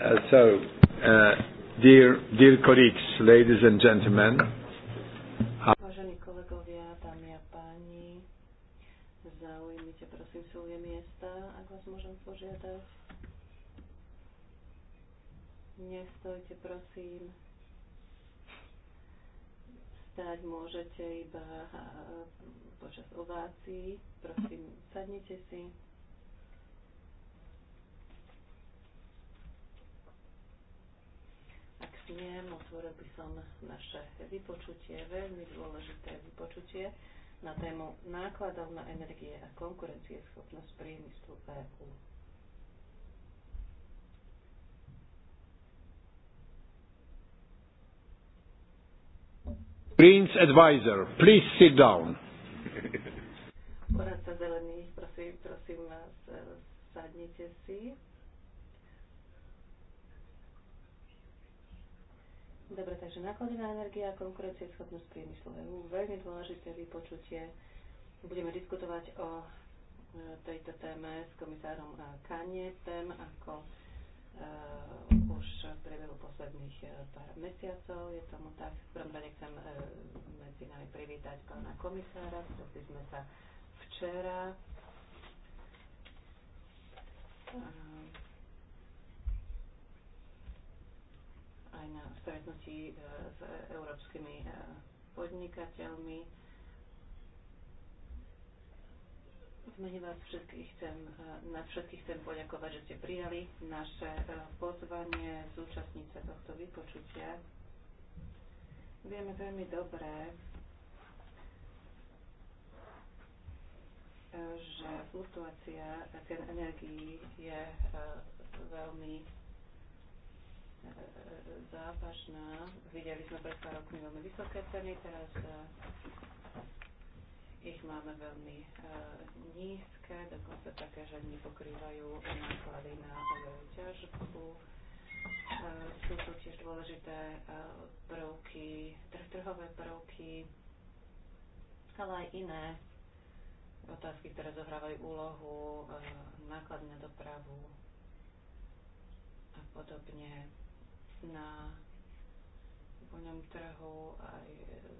Uh, so, uh, dear, dear colleagues, ladies and gentlemen. Uh, Vážení kolegovia, dámy a páni, prosím svoje miesta, ak vás môžem požiadať. Nestojte prosím. Stať môžete iba počas ovácií. Prosím, sadnite si. začnem, otvoril by som naše vypočutie, veľmi dôležité vypočutie na tému nákladov na energie a konkurencieschopnosť priemyslu EÚ. Prince Advisor, please sit down. Poradca zelených, prosím, prosím vás, eh, sadnite si. Dobre, takže náklady na energia a schopnosť priemyslu EU. Veľmi dôležité vypočutie. Budeme diskutovať o e, tejto téme s komisárom e, Kanietem, ako uh, už v priebehu posledných pár mesiacov. Je tomu tak. V prvom rade chcem uh, medzi nami privítať pána komisára. Stretli sme sa včera. Uh, aj na stretnutí e, s e, európskymi e, podnikateľmi. V mene vás všetkých chcem, na všetkých chcem poďakovať, že ste prijali naše pozvanie zúčastniť sa tohto vypočutia. Vieme veľmi dobre, že fluktuácia cien energií je veľmi závažná. Videli sme pred pár rokmi veľmi vysoké ceny, teraz e, ich máme veľmi e, nízke, dokonca také, že nepokrývajú náklady na ťažbu. E, sú tu tiež dôležité prvky, trh, trhové prvky, ale aj iné otázky, ktoré zohrávajú úlohu, e, náklady na dopravu a podobne na voľnom trhu aj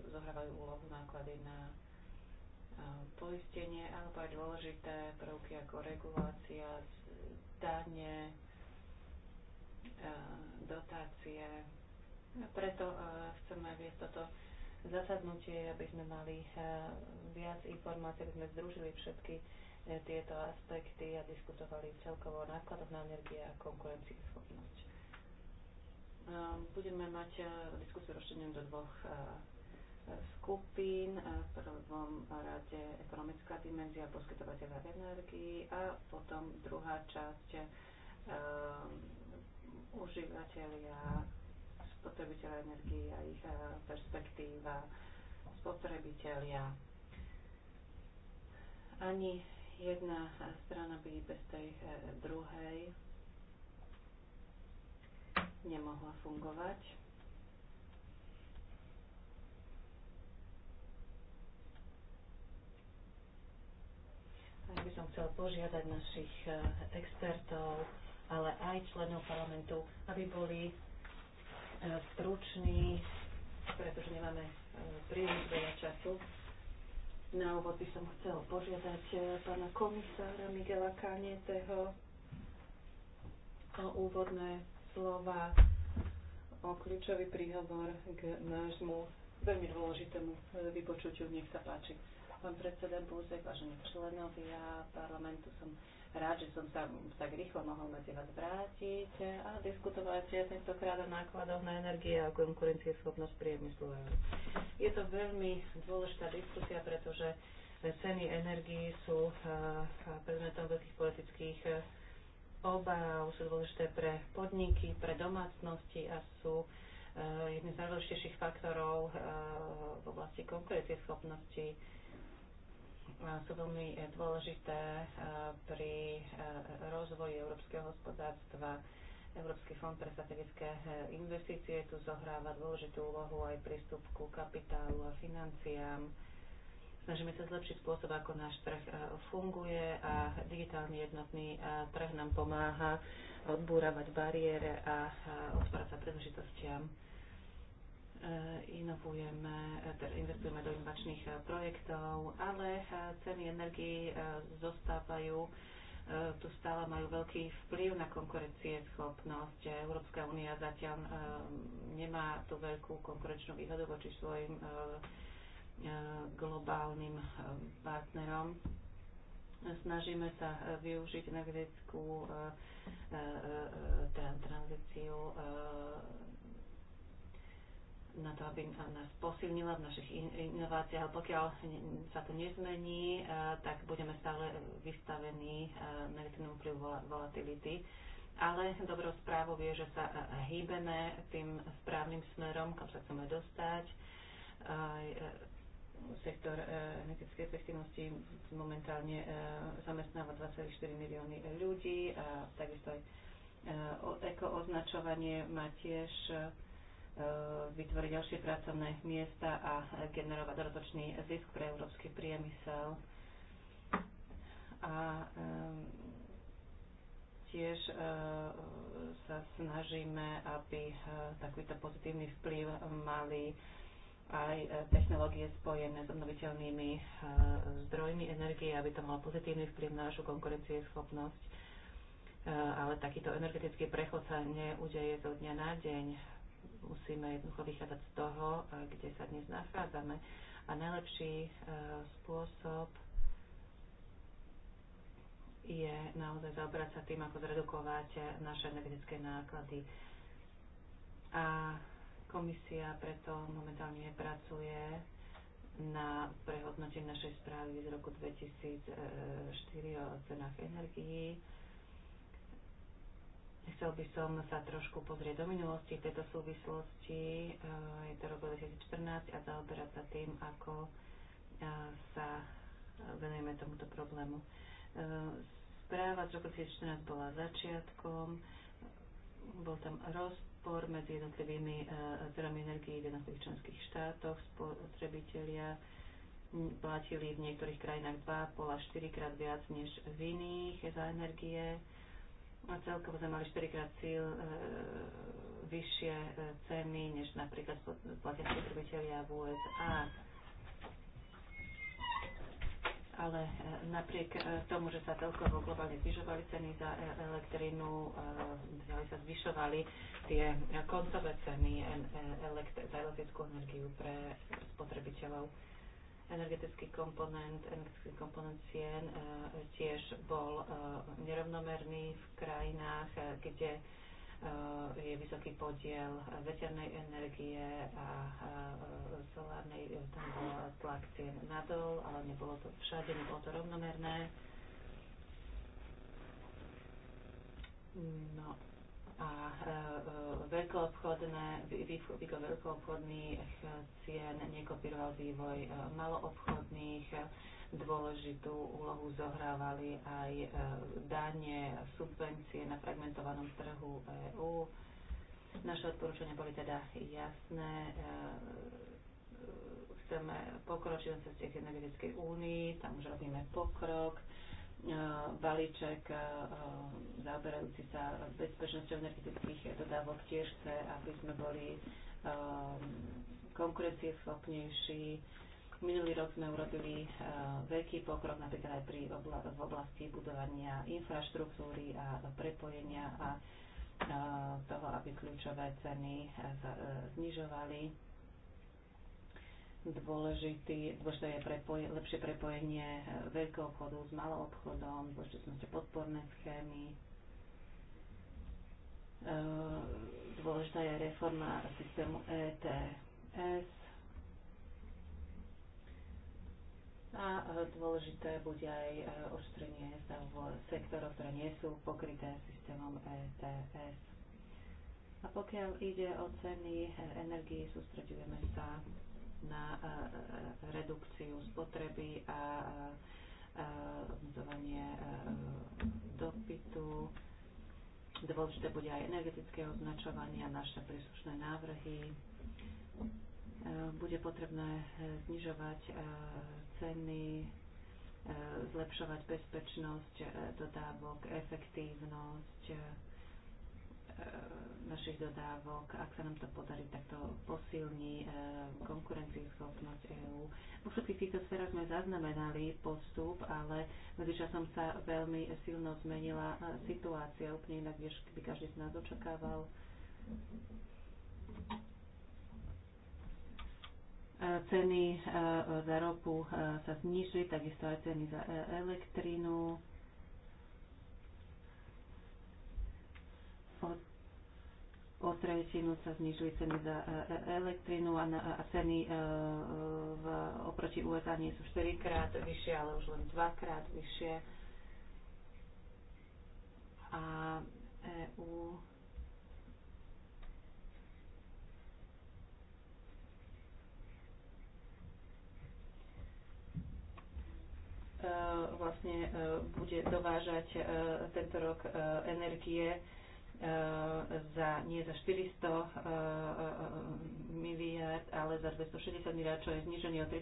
zohrávajú úlohu náklady na poistenie alebo aj dôležité prvky ako regulácia, dane, dotácie. Preto chceme viesť toto zasadnutie, aby sme mali viac informácií, aby sme združili všetky e, tieto aspekty a diskutovali celkovo o nákladoch na energie a schopnosti. Ehm, budeme mať eh, diskusiu rozšírenú do dvoch eh, skupín. Eh, v prvom rade ekonomická dimenzia poskytovateľa energii a potom druhá časť užívateľia, spotrebiteľa energii a ich perspektíva, spotrebiteľia. Ani jedna strana by bez tej druhej nemohla fungovať. Tak by som chcel požiadať našich eh, expertov, ale aj členov parlamentu, aby boli eh, struční, pretože nemáme eh, príliš veľa času. Na úvod by som chcel požiadať pána komisára Miguela Kanieteho o úvodné slova o kľúčový príhovor k nášmu veľmi dôležitému e, vypočutiu. Nech sa páči. Pán predseda Búzek, vážení členovia parlamentu, som rád, že som sa tak rýchlo mohol medzi vás vrátiť a diskutovať tentokrát o nákladoch na energie a konkurencieschopnosť priemyslu. Je to veľmi dôležitá diskusia, pretože ceny energii sú e, predmetom veľkých politických e, obáv, sú dôležité pre podniky, pre domácnosti a sú eh, jedným z najdôležitejších faktorov eh, v oblasti schopnosti Sú veľmi eh, dôležité pri rozvoji európskeho hospodárstva. Európsky fond pre strategické investície tu zohráva dôležitú úlohu aj prístup ku kapitálu a financiám Snažíme sa zlepšiť spôsob, ako náš trh e, funguje a digitálny jednotný e, trh nám pomáha odbúravať bariére a otvárať sa príležitostiam. E, inovujeme, teda investujeme do inovačných projektov, ale ceny energii zostávajú tu stále majú veľký vplyv na schopnosť. Európska únia zatiaľ nemá tú veľkú konkurenčnú výhodu voči svojim E, globálnym e, partnerom. Snažíme sa e, využiť na energetickú tranzíciu na to, aby nás posilnila v našich inováciách, ale pokiaľ sa to nezmení, tak budeme stále vystavení negatívnemu vplyvu volatility. Ale dobrou správou je, že sa hýbeme tým správnym smerom, kam sa chceme dostať sektor e, energetické efektivnosti momentálne e, zamestnáva 2,4 milióny ľudí a takisto aj e, ekooznačovanie má tiež vytvoriť ďalšie pracovné miesta a generovať dodatočný zisk pre európsky priemysel. A tiež sa snažíme, aby takýto pozitívny vplyv mali aj e, technológie spojené s obnoviteľnými e, zdrojmi energie, aby to malo pozitívny vplyv na našu konkurencieschopnosť. E, ale takýto energetický prechod sa neudeje zo dňa na deň. Musíme jednoducho vychádzať z toho, kde sa dnes nachádzame. A najlepší spôsob je naozaj zaobrať sa tým, ako zredukovať naše energetické náklady. A Komisia preto momentálne pracuje na prehodnotení našej správy z roku 2004 o cenách energií. Chcel by som sa trošku pozrieť do minulosti tejto súvislosti. Eh, je to rok 2014 a zaoberať sa tým, ako eh, sa venujeme tomuto problému. Eh, správa z roku 2014 bola začiatkom, bol tam rozpočet spor medzi jednotlivými e, zdrojmi energií v jednotlivých členských štátoch. Spotrebitelia platili v niektorých krajinách 2,5 až 4 krát viac než v iných za energie. A celkovo sme mali 4 krát cíl e, vyššie e, ceny, než napríklad platia spotrebitelia v USA ale e, napriek e, tomu, že sa celkovo globálne zvyšovali ceny za e, elektrínu, ďalej sa zvyšovali tie koncové ceny za elektrickú energiu pre spotrebiteľov. Energetický komponent, energetický komponent cien tiež bol nerovnomerný v krajinách, kde Eh, je vysoký podiel veternej energie a eh, solárnej, eh, tam bol tlak cien nadol, ale nebolo to všade, nebolo to rovnomerné. No a veľkoobchodné, výkon veľkoobchodných cien nekopíroval vývoj maloobchodných dôležitú úlohu zohrávali aj e, dane, subvencie na fragmentovanom trhu EÚ. Naše odporúčania boli teda jasné. E, e, chceme pokročiť na ceste k energetickej únii, tam už robíme pokrok. Balíček zaoberajúci sa bezpečnosťou energetických dodávok tiež chce, aby sme boli konkurencieschopnejší Minulý rok sme urobili e, veľký pokrok napríklad aj pri obla- v oblasti budovania infraštruktúry a prepojenia a e, toho, aby kľúčové ceny sa e, znižovali. Dôležitý, dôležité je prepoj- lepšie prepojenie veľkého obchodu s malou obchodom, dôležité sú podporné schémy. Dôležitá je reforma systému ETS, A e, dôležité bude aj e, ošetrenie sa v sektoroch, ktoré nie sú pokryté systémom ETS. A pokiaľ ide o ceny e, energii, sústredujeme sa na redukciu spotreby a obmedzovanie dopytu. Dôležité bude aj energetické označovanie a naše príslušné návrhy Eh, bude potrebné eh, znižovať eh, ceny, zlepšovať bezpečnosť dodávok, efektívnosť našich dodávok. Ak sa nám to podarí, tak to posilní konkurencieschopnosť EÚ. Vo všetkých týchto sférach sme zaznamenali postup, ale medzičasom sa veľmi silno zmenila situácia. Úplne inak, než by každý z nás očakával. Ceny e, za ropu e, sa znižili, takisto aj ceny za e, elektrínu. Od o tretinu sa znižili ceny za elektrínu a, na, a ceny v, oproti USA nie sú 4 krát vyššie, ale už len 2 krát vyššie. A EU E, vlastne e, bude dovážať e, tento rok energie za, nie za 400 miliard, ale za 260 miliard, čo je zniženie o 35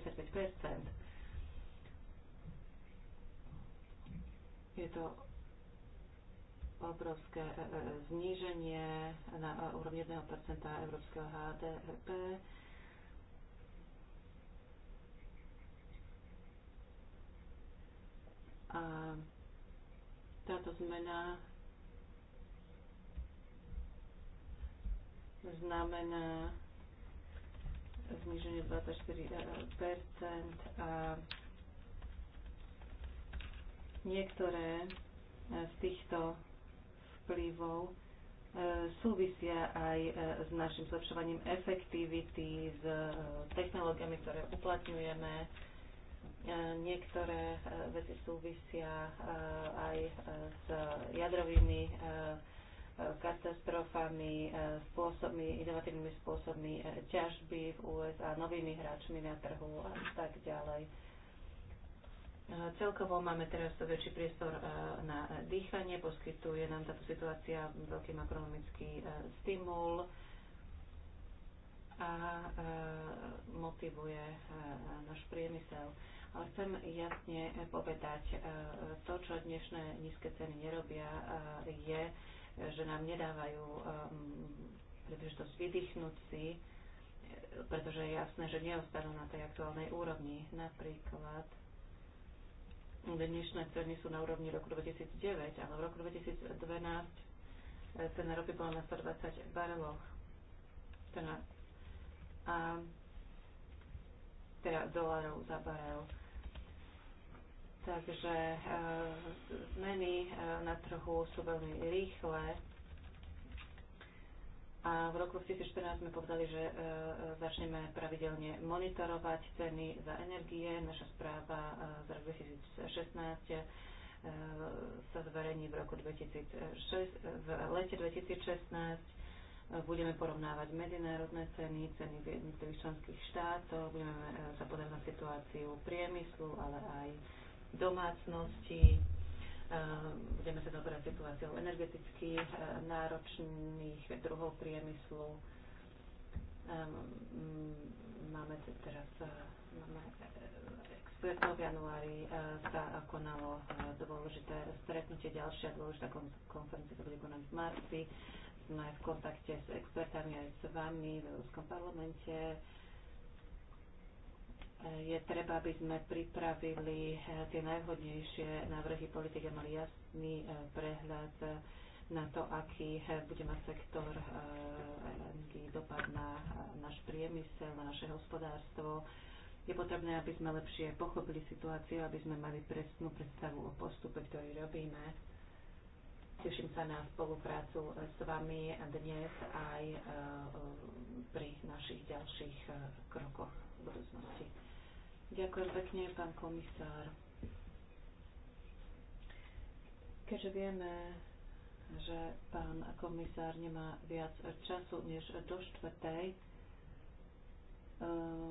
Je to obrovské zníženie na úrovni 1% európskeho HDP A táto zmena znamená zniženie 24 a niektoré z týchto vplyvov e, súvisia aj e, s našim zlepšovaním efektivity, s e, technológiami, ktoré uplatňujeme, E, niektoré e, veci súvisia e, aj s jadrovými katastrofami, spôsobmi, inovatívnymi spôsobmi ťažby v USA, novými hráčmi na trhu a tak ďalej. Celkovo máme teraz väčší priestor na dýchanie, poskytuje nám táto situácia veľký makronomický stimul a motivuje náš priemysel. Ale chcem jasne povedať, e, to, čo dnešné nízke ceny nerobia, e, je, že nám nedávajú e, príležitosť vydýchnuť si, pretože je jasné, že neostanú na tej aktuálnej úrovni. Napríklad dnešné ceny sú na úrovni roku 2009, ale v roku 2012 cena ropy bola na 120 bareloch. a, teda dolárov za barel. Takže e, zmeny e, na trhu sú veľmi rýchle. A v roku 2014 sme povedali, že e, začneme pravidelne monitorovať ceny za energie. Naša správa z roku 2016 sa zverejní v roku 2006, v lete 2016 budeme porovnávať medzinárodné ceny, ceny v jednotlivých členských štátov, budeme sa pozerať na situáciu priemyslu, ale aj domácnosti. Ehm, budeme sa zaoberať situáciou energeticky e, náročných druhov priemyslu. Ehm, máme teraz e, máme e, expertov v januári sa konalo dôležité stretnutie, ďalšia dôležitá konferencia sa bude konať v marci. Sme v kontakte s expertami aj s vami v Európskom parlamente je treba, aby sme pripravili eh, tie najvhodnejšie návrhy politiky a mali jasný eh, prehľad eh, na to, aký bude mať sektor energii dopad na náš priemysel, na naše hospodárstvo. Je potrebné, aby sme lepšie pochopili situáciu, aby sme mali presnú predstavu o postupe, ktorý robíme. Teším sa na spoluprácu s vami dnes aj pri našich ďalších krokoch v budúcnosti. Ďakujem pekne, pán komisár. Keďže vieme, že pán komisár nemá viac času než do štvrtej, e,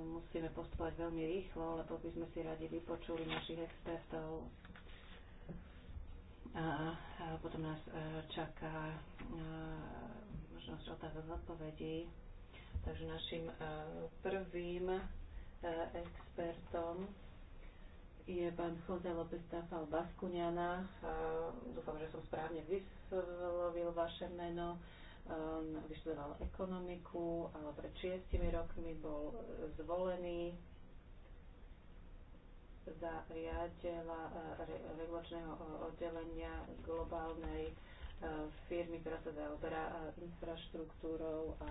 musíme postupovať veľmi rýchlo, lebo by sme si radi vypočuli našich expertov. A, potom nás e, čaká e, možnosť otázok odpovedí. Takže našim prvým expertom je pán Jose López Tafal Baskuňana. Dúfam, že som správne vyslovil vaše meno. Ehm, vyštudoval ekonomiku, ale pred šiestimi rokmi bol zvolený za riaditeľa e, regulačného e, oddelenia globálnej e, firmy, ktorá sa zaoberá infraštruktúrou a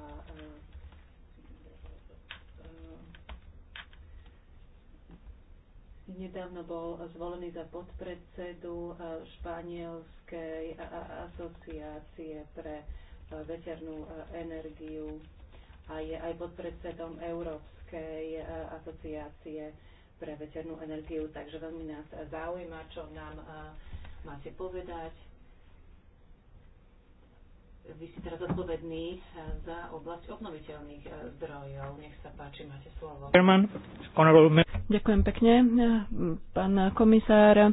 Nedávno bol zvolený za podpredsedu eh, Španielskej asociácie pre eh, veternú eh, energiu a je aj podpredsedom Európskej asociácie pre veternú energiu. Takže veľmi nás zaujíma, čo nám máte povedať vy ste teraz odpovední eh, za oblasť obnoviteľných eh, zdrojov. Nech sa páči, máte slovo. Ďakujem pekne, pán komisár, eh,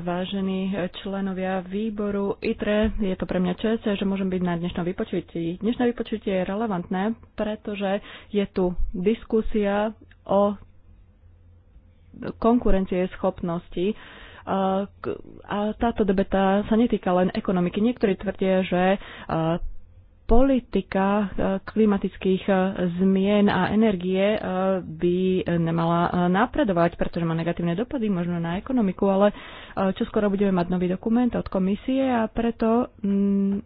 vážení členovia výboru ITRE. Je to pre mňa čest, že môžem byť na dnešnom vypočutí. Dnešné vypočutie je relevantné, pretože je tu diskusia o konkurencie schopnosti a táto debeta sa netýka len ekonomiky. Niektorí tvrdia, že e, politika e, klimatických e, zmien a energie by nemala napredovať, pretože má negatívne dopady možno na ekonomiku, ale čo skoro budeme mať nový dokument od komisie a preto mm,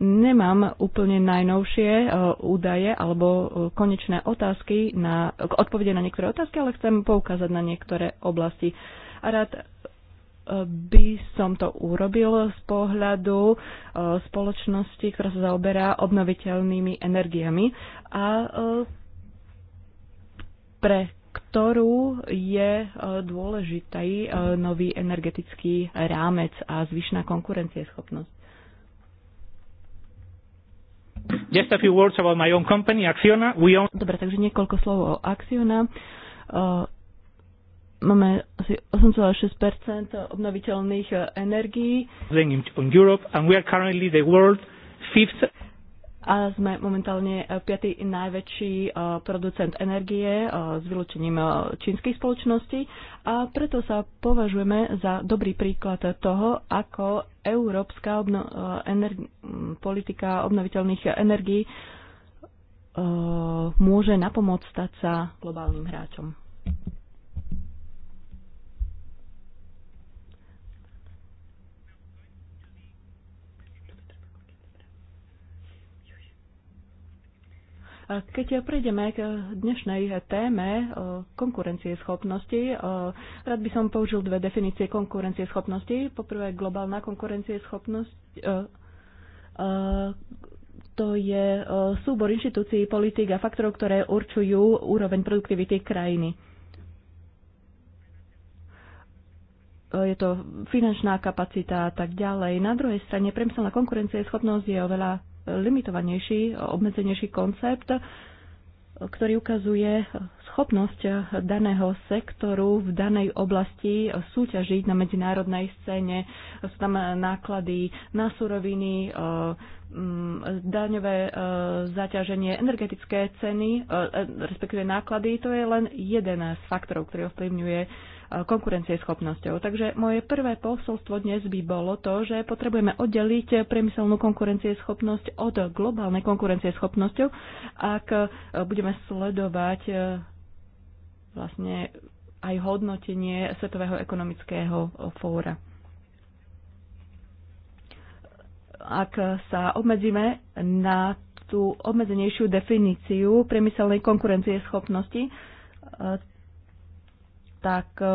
nemám úplne najnovšie údaje alebo konečné otázky na odpovede na niektoré otázky, ale chcem poukázať na niektoré oblasti. A rád by som to urobil z pohľadu e, spoločnosti, ktorá sa zaoberá obnoviteľnými energiami a e, pre ktorú je e, dôležitý nový energetický rámec a zvyšná konkurencieschopnosť. Just a few words about my own company, Axiona. We own... Dobre, takže niekoľko slov o Axiona máme asi 8,6 obnoviteľných eh, energií. In Europe and we are currently the world fifth a sme momentálne eh, piatý najväčší eh, producent energie s vylúčením čínskej spoločnosti a preto sa považujeme za dobrý príklad toho, ako európska obno- ener- hm, politika obnoviteľných energií môže napomôcť stať sa globálnym hráčom. Keď prejdeme k dnešnej téme e, konkurencie schopnosti, e, rád by som použil dve definície konkurencie schopnosti. Poprvé globálna schopnosť, e, to je súbor inštitúcií, politik a faktorov, ktoré určujú úroveň produktivity krajiny. je to finančná kapacita a tak ďalej. Na druhej strane priemyselná schopnosť je oveľa limitovanejší, obmedzenejší koncept, ktorý ukazuje schopnosť daného sektoru v danej oblasti súťažiť na medzinárodnej scéne. Sú tam náklady na suroviny, e, daňové e, zaťaženie, energetické ceny, e, respektíve náklady. To je len jeden z faktorov, ktorý ovplyvňuje konkurencieschopnosťou. Takže moje prvé posolstvo dnes by bolo to, že potrebujeme oddeliť priemyselnú konkurencieschopnosť od globálnej konkurencieschopnosťou, ak e, budeme sledovať e, vlastne aj hodnotenie Svetového ekonomického fóra. Ak sa obmedzíme na tú obmedzenejšiu definíciu priemyselnej konkurencie schopnosti, e, tak e,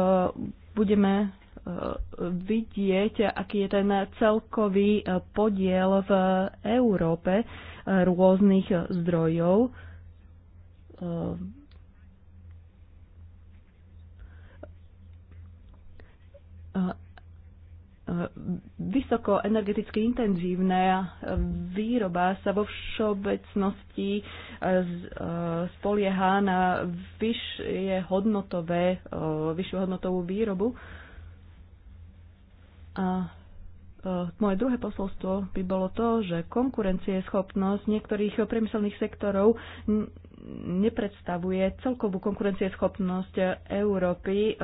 budeme e, vidieť, aký je ten celkový e, podiel v Európe rôznych zdrojov vysoko energeticky intenzívna výroba sa vo všeobecnosti e, e, spolieha na vyššie hodnotové, e, vyššiu hodnotovú výrobu. A moje druhé posolstvo by bolo to, že konkurencieschopnosť niektorých priemyselných sektorov nepredstavuje celkovú konkurencieschopnosť Európy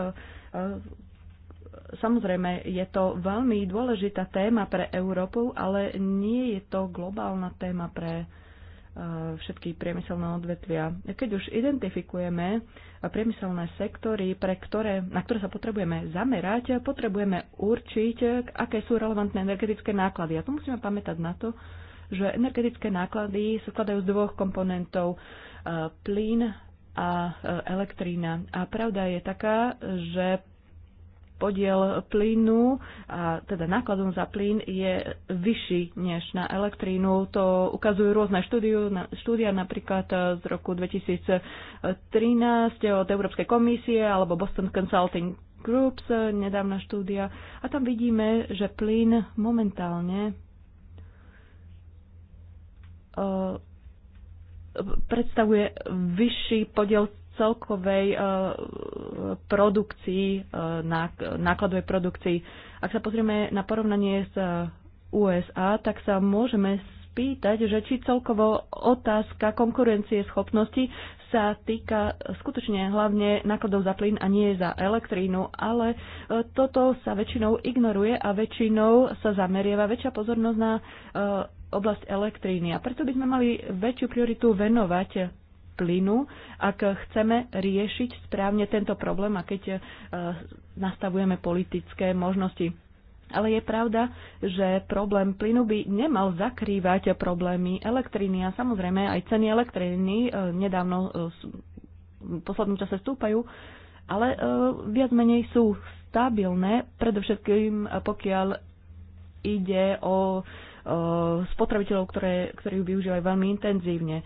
Samozrejme, je to veľmi dôležitá téma pre Európu, ale nie je to globálna téma pre e, všetky priemyselné odvetvia. Keď už identifikujeme priemyselné sektory, pre ktoré, na ktoré sa potrebujeme zamerať, potrebujeme určiť, aké sú relevantné energetické náklady. A tu musíme pamätať na to, že energetické náklady sa skladajú z dvoch komponentov. E, plyn a e, elektrína. A pravda je taká, že podiel plynu, a teda nákladom za plyn je vyšší než na elektrínu. To ukazujú rôzne štúdiu, štúdia, napríklad e, z roku 2013 od Európskej komisie alebo Boston Consulting Groups, e, nedávna štúdia. A tam vidíme, že plyn momentálne e, predstavuje vyšší podiel celkovej e, produkcii, e, nákladovej produkcii. Ak sa pozrieme na porovnanie s e, USA, tak sa môžeme spýtať, že či celkovo otázka konkurencie schopnosti sa týka skutočne hlavne nákladov za plyn a nie za elektrínu, ale toto sa väčšinou ignoruje a väčšinou sa zamerieva väčšia pozornosť na oblasť elektríny. A preto by sme mali väčšiu prioritu venovať plynu, ak chceme riešiť správne tento problém a keď e, nastavujeme politické možnosti. Ale je pravda, že problém plynu by nemal zakrývať problémy elektriny a samozrejme aj ceny elektriny e, nedávno e, v poslednom čase stúpajú, ale viac menej sú stabilné, predovšetkým pokiaľ ide o spotrebiteľov, ktoré, ktorí ju využívajú veľmi intenzívne.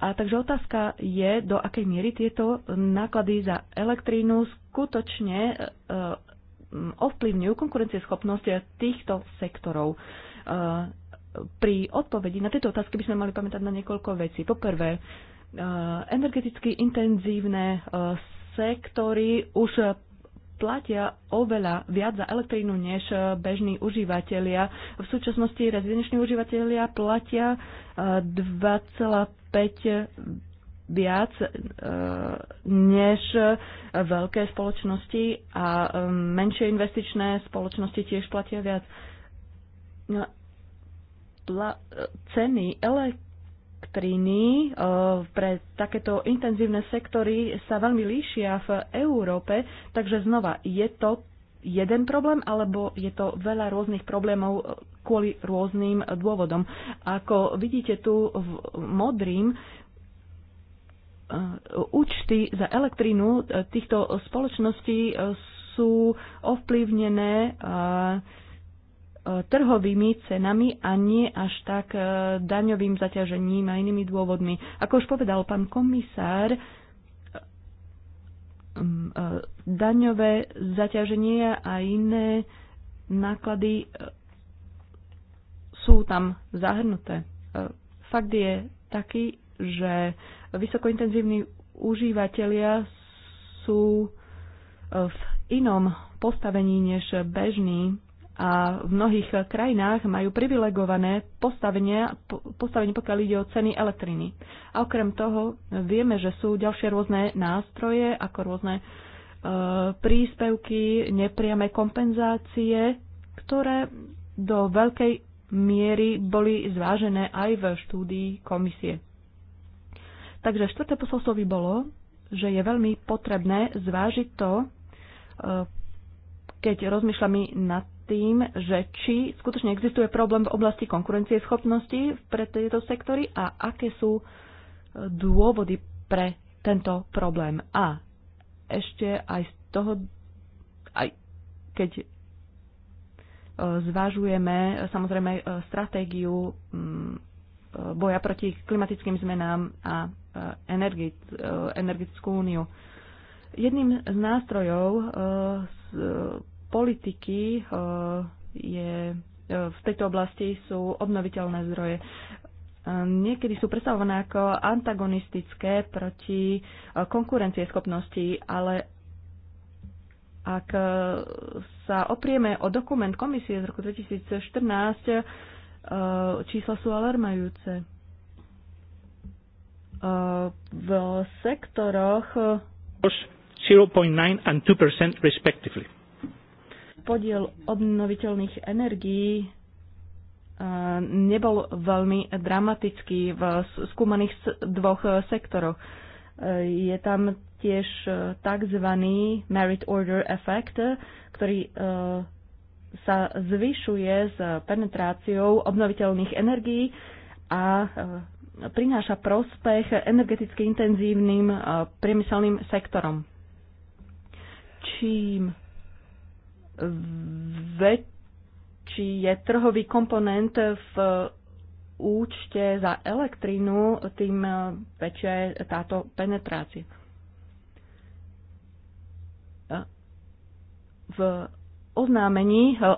A takže otázka je, do akej miery tieto náklady za elektrínu skutočne e, e, ovplyvňujú konkurencieschopnosť týchto sektorov. E, pri odpovedi na tieto otázky by sme mali pamätať na niekoľko vecí. Poprvé, energeticky intenzívne sektory už platia oveľa viac za elektrínu než e, bežní užívateľia. V súčasnosti rezidenční užívateľia platia 2,5 e, viac e, než veľké spoločnosti a menšie investičné spoločnosti tiež platia viac. No, ceny elektrínu doktríny eh, pre takéto intenzívne sektory sa veľmi líšia v Európe, takže znova, je to jeden problém, alebo je to veľa rôznych problémov eh, kvôli rôznym dôvodom. Ako vidíte tu v modrým, eh, účty za elektrínu týchto spoločností sú ovplyvnené E, trhovými cenami a nie až tak e, daňovým zaťažením a inými dôvodmi. Ako už povedal pán komisár, e, daňové zaťaženie a iné náklady sú tam zahrnuté. Fakt je taký, že vysokointenzívni užívateľia sú v inom postavení než bežní a v mnohých krajinách majú privilegované postavenie, postavenie pokiaľ ide o ceny elektriny. A okrem toho vieme, že sú ďalšie rôzne nástroje, ako rôzne e, príspevky, nepriame kompenzácie, ktoré do veľkej miery boli zvážené aj v štúdii komisie. Takže štvrté posolstvo by bolo, že je veľmi potrebné zvážiť to, e, keď rozmýšľame nad tým, že či skutočne existuje problém v oblasti schopnosti pre tieto sektory a aké sú e, dôvody pre tento problém. A ešte aj z toho, aj keď e, zvažujeme e, samozrejme stratégiu mm, boja proti klimatickým zmenám a energetickú úniu. Jedným z nástrojov politiky eh, je, eh, v tejto oblasti sú obnoviteľné zdroje. Ehm, niekedy sú predstavované ako antagonistické proti eh, konkurencieschopnosti, ale ak sa oprieme o dokument komisie z roku 2014, čísla sú alarmajúce. V sektoroch 0.9 and 2% respectively podiel obnoviteľných energií e, nebol veľmi dramatický v skúmaných dvoch sektoroch. E, je tam tiež e, tzv. merit order effect, ktorý sa zvyšuje s penetráciou obnoviteľných energií a prináša prospech energeticky intenzívnym priemyselným sektorom. Čím väčší je trhový komponent v účte za elektrínu, tým väčšia je táto penetrácia. V oznámení eh, eh,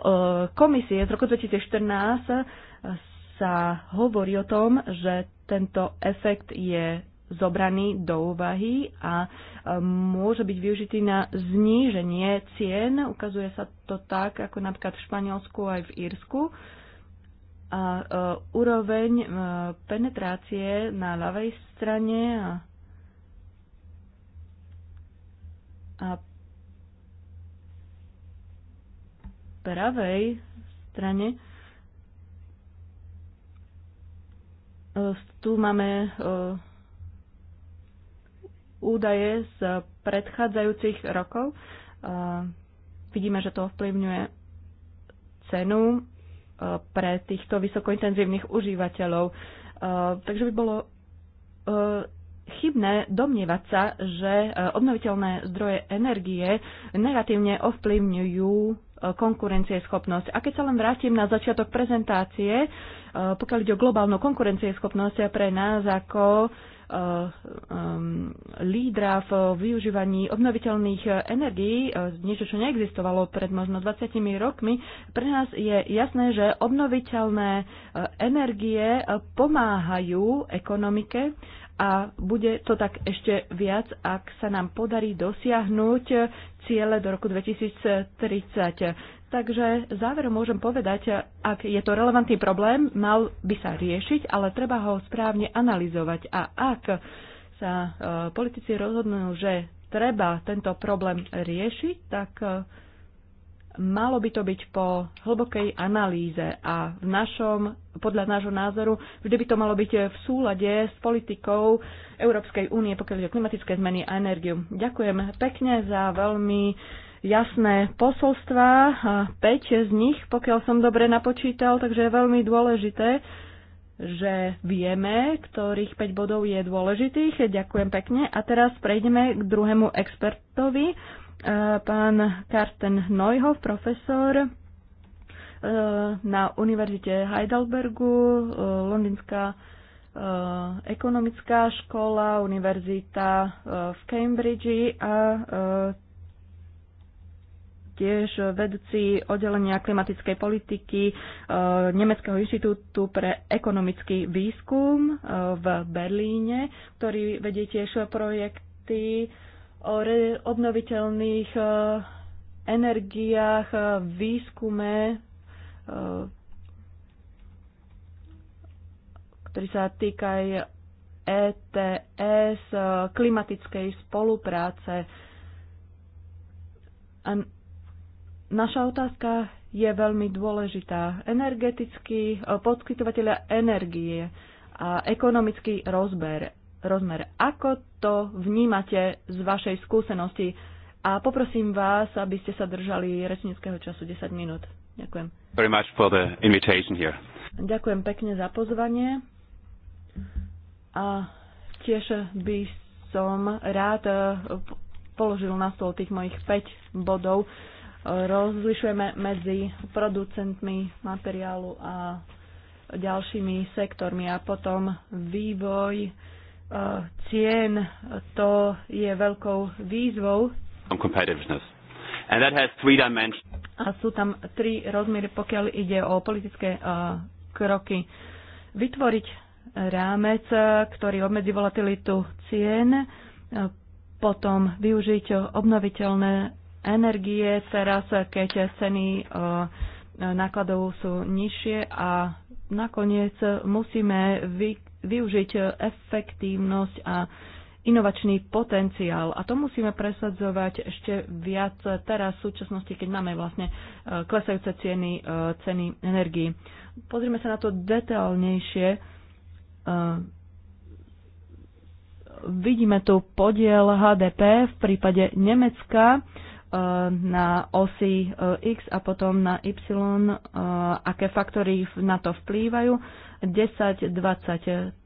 komisie z roku 2014 sa hovorí o tom, že tento efekt je zobraný do úvahy a e, môže byť využitý na zníženie cien. Ukazuje sa to tak, ako napríklad v Španielsku aj v Írsku. A e, úroveň e, penetrácie na ľavej strane a, pravej strane tu máme údaje z predchádzajúcich rokov. Vidíme, že to ovplyvňuje cenu pre týchto vysokointenzívnych užívateľov. Takže by bolo chybné domnievať sa, že obnoviteľné zdroje energie negatívne ovplyvňujú konkurencieschopnosť. A keď sa len vrátim na začiatok prezentácie, e, pokiaľ ide o globálnu konkurencieschopnosť pre nás ako e, e, lídra v využívaní obnoviteľných energií, niečo, čo neexistovalo pred možno 20 rokmi, pre nás je jasné, že obnoviteľné energie pomáhajú ekonomike a bude to tak ešte viac, ak sa nám podarí dosiahnuť ciele do roku 2030. Takže záver môžem povedať, ak je to relevantný problém, mal by sa riešiť, ale treba ho správne analyzovať. A ak sa e, politici rozhodnú, že treba tento problém riešiť, tak e, Malo by to byť po hlbokej analýze a v našom, podľa nášho názoru vždy by to malo byť v súlade s politikou Európskej únie, pokiaľ ide o klimatické zmeny a energiu. Ďakujem pekne za veľmi jasné posolstva, 5 z nich, pokiaľ som dobre napočítal, takže je veľmi dôležité, že vieme, ktorých 5 bodov je dôležitých. Ďakujem pekne. A teraz prejdeme k druhému expertovi, pán Karsten Neuhoff, profesor e, na Univerzite Heidelbergu, e, Londýnska e, ekonomická škola, univerzita v Cambridge a tiež vedúci oddelenia klimatickej politiky Nemeckého inštitútu pre ekonomický výskum v Berlíne, ktorý vedie tiež projekty o obnoviteľných e, energiách, e, výskume, e, ktorý sa týka aj ETS, klimatickej spolupráce. A naša otázka je veľmi dôležitá. energetický poskytovateľia energie a ekonomický rozber rozmer. Ako to vnímate z vašej skúsenosti? A poprosím vás, aby ste sa držali rečníckého času 10 minút. Ďakujem. Very much for the invitation here. Ďakujem pekne za pozvanie. A tiež by som rád eh, položil na stôl tých mojich 5 bodov. Rozlišujeme medzi producentmi materiálu a ďalšími sektormi a potom vývoj Eh, cien, to je veľkou výzvou. A sú tam tri rozmery, pokiaľ ide o politické eh, kroky. Vytvoriť eh, rámec, ktorý obmedzi volatilitu cien, potom využiť obnoviteľné energie teraz, keď ceny nákladov sú nižšie a nakoniec musíme vy, využiť efektívnosť a inovačný potenciál. A to musíme presadzovať ešte viac teraz v súčasnosti, keď máme vlastne e, klesajúce ceny, e, ceny energii. Pozrime sa na to detailnejšie. E, vidíme tu podiel HDP v prípade Nemecka E, na osi e, X a potom na Y, e, aké faktory na to vplývajú. 10, 20,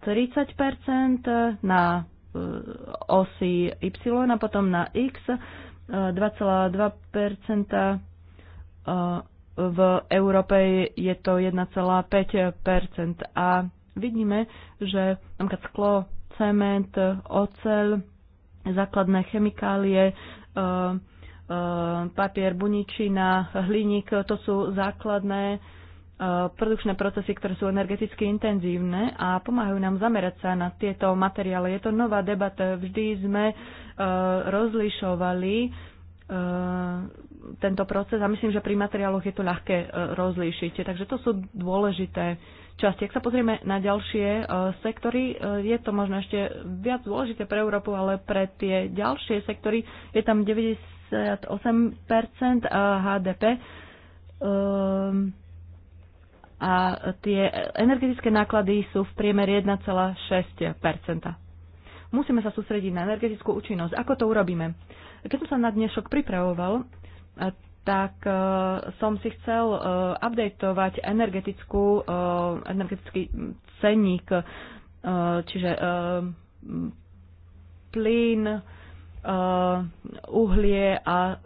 30 na osi Y a potom na X 2,2 v Európe je to 1,5 a vidíme, že napríklad sklo, cement, oceľ, základné chemikálie, Ehm, papier, buničina, hliník, to sú základné ehm, produkčné procesy, ktoré sú energeticky intenzívne a pomáhajú nám zamerať sa na tieto materiály. Je to nová debata, vždy sme ehm, rozlišovali tento proces a myslím, že pri materiáloch je to ľahké rozlíšiť. Takže to sú dôležité časti. Ak sa pozrieme na ďalšie sektory, je to možno ešte viac dôležité pre Európu, ale pre tie ďalšie sektory je tam 90 58 eh, HDP ehm, a tie energetické náklady sú v priemer 1,6 Musíme sa sústrediť na energetickú účinnosť. Ako to urobíme? Keď som sa na dnešok pripravoval, eh, tak eh, som si chcel updateovať energetickú, energetický cenník, čiže plyn, Uh, uhlie a uh,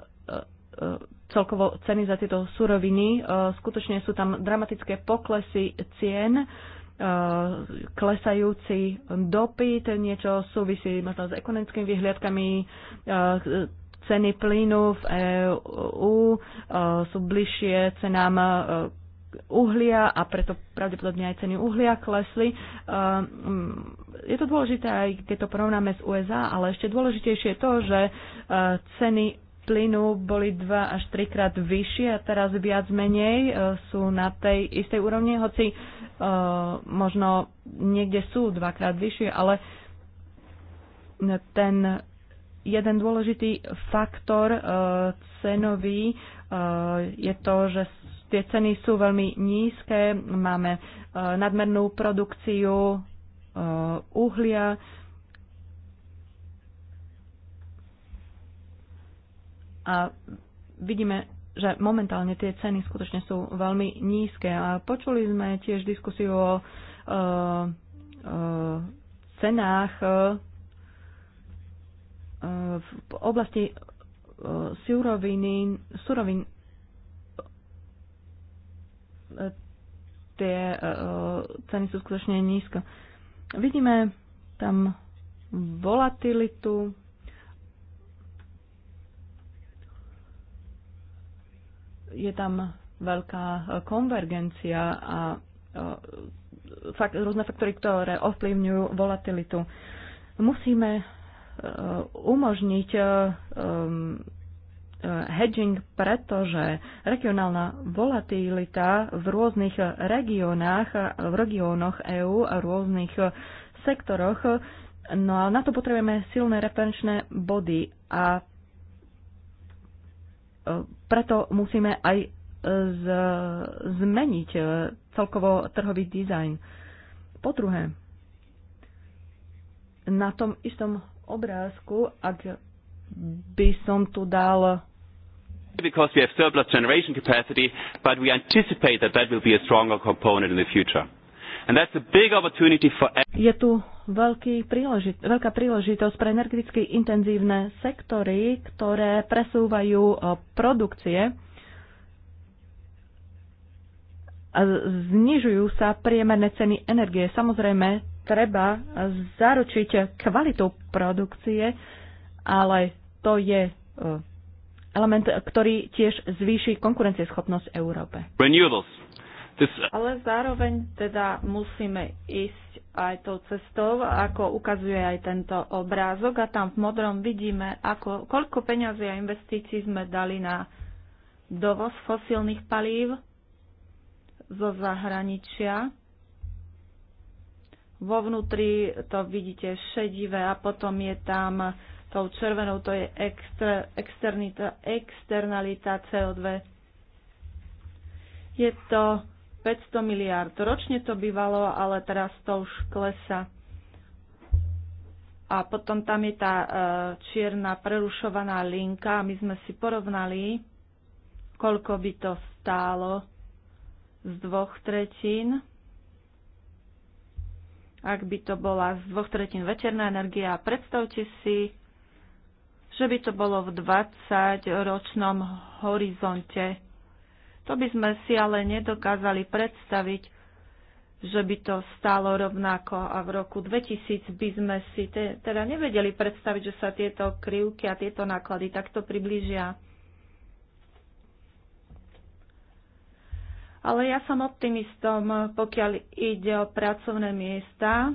uh, celkovo ceny za tieto suroviny. Skutočne sú tam dramatické poklesy cien, klesajúci dopyt, niečo súvisí možno s ekonomickými vyhliadkami, ceny plynu v EU sú bližšie cenám uhlia a preto pravdepodobne aj ceny uhlia klesli je to dôležité, aj keď to porovnáme s USA, ale ešte dôležitejšie je to, že e, ceny plynu boli 2 až 3 krát vyššie a teraz viac menej e, sú na tej istej úrovni, hoci uh, možno niekde sú dvakrát vyššie, ale ten jeden dôležitý faktor uh, cenový uh, je to, že tie ceny sú veľmi nízke, máme nadmernú produkciu, Uh, uhlia. A vidíme, že momentálne tie ceny skutočne sú veľmi nízke. A počuli sme tiež diskusiu o uh, uh, cenách v oblasti suroviny, surovín tie ceny sú skutočne nízko. Vidíme tam volatilitu, je tam veľká e, konvergencia a e, rôzne faktory, ktoré ovplyvňujú volatilitu. Musíme e, umožniť E, hedging, pretože regionálna volatilita v rôznych regiónach, v regiónoch EÚ a rôznych sektoroch, no a na to potrebujeme silné referenčné body a e, preto musíme aj z, zmeniť e, celkovo trhový dizajn. Po druhé, na tom istom obrázku, ak by som tu dal because we have surplus generation capacity, but we anticipate that that will be a stronger component in the future. And that's a big opportunity for... E- Je tu veľký príležit- veľká príležitosť pre energeticky intenzívne sektory, ktoré presúvajú e, produkcie a znižujú sa priemerné ceny energie. Samozrejme, treba zaručiť kvalitu produkcie, ale to je e, element, ktorý tiež zvýši konkurencieschopnosť Európe. Renewables. This... Uh, ale zároveň teda musíme ísť aj tou cestou, ako ukazuje aj tento obrázok a tam v modrom vidíme, ako, koľko peňazí a investícií sme dali na dovoz fosílnych palív zo zahraničia. Vo vnútri to vidíte šedivé a potom je tam Tou červenou to je extra, externita, externalita CO2. Je to 500 miliard. Ročne to bývalo, ale teraz to už klesa. A potom tam je tá e, čierna prerušovaná linka. My sme si porovnali, koľko by to stálo z dvoch tretín. Ak by to bola z dvoch tretín veterná energia, predstavte si, že by to bolo v 20-ročnom horizonte. To by sme si ale nedokázali predstaviť, že by to stálo rovnako a v roku 2000 by sme si te, teda nevedeli predstaviť, že sa tieto krivky a tieto náklady takto priblížia. Ale ja som optimistom, pokiaľ ide o pracovné miesta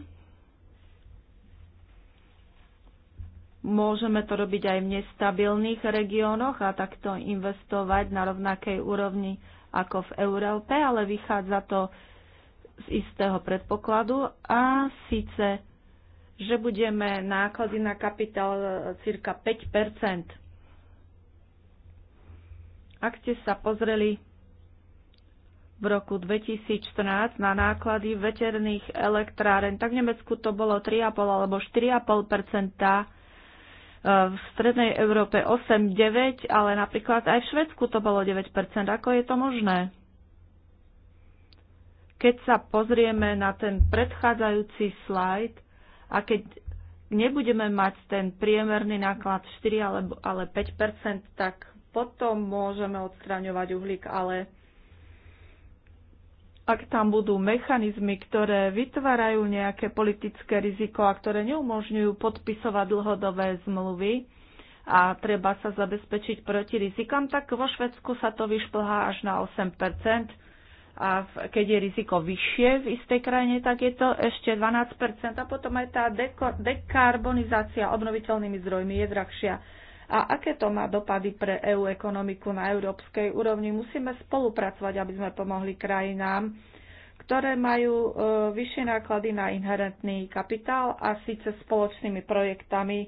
Môžeme to robiť aj v nestabilných regiónoch a takto investovať na rovnakej úrovni ako v Európe, ale vychádza to z istého predpokladu a síce, že budeme náklady na kapitál cirka 5 Ak ste sa pozreli v roku 2014 na náklady veterných elektráren, tak v Nemecku to bolo 3,5 alebo 4,5 v strednej Európe 8-9, ale napríklad aj v Švedsku to bolo 9 Ako je to možné? Keď sa pozrieme na ten predchádzajúci slajd a keď nebudeme mať ten priemerný náklad 4 alebo, ale 5 tak potom môžeme odstraňovať uhlík, ale ak tam budú mechanizmy, ktoré vytvárajú nejaké politické riziko a ktoré neumožňujú podpisovať dlhodobé zmluvy a treba sa zabezpečiť proti rizikám, tak vo Švedsku sa to vyšplhá až na 8 a keď je riziko vyššie v istej krajine, tak je to ešte 12 a potom aj tá dekarbonizácia obnoviteľnými zdrojmi je drahšia a aké to má dopady pre EU ekonomiku na európskej úrovni. Musíme spolupracovať, aby sme pomohli krajinám, ktoré majú e, vyššie náklady na inherentný kapitál a síce spoločnými projektami,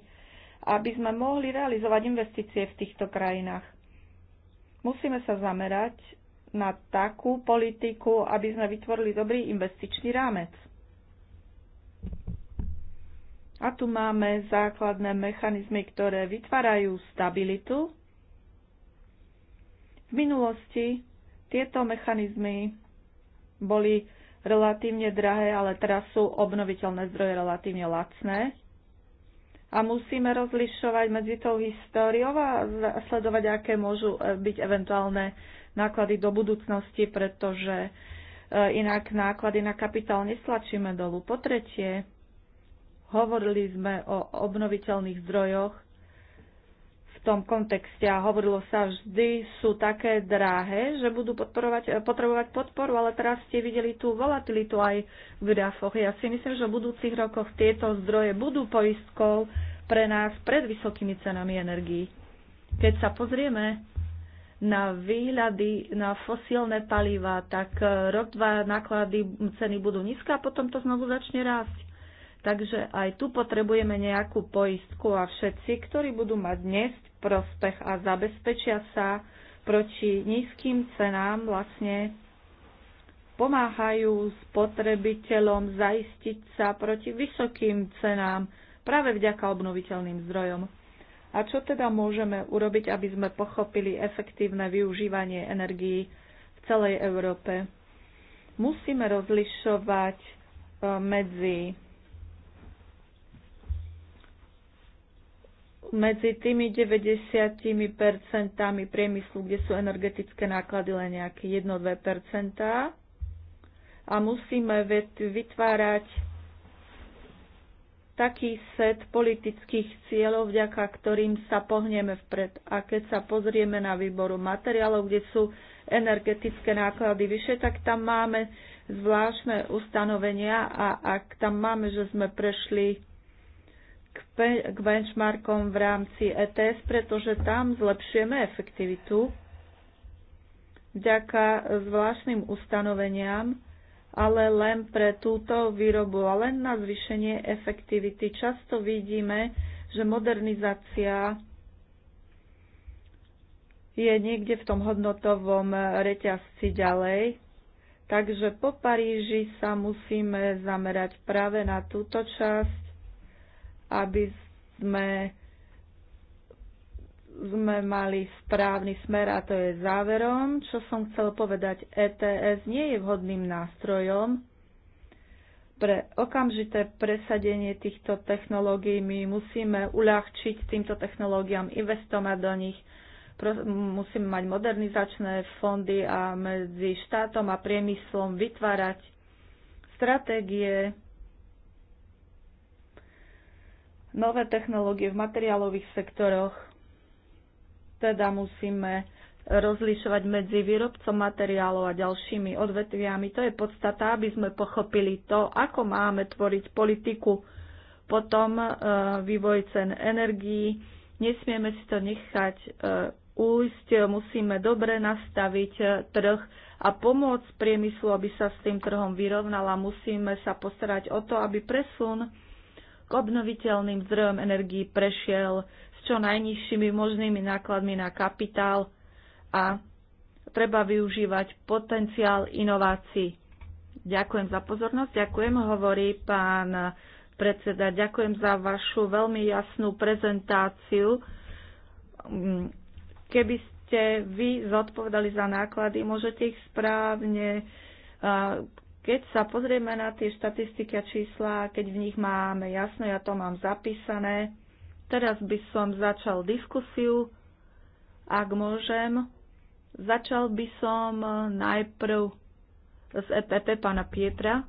aby sme mohli realizovať investície v týchto krajinách. Musíme sa zamerať na takú politiku, aby sme vytvorili dobrý investičný rámec. A tu máme základné mechanizmy, ktoré vytvárajú stabilitu. V minulosti tieto mechanizmy boli relatívne drahé, ale teraz sú obnoviteľné zdroje relatívne lacné. A musíme rozlišovať medzi tou históriou a sledovať, aké môžu e, byť eventuálne náklady do budúcnosti, pretože e, inak náklady na kapitál neslačíme dolu. Po tretie, Hovorili sme o obnoviteľných zdrojoch v tom kontexte a hovorilo sa vždy sú také drahé, že budú potrebovať podporu, ale teraz ste videli tú volatilitu aj v grafoch. Ja si myslím, že v budúcich rokoch tieto zdroje budú poistkou pre nás pred vysokými cenami energií. Keď sa pozrieme na výhľady na fosílne paliva, tak rok, dva náklady, ceny budú nízke a potom to znovu začne rásť. Takže aj tu potrebujeme nejakú poistku a všetci, ktorí budú mať dnes prospech a zabezpečia sa proti nízkym cenám, vlastne pomáhajú spotrebiteľom zaistiť sa proti vysokým cenám práve vďaka obnoviteľným zdrojom. A čo teda môžeme urobiť, aby sme pochopili efektívne využívanie energií v celej Európe? Musíme rozlišovať e, medzi medzi tými 90% priemyslu, kde sú energetické náklady len nejaké 1-2% a musíme vytvárať taký set politických cieľov, vďaka ktorým sa pohneme vpred. A keď sa pozrieme na výboru materiálov, kde sú energetické náklady vyššie, tak tam máme zvláštne ustanovenia a ak tam máme, že sme prešli k benchmarkom v rámci ETS, pretože tam zlepšujeme efektivitu vďaka zvláštnym ustanoveniam, ale len pre túto výrobu a len na zvýšenie efektivity. Často vidíme, že modernizácia je niekde v tom hodnotovom reťazci ďalej. Takže po Paríži sa musíme zamerať práve na túto časť aby sme, sme mali správny smer a to je záverom. Čo som chcel povedať, ETS nie je vhodným nástrojom pre okamžité presadenie týchto technológií. My musíme uľahčiť týmto technológiám, investovať do nich, musíme mať modernizačné fondy a medzi štátom a priemyslom vytvárať stratégie nové technológie v materiálových sektoroch. Teda musíme rozlišovať medzi výrobcom materiálov a ďalšími odvetviami. To je podstata, aby sme pochopili to, ako máme tvoriť politiku. Potom e, vývoj cen energií. Nesmieme si to nechať újsť, e, musíme dobre nastaviť e, trh a pomôcť priemyslu, aby sa s tým trhom vyrovnala. Musíme sa postarať o to, aby presun k obnoviteľným zdrojom energií prešiel s čo najnižšími možnými nákladmi na kapitál a treba využívať potenciál inovácií. Ďakujem za pozornosť, ďakujem, hovorí pán predseda, ďakujem za vašu veľmi jasnú prezentáciu. Mm, keby ste vy zodpovedali za náklady, môžete ich správne keď sa pozrieme na tie štatistiky a čísla, keď v nich máme jasno, ja to mám zapísané, teraz by som začal diskusiu, ak môžem. Začal by som najprv z EPP pána Pietra.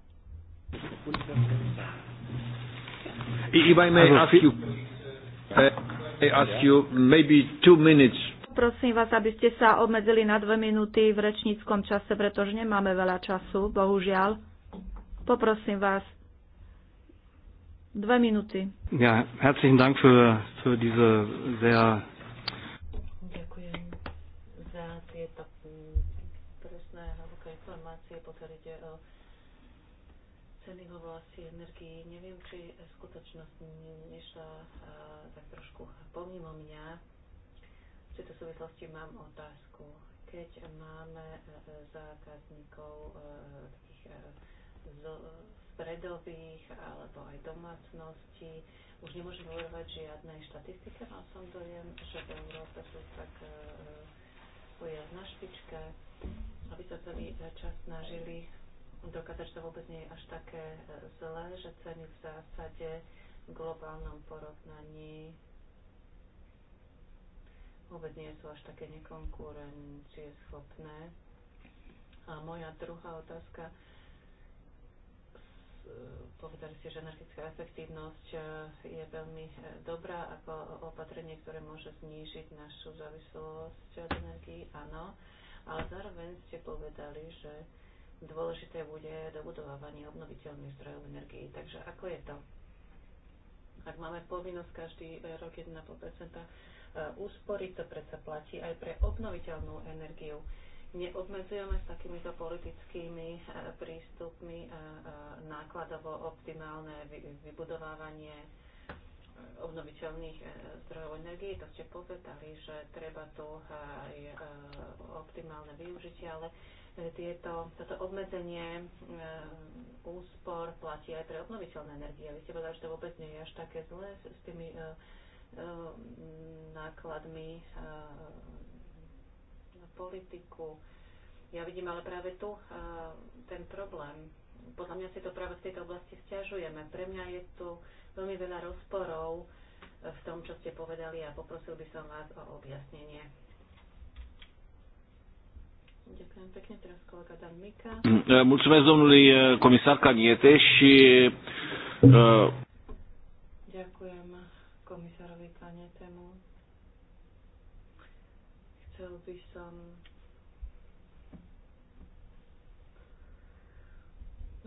If I may ask you, uh, ask you maybe two minutes Prosím vás, aby ste sa obmedzili na dve minúty v rečníckom čase, pretože nemáme veľa času, bohužiaľ. Poprosím vás. Dve minúty. Ja, herzlichen Dank für, für diese sehr... Ďakujem za tieto presné hlboké informácie, pokiaľ o ceny v oblasti energii. Neviem, či skutočnosť nešla eh, tak trošku pomimo mňa tejto súvislosti mám otázku. Keď máme e, e, zákazníkov e, takých spredových alebo aj domácností, už nemôžem hovorovať žiadne štatistike, mal som dojem, že v Európe sú tak pojazd na špičke, aby sa celý čas snažili dokázať, že to vôbec nie je až také zlé, že ceny v zásade v globálnom porovnaní vôbec nie sú až také nekonkurencie schopné. A moja druhá otázka, povedali ste, že energetická efektívnosť e, je veľmi e, dobrá ako opatrenie, ktoré môže znížiť našu závislosť od energii, áno, ale zároveň ste povedali, že dôležité bude dobudovávanie obnoviteľných zdrojov energii. Takže ako je to? Ak máme povinnosť každý rok 1,5 Eh, úspory, to predsa platí aj pre obnoviteľnú energiu. Neobmedzujeme s takýmito politickými eh, prístupmi eh, nákladovo optimálne vybudovávanie obnoviteľných zdrojov energie. To ste povedali, že treba tu aj optimálne využitie, ale tieto, toto obmedzenie úspor platí aj pre obnoviteľné energie. Vy ste povedali, že to vôbec nie je až také zlé s tými Ehm, nákladmi na politiku. Ja vidím ale práve tu ten problém. Podľa mňa si to práve v tejto oblasti stiažujeme. Pre mňa je tu veľmi veľa rozporov e, v tom, čo ste povedali a poprosil by som vás o objasnenie. Ďakujem pekne. Teraz kolega Dan mm, e, Mulțumesc domnului e, comisar Caniete și komisárovi Kanetemu. Chcel by som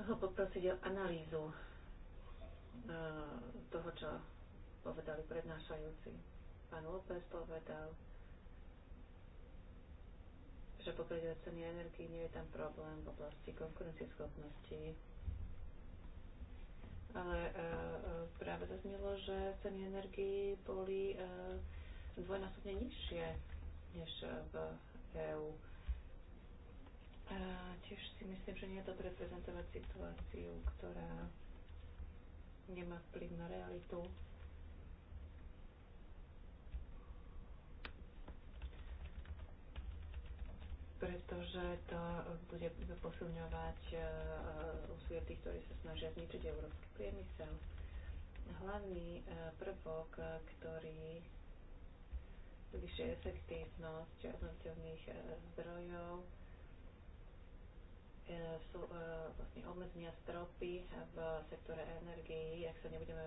ho poprosiť o analýzu e, toho, čo povedali prednášajúci. Pán López povedal, že pokiaľ ceny energii nie je tam problém v oblasti konkurencieschopnosti ale e, e, práve zaznelo, že ceny energii boli e, dvojnásobne nižšie než v EÚ. Tiež si myslím, že nie je dobre prezentovať situáciu, ktorá nemá vplyv na realitu. pretože to bude posilňovať e, e, úsilie tých, ktorí sa snažia zničiť európsky priemysel. Hlavný e, prvok, ktorý zvyšuje efektívnosť obnoviteľných zdrojov, sú vlastne obmedzenia stropy v sektore energií. Ak sa nebudeme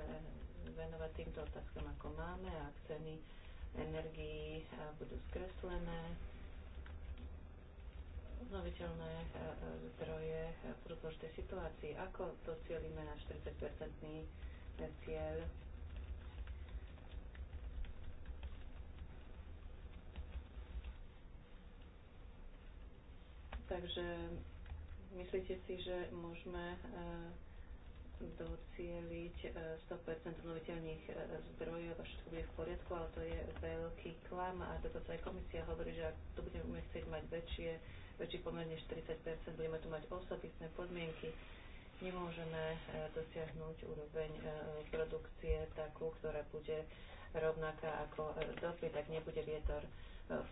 venovať týmto otázkam, ako máme, a ak ceny energii budú skreslené, obnoviteľné e, e, zdroje v e, rozložitej situácii. Ako docielíme na 40-percentný cieľ? Takže myslíte si, že môžeme docieliť 100% obnoviteľných zdrojov a všetko bude v poriadku, ale to je veľký klam a dokonca aj komisia hovorí, že ak to budeme chcieť mať väčšie väčší pomer než 30 budeme tu mať osobitné podmienky. Nemôžeme e, dosiahnuť úroveň e, produkcie takú, ktorá bude rovnaká ako e, dosť, tak nebude vietor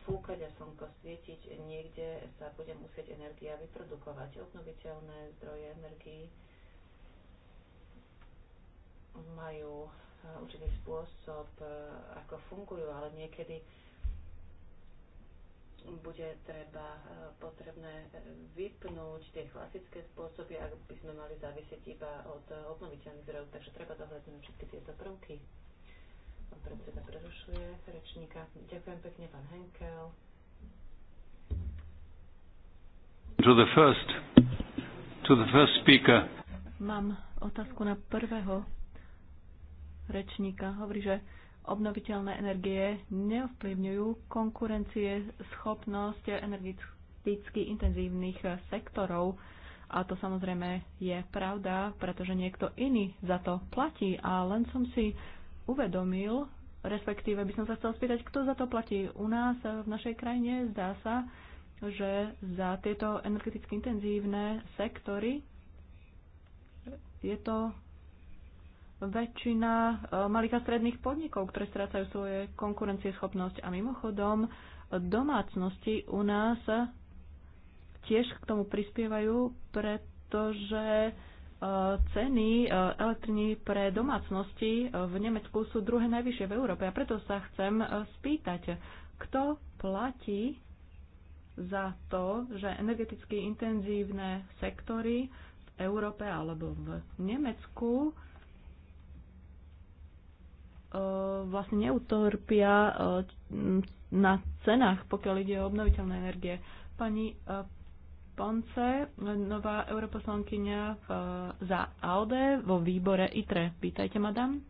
fúkať a slnko svietiť, niekde sa bude musieť energia vyprodukovať. Obnoviteľné zdroje energii majú určitý spôsob, ako fungujú, ale niekedy bude treba e, potrebné e, vypnúť tie klasické spôsoby, ak by sme mali závisieť iba od obnoviteľných zdrojov. Takže treba dohľadnúť všetky tieto prvky. Pán predseda prerušuje rečníka. Ďakujem pekne, pán Henkel. To the first, to the first speaker. Mám otázku na prvého rečníka. Hovorí, že obnoviteľné energie neovplyvňujú konkurencie, schopnosť energeticky intenzívnych sektorov. A to samozrejme je pravda, pretože niekto iný za to platí. A len som si uvedomil, respektíve by som sa chcel spýtať, kto za to platí. U nás v našej krajine zdá sa, že za tieto energeticky intenzívne sektory je to väčšina eh, malých a stredných podnikov, ktoré strácajú svoje konkurencieschopnosť. A mimochodom, domácnosti u nás tiež k tomu prispievajú, pretože eh, ceny eh, elektriny pre domácnosti v Nemecku sú druhé najvyššie v Európe. A preto sa chcem spýtať, kto platí za to, že energeticky intenzívne sektory v Európe alebo v Nemecku Eh, vlastne neutorpia eh, na cenách, pokiaľ ide o obnoviteľné energie. Pani eh, Ponce, nová europoslankyňa v, za ALDE vo výbore ITRE. Vítajte, madam.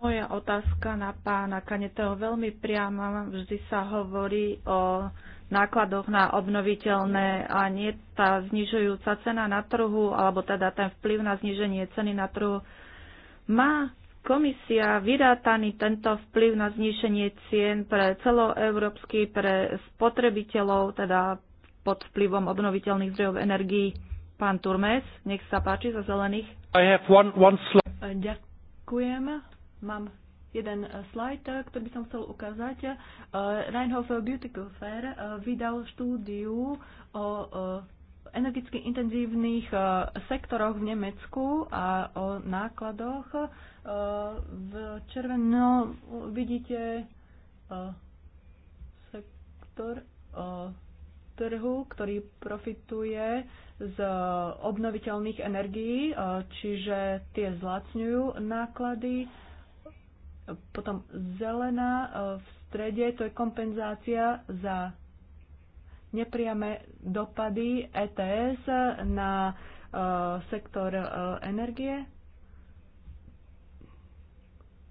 Moja otázka na pána Kaneteho veľmi priama. Vždy sa hovorí o nákladoch na obnoviteľné a nie tá znižujúca cena na trhu, alebo teda ten vplyv na zniženie ceny na trhu má komisia vyrátaný tento vplyv na zníšenie cien pre celoeurópsky, pre spotrebiteľov, teda pod vplyvom obnoviteľných zdrojov energií? Pán Turmes, nech sa páči za zelených. I have one, one slide. Ďakujem. Mám jeden slajd, ktorý by som chcel ukázať. Eh, Reinhofer Beautiful Fair eh, vydal štúdiu o eh, energeticky intenzívnych e, sektoroch v Nemecku a o nákladoch. E, v červeno no, vidíte e, sektor trhu, ktorý profituje z obnoviteľných energií, čiže tie zlacňujú náklady. Potom zelená v strede, to je kompenzácia za nepriame dopady ETS na e, sektor e, energie.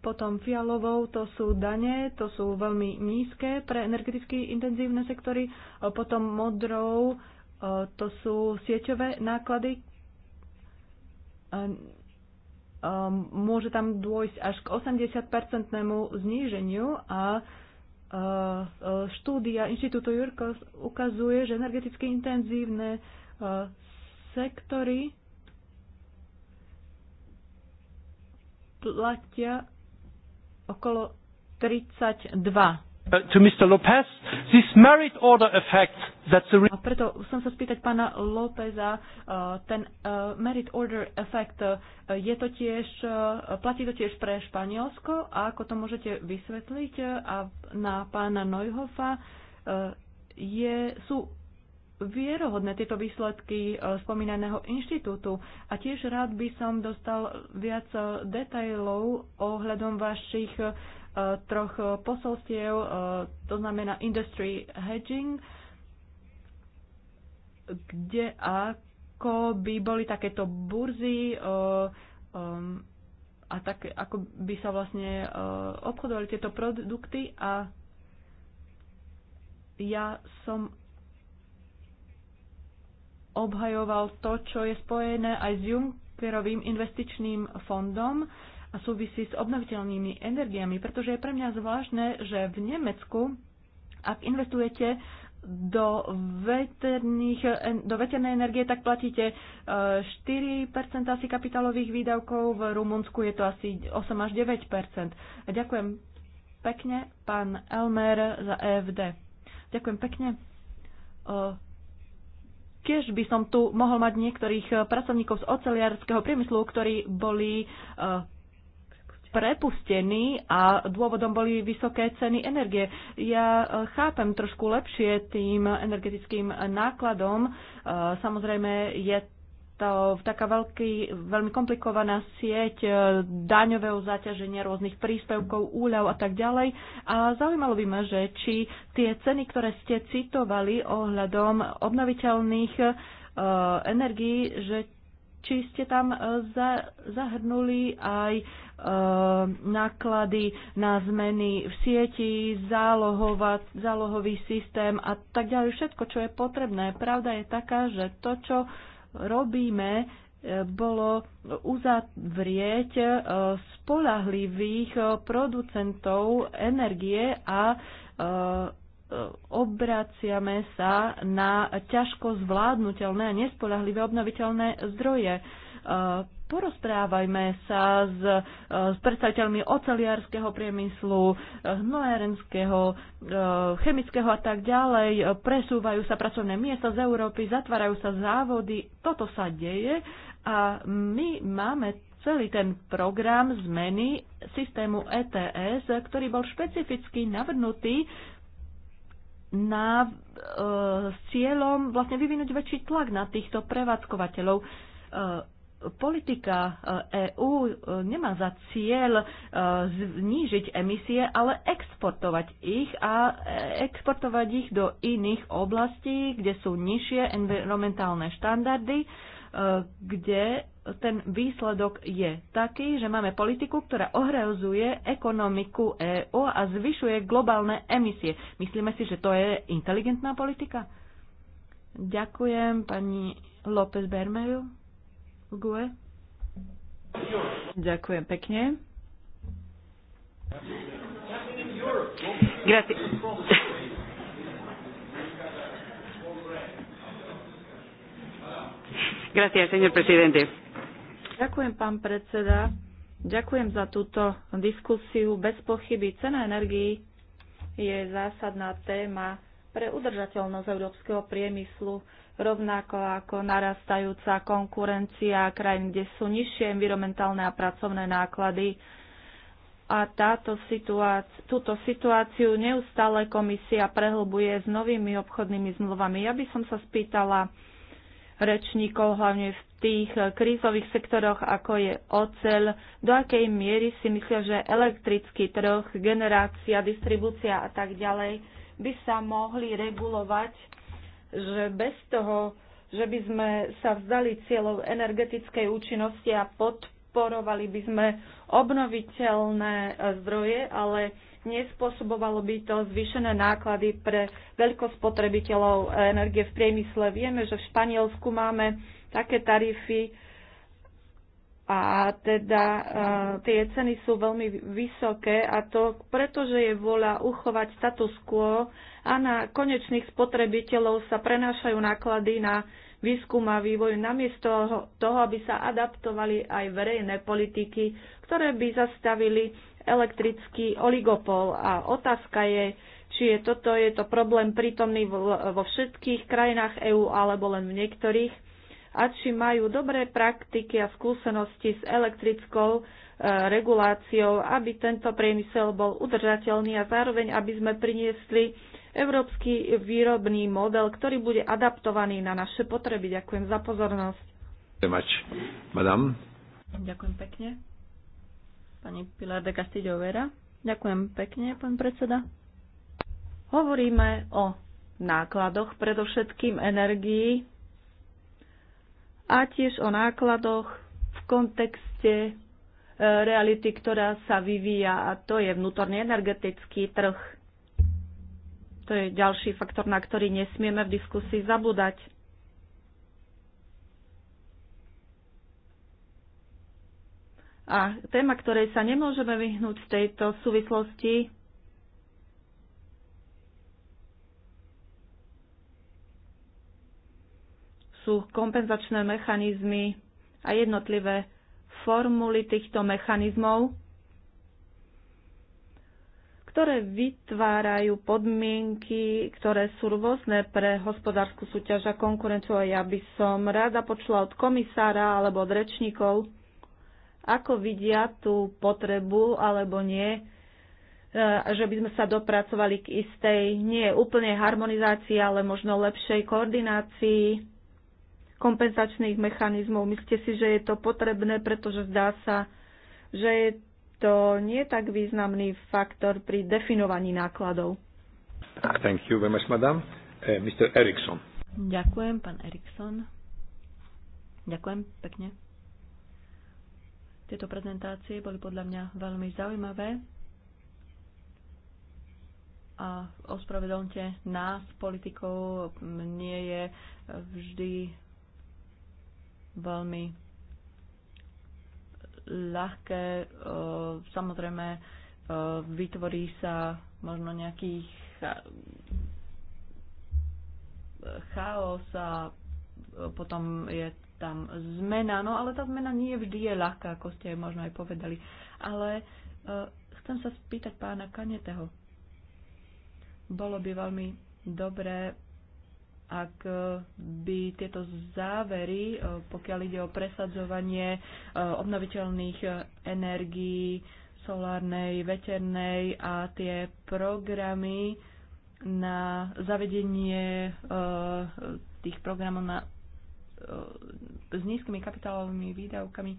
Potom fialovou to sú dane, to sú veľmi nízke pre energeticky intenzívne sektory. E, potom modrou to sú sieťové náklady. Môže tam dôjsť až k 80-percentnému zníženiu a E, e, štúdia Inštitútu Jurkos ukazuje, že energeticky intenzívne e, sektory platia okolo 32 Uh, to Mr. Lopez, this merit order effect that's A preto som sa spýtať pána Lópeza, uh, ten uh, merit order effect, je to tiež, platí to tiež pre Španielsko a ako to môžete vysvetliť a na pána Neuhofa je, sú vierohodné tieto výsledky spomínaného inštitútu a tiež rád by som dostal viac detajlov ohľadom vašich Eh, troch posolstiev, eh, to znamená industry hedging, kde ako by boli takéto burzy eh, a tak, ako by sa vlastne obchodovali tieto produkty a ja som obhajoval to, čo je spojené aj s Junckerovým investičným fondom, a súvisí s obnoviteľnými energiami, pretože je pre mňa zvláštne, že v Nemecku, ak investujete do, veterných, do veternej energie, tak platíte 4% e, asi kapitálových výdavkov, v Rumunsku je to asi 8 až 9%. A ďakujem pekne, pán Elmer za EFD. Ďakujem pekne. E, Keď by som tu mohol mať niektorých e, pracovníkov z oceliarského priemyslu, ktorí boli prepustení a dôvodom boli vysoké ceny energie. Ja e, chápem trošku lepšie tým energetickým nákladom. E, samozrejme je to taká veľký, veľmi komplikovaná sieť e, daňového zaťaženia rôznych príspevkov, úľav a tak ďalej. A zaujímalo by ma, že či tie ceny, ktoré ste citovali ohľadom obnoviteľných energií, že či ste tam e, za, zahrnuli aj e, náklady na zmeny v sieti, zálohovať, zálohový systém a tak ďalej, všetko, čo je potrebné. Pravda je taká, že to, čo robíme, e, bolo uzavrieť e, spolahlivých producentov energie a obraciame sa na ťažko zvládnutelné a nespoľahlivé obnoviteľné zdroje. E, porozprávajme sa s, e, s predstaviteľmi oceliárskeho priemyslu, e, hnojárenského, chemického a tak ďalej. Presúvajú sa pracovné miesta z Európy, zatvárajú sa závody. Toto sa deje a my máme celý ten program zmeny systému ETS, ktorý bol špecificky navrhnutý na, e, s cieľom vlastne vyvinúť väčší tlak na týchto prevádzkovateľov. E, politika EÚ e e, nemá za cieľ e, znížiť emisie, ale exportovať ich a exportovať ich do iných oblastí, kde sú nižšie environmentálne štandardy E, kde ten výsledok je taký, že máme politiku, ktorá ohrozuje ekonomiku EÚ a zvyšuje globálne emisie. Myslíme si, že to je inteligentná politika? Ďakujem pani López Bermeju. Gue. Ďakujem pekne. Grazie. Gracias, señor presidente. Ďakujem, pán predseda. Ďakujem za túto diskusiu. Bez pochyby cena energií je zásadná téma pre udržateľnosť európskeho priemyslu, rovnako ako narastajúca konkurencia krajín, kde sú nižšie environmentálne a pracovné náklady. A táto situáci- túto situáciu neustále komisia prehlbuje s novými obchodnými zmluvami. Ja by som sa spýtala, rečníkov, hlavne v tých eh, krízových sektoroch, ako je oceľ, do akej miery si myslia, že elektrický trh, generácia, distribúcia a tak ďalej by sa mohli regulovať, že bez toho, že by sme sa vzdali cieľov energetickej účinnosti a podporovali by sme obnoviteľné eh, zdroje, ale nespôsobovalo by to zvýšené náklady pre veľkospotrebiteľov energie v priemysle. Vieme, že v Španielsku máme také tarify a teda uh, tie ceny sú veľmi vysoké a to preto, že je vôľa uchovať status quo a na konečných spotrebiteľov sa prenášajú náklady na výskum a vývoj namiesto toho, aby sa adaptovali aj verejné politiky, ktoré by zastavili elektrický oligopol. A otázka je, či je toto je to problém prítomný vo všetkých krajinách EÚ alebo len v niektorých a či majú dobré praktiky a skúsenosti s elektrickou e, reguláciou, aby tento priemysel bol udržateľný a zároveň, aby sme priniesli európsky výrobný model, ktorý bude adaptovaný na naše potreby. Ďakujem za pozornosť. Ďakujem pekne. Pani Pilar de Castillo Vera. Ďakujem pekne, pán predseda. Hovoríme o nákladoch, predovšetkým energii a tiež o nákladoch v kontexte e, reality, ktorá sa vyvíja a to je vnútorný energetický trh. To je ďalší faktor, na ktorý nesmieme v diskusii zabúdať. A téma, ktorej sa nemôžeme vyhnúť v tejto súvislosti, sú kompenzačné mechanizmy a jednotlivé formuly týchto mechanizmov, ktoré vytvárajú podmienky, ktoré sú rôzne pre hospodárskú súťaž a konkurenciu. Ja by som rada počula od komisára alebo od rečníkov, ako vidia tú potrebu alebo nie, e, že by sme sa dopracovali k istej, nie úplne harmonizácii, ale možno lepšej koordinácii kompenzačných mechanizmov. Myslíte si, že je to potrebné, pretože zdá sa, že je to nie tak významný faktor pri definovaní nákladov. Thank you very much, madam. E, Mr. Erickson. Ďakujem, pán Erickson. Ďakujem pekne. Tieto prezentácie boli podľa mňa veľmi zaujímavé a ospravedlňte nás, politikov, nie je vždy veľmi ľahké. E, samozrejme, e, vytvorí sa možno nejaký e, chaos a potom je tam zmena, no ale tá zmena nie vždy je ľahká, ako ste aj možno aj povedali. Ale e, chcem sa spýtať pána Kaneteho. Bolo by veľmi dobré, ak e, by tieto závery, e, pokiaľ ide o presadzovanie e, obnoviteľných energií, solárnej, veternej a tie programy na zavedenie tých programov na s nízkymi kapitálovými výdavkami,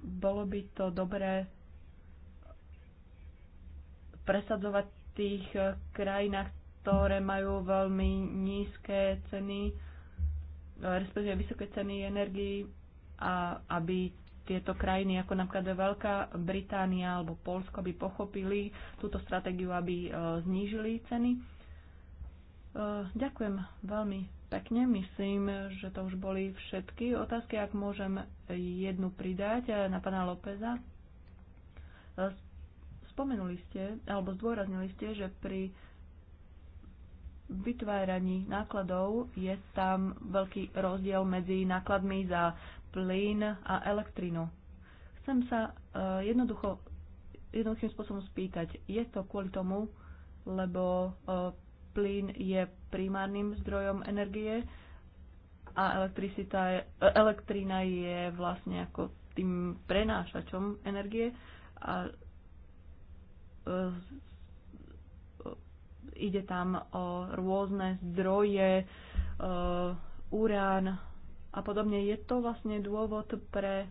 bolo by to dobré presadzovať v tých eh, krajinách, ktoré majú veľmi nízke ceny, eh, respektíve vysoké ceny energii a aby tieto krajiny, ako napríklad Veľká Británia alebo Polsko, by pochopili túto stratégiu, aby eh, znížili ceny. Ďakujem veľmi pekne. Myslím, že to už boli všetky otázky. Ak môžem jednu pridať eh, na pána Lópeza. Eh, spomenuli ste, alebo zdôraznili ste, že pri vytváraní nákladov je tam veľký rozdiel medzi nákladmi za plyn a elektrinu. Chcem sa eh, jednoducho, jednoduchým spôsobom spýtať, je to kvôli tomu, lebo plyn je primárnym zdrojom energie a je, elektrina je vlastne ako tým prenášačom energie a e, ide tam o rôzne zdroje, e, urán a podobne. Je to vlastne dôvod pre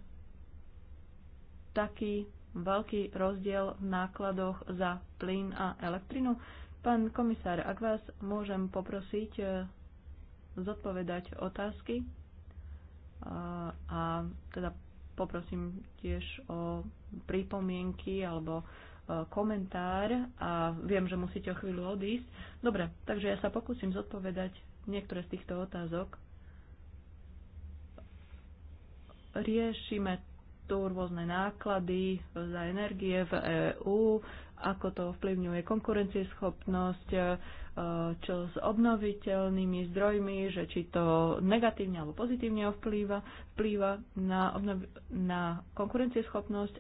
taký veľký rozdiel v nákladoch za plyn a elektrinu. Pán komisár, ak vás môžem poprosiť e, zodpovedať otázky a, a teda poprosím tiež o pripomienky alebo e, komentár a viem, že musíte o chvíľu odísť. Dobre, takže ja sa pokúsim zodpovedať niektoré z týchto otázok. Riešime tu rôzne náklady za energie v EÚ, ako to ovplyvňuje konkurencieschopnosť, e, čo s obnoviteľnými zdrojmi, že či to negatívne alebo pozitívne vplýva, vplýva na, obnovi- na konkurencieschopnosť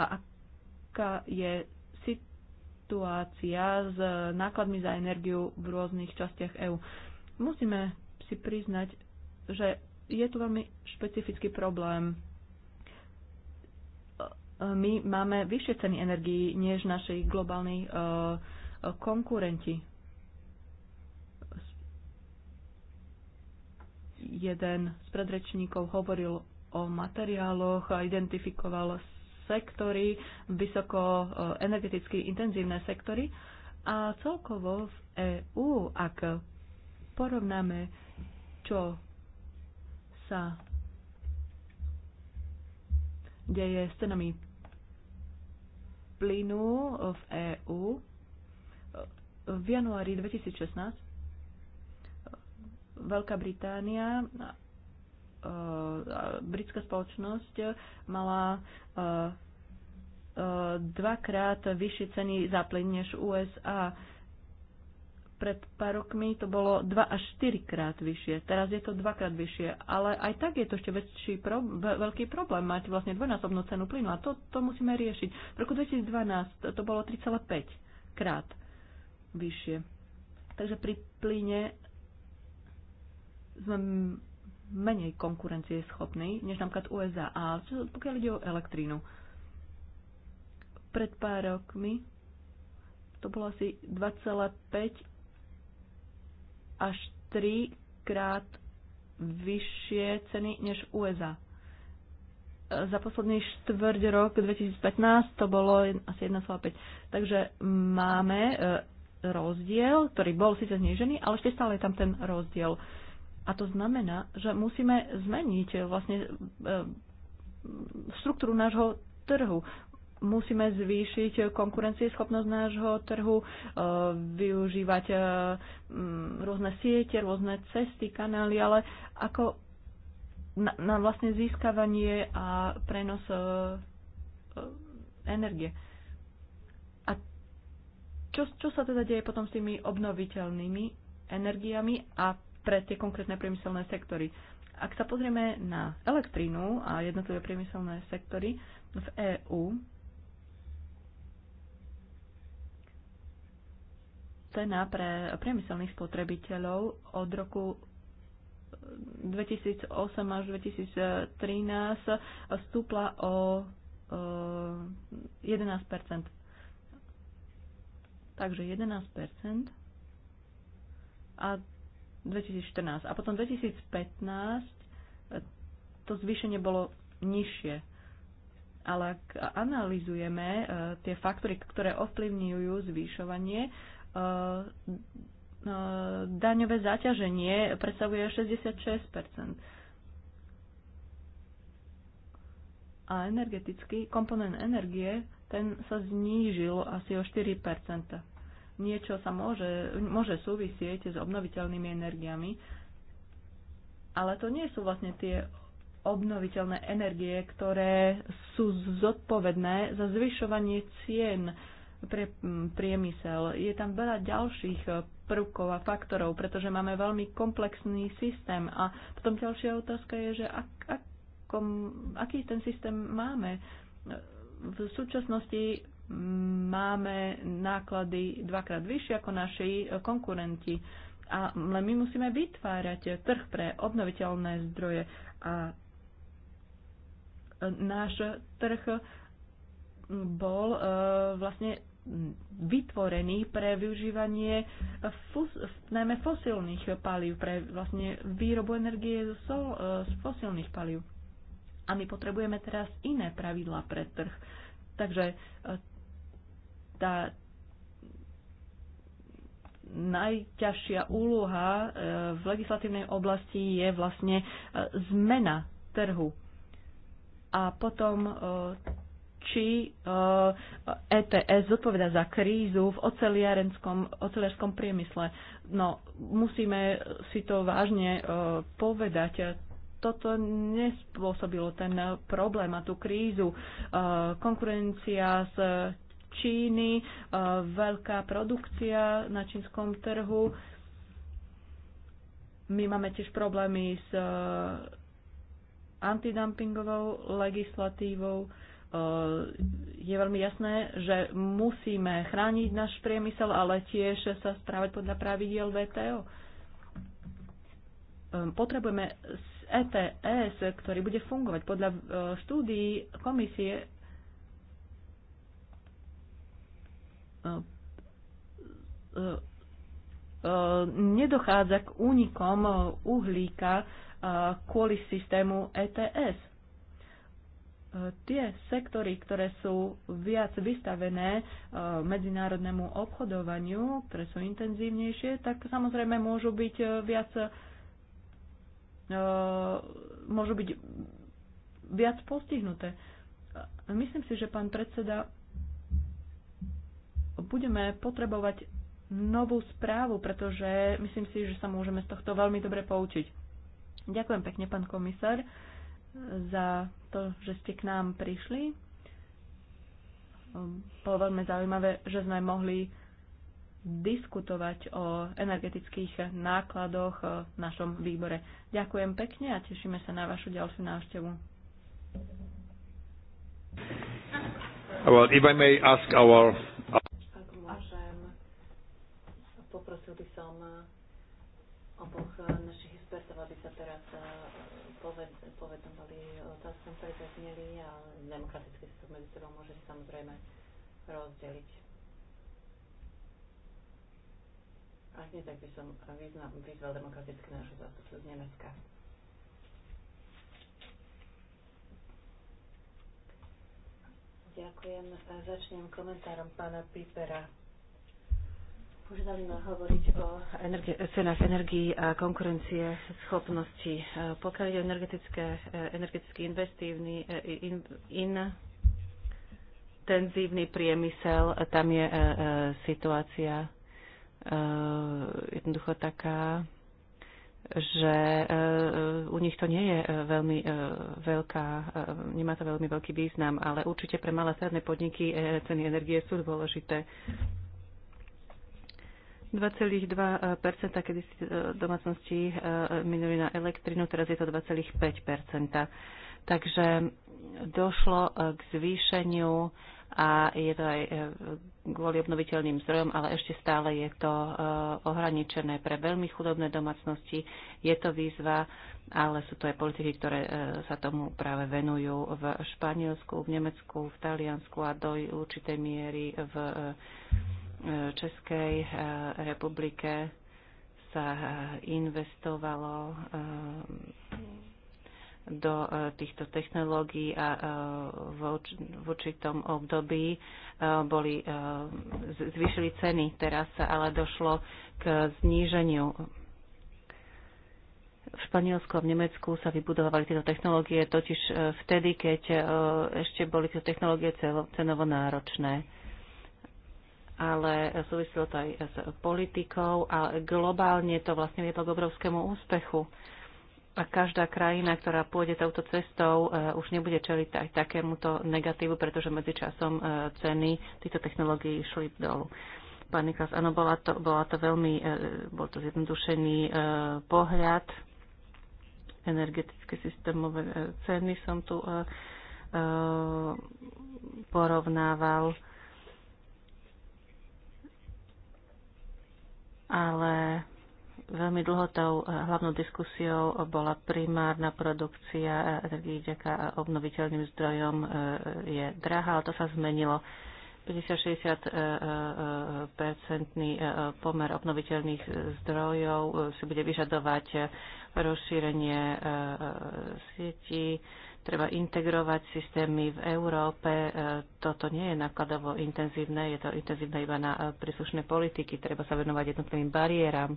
a aká je situácia s nákladmi za energiu v rôznych častiach EÚ. Musíme si priznať, že je tu veľmi špecifický problém my máme vyššie ceny energií než naši globálni e, konkurenti. Jeden z predrečníkov hovoril o materiáloch a identifikoval sektory, vysoko e, energeticky intenzívne sektory. A celkovo v EÚ, ak porovnáme, čo sa deje s cenami plynu v EÚ v januári 2016 Veľká Británia britská spoločnosť mala dvakrát vyššie ceny za plyn než USA pred pár rokmi to bolo 2 až 4 krát vyššie, teraz je to 2 krát vyššie, ale aj tak je to ešte väčší pro, veľký problém mať vlastne dvojnásobnú cenu plynu a to, to musíme riešiť. V roku 2012 to bolo 3,5 krát vyššie. Takže pri plyne sme menej schopní, než napríklad USA. A čo, pokiaľ ide o elektrínu, pred pár rokmi to bolo asi 2,5 až 3 krát vyššie ceny než USA. Za posledný štvrť rok 2015 to bolo asi 1,5. Takže máme e, rozdiel, ktorý bol síce znížený, ale ešte stále je tam ten rozdiel. A to znamená, že musíme zmeniť e, vlastne štruktúru e, nášho trhu musíme zvýšiť konkurencieschopnosť nášho trhu, e, využívať e, rôzne siete, rôzne cesty, kanály, ale ako na, na vlastne získavanie a prenos e, energie. A čo, čo sa teda deje potom s tými obnoviteľnými energiami a pre tie konkrétne priemyselné sektory? Ak sa pozrieme na elektrínu a jednotlivé priemyselné sektory v EÚ, cena pre priemyselných spotrebiteľov od roku 2008 eh, až 2013 stúpla o 11 eh, Takže 11 a 2014. A potom 2015 eh, to zvýšenie bolo nižšie. Ale ak analizujeme tie faktory, ktoré ovplyvňujú zvýšovanie, E, e, daňové zaťaženie predstavuje 66 A energetický komponent energie, ten sa znížil asi o 4 Niečo sa môže, môže súvisieť s obnoviteľnými energiami, ale to nie sú vlastne tie obnoviteľné energie, ktoré sú zodpovedné za zvyšovanie cien uh, pre priemysel. Je tam veľa ďalších e, prvkov a faktorov, pretože máme veľmi komplexný systém. A potom ďalšia otázka je, že ak, akom, aký ten systém máme. V súčasnosti máme náklady dvakrát vyššie ako naši e, konkurenti. A my musíme vytvárať trh pre obnoviteľné zdroje a e, náš trh bol e, vlastne vytvorený pre využívanie fos, najmä fosilných palív, pre vlastne výrobu energie z, sol, e, z fosilných palív. A my potrebujeme teraz iné pravidlá pre trh. Takže e, tá najťažšia úloha v legislatívnej oblasti je vlastne zmena trhu. A potom či ETS eh, e zodpoveda za krízu v oceliarskom priemysle. No, musíme si to vážne eh, povedať. Toto nespôsobilo ten problém a tú krízu. Eh, konkurencia z Číny, veľká produkcia na čínskom trhu. My máme tiež problémy s antidumpingovou legislatívou Eh, je veľmi jasné, že musíme chrániť náš priemysel, ale tiež sa správať podľa pravidiel VTO. Potrebujeme ETS, ktorý bude fungovať podľa eh, štúdií komisie eh, nedochádza k únikom uhlíka kvôli systému ETS tie sektory, ktoré sú viac vystavené e, medzinárodnému obchodovaniu, ktoré sú intenzívnejšie, tak samozrejme môžu byť e, viac e, môžu byť viac postihnuté. Myslím si, že pán predseda budeme potrebovať novú správu, pretože myslím si, že sa môžeme z tohto veľmi dobre poučiť. Ďakujem pekne, pán komisár za to, že ste k nám prišli. Ehm, bolo veľmi zaujímavé, že sme mohli diskutovať o energetických nákladoch e, v našom výbore. Ďakujem pekne a tešíme sa na vašu ďalšiu návštevu. Well, if I may ask our... Ak môžem, poprosil by som oboch našich expertov, aby sa teraz e, poved, povedomali, otázkam, ktoré zazneli a demokraticky sa to medzi sebou môže samozrejme rozdeliť. A nie, tak by som význam, vyzval demokraticky našu zástupcu z Nemecka. Ďakujem. Začnem komentárom pána Pipera Požiadali ma hovoriť o energie, cenách energií a konkurencie schopnosti. E, pokiaľ je energetické, e, energetický investívny, e, in, in, intenzívny priemysel, tam je situácia jednoducho taká, že u nich to nie je veľmi veľká, nemá to veľmi veľký význam, ale určite pre malé stredné podniky ceny energie sú dôležité. 2,2 kedy si e, domácnosti e, minuli na elektrinu, teraz je to 2,5 Takže došlo e, k zvýšeniu a je to aj kvôli obnoviteľným zdrojom, ale ešte stále je to ohraničené pre veľmi chudobné domácnosti. Je to výzva, ale sú to aj politiky, ktoré sa tomu práve venujú v Španielsku, v Nemecku, v Taliansku a do určitej miery v Českej eh, republike sa eh, investovalo eh, do týchto technológií a v určitom období boli, zvyšili ceny. Teraz sa ale došlo k zníženiu. V Španielsku a v Nemecku sa vybudovali tieto technológie totiž vtedy, keď ešte boli tieto technológie cenovo náročné ale súvisilo to aj s politikou a globálne to vlastne viedlo k obrovskému úspechu. A každá krajina, ktorá pôjde touto cestou, e, už nebude čeliť aj takémuto negatívu, pretože medzičasom e, ceny týchto technológií išli dolu. Pán Niklas, áno, bola to, bola to veľmi, e, bol to zjednodušený pohľad, energetické systémové ceny som tu porovnával ale veľmi dlho tou eh, hlavnou diskusiou bola primárna produkcia eh, energii vďaka obnoviteľným zdrojom eh, je drahá, ale to sa zmenilo. 50-60 percentný pomer obnoviteľných zdrojov si bude vyžadovať rozšírenie sietí, treba integrovať systémy v Európe. E, toto nie je nákladovo intenzívne, je to intenzívne iba na e, príslušné politiky, treba sa venovať jednotlivým bariéram.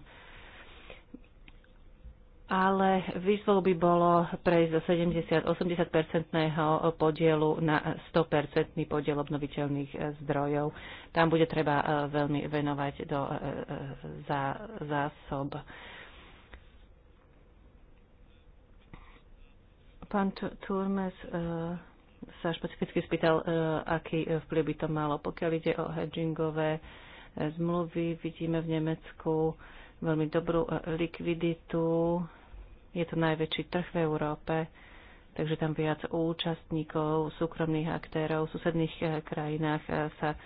Ale výzvou by bolo prejsť do 70-80-percentného podielu na 100-percentný podiel obnoviteľných e, zdrojov. Tam bude treba veľmi venovať do zásob. Za, Pán Turmes e, sa špecificky spýtal, e, aký vplyv by to malo. Pokiaľ ide o hedgingové e, zmluvy, vidíme v Nemecku veľmi dobrú likviditu. Je to najväčší trh v Európe, takže tam viac účastníkov, súkromných aktérov v susedných krajinách sa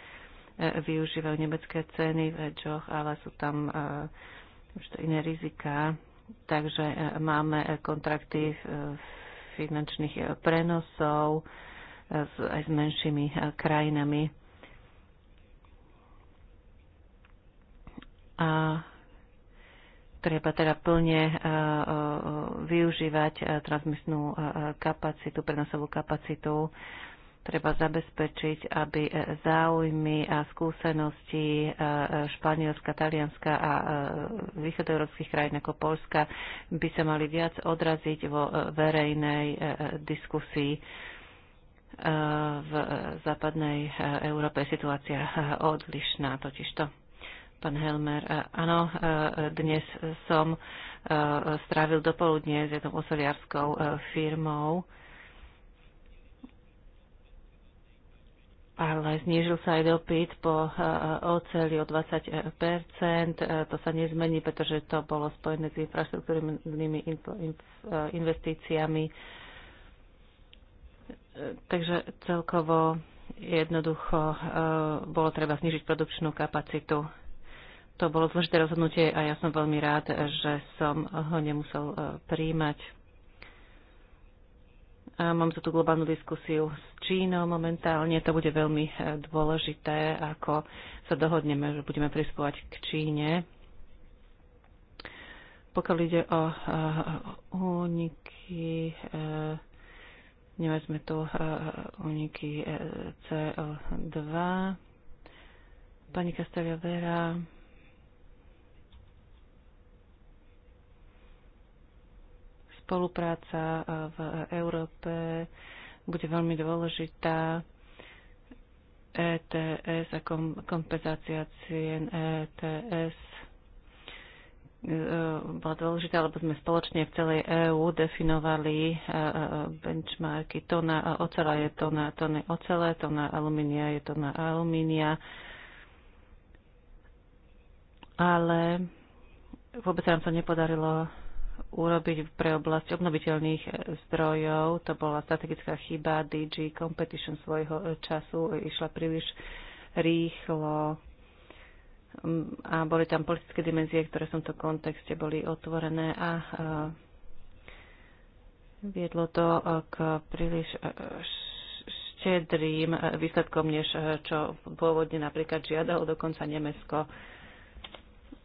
využívajú nemecké ceny v hedžoch, ale sú tam už to iné rizika, Takže máme kontrakty v finančných e, prenosov e, aj s menšími e, krajinami. A treba teda plne využívať transmisnú kapacitu, prenosovú kapacitu Treba zabezpečiť, aby záujmy a skúsenosti e, Španielska, Talianska a e, východoeurópskych krajín ako Polska by sa mali viac odraziť vo e, verejnej diskusii v západnej Európe situácia odlišná totižto pán Helmer. Áno, dnes som strávil dopoludne s jednou osoliarskou firmou ale znížil sa aj dopyt po eh, eh, oceli o 20 eh, To sa nezmení, pretože to bolo spojené s infraštruktúrnymi investíciami. Takže celkovo jednoducho bolo treba znižiť produkčnú kapacitu. To bolo zložité rozhodnutie a ja som veľmi rád, že som ho nemusel príjmať. Mám tu tú globálnu diskusiu s Čínou momentálne. To bude veľmi e, dôležité, ako sa dohodneme, že budeme prispovať k Číne. Pokiaľ ide o e, úniky, e, nemali tu úniky CO2. Pani Castellovera, Vera, spolupráca e, v Európe bude veľmi dôležitá. ETS a kompenzácia cien ETS e, bola dôležitá, lebo sme spoločne v celej EÚ definovali e, benchmarky tona ocela je tona, tony ocele, tona alumínia je tona alumínia. Ale vôbec nám to nepodarilo urobiť pre oblasť obnoviteľných zdrojov. To bola strategická chyba. DG Competition svojho času išla príliš rýchlo a boli tam politické dimenzie, ktoré v tomto kontexte boli otvorené a e, viedlo to e, k príliš e, štedrým výsledkom, než čo pôvodne napríklad žiadalo dokonca Nemecko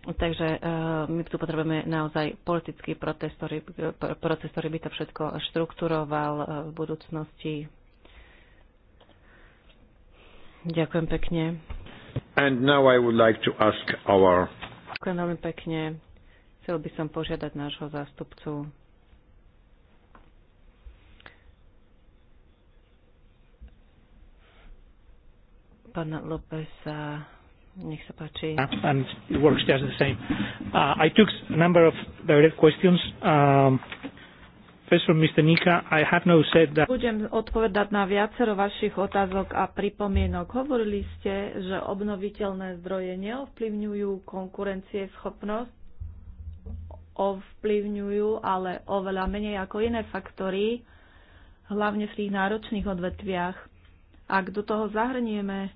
Takže e, my tu potrebujeme naozaj politický proces, ktorý, e, proces, ktorý by to všetko štrukturoval e, v budúcnosti. Ďakujem pekne. And now I would like to ask our... Ďakujem veľmi pekne. Chcel by som požiadať nášho zástupcu pána Lopesa nech sa páči. Ah, and it works just the same. Uh, I took a number of direct questions. Um, first from Mr. Nika, I have no said that... Budem odpovedať na viacero vašich otázok a pripomienok. Hovorili ste, že obnoviteľné zdroje neovplyvňujú schopnosť ovplyvňujú, ale oveľa menej ako iné faktory, hlavne v tých náročných odvetviach. Ak do toho zahrnieme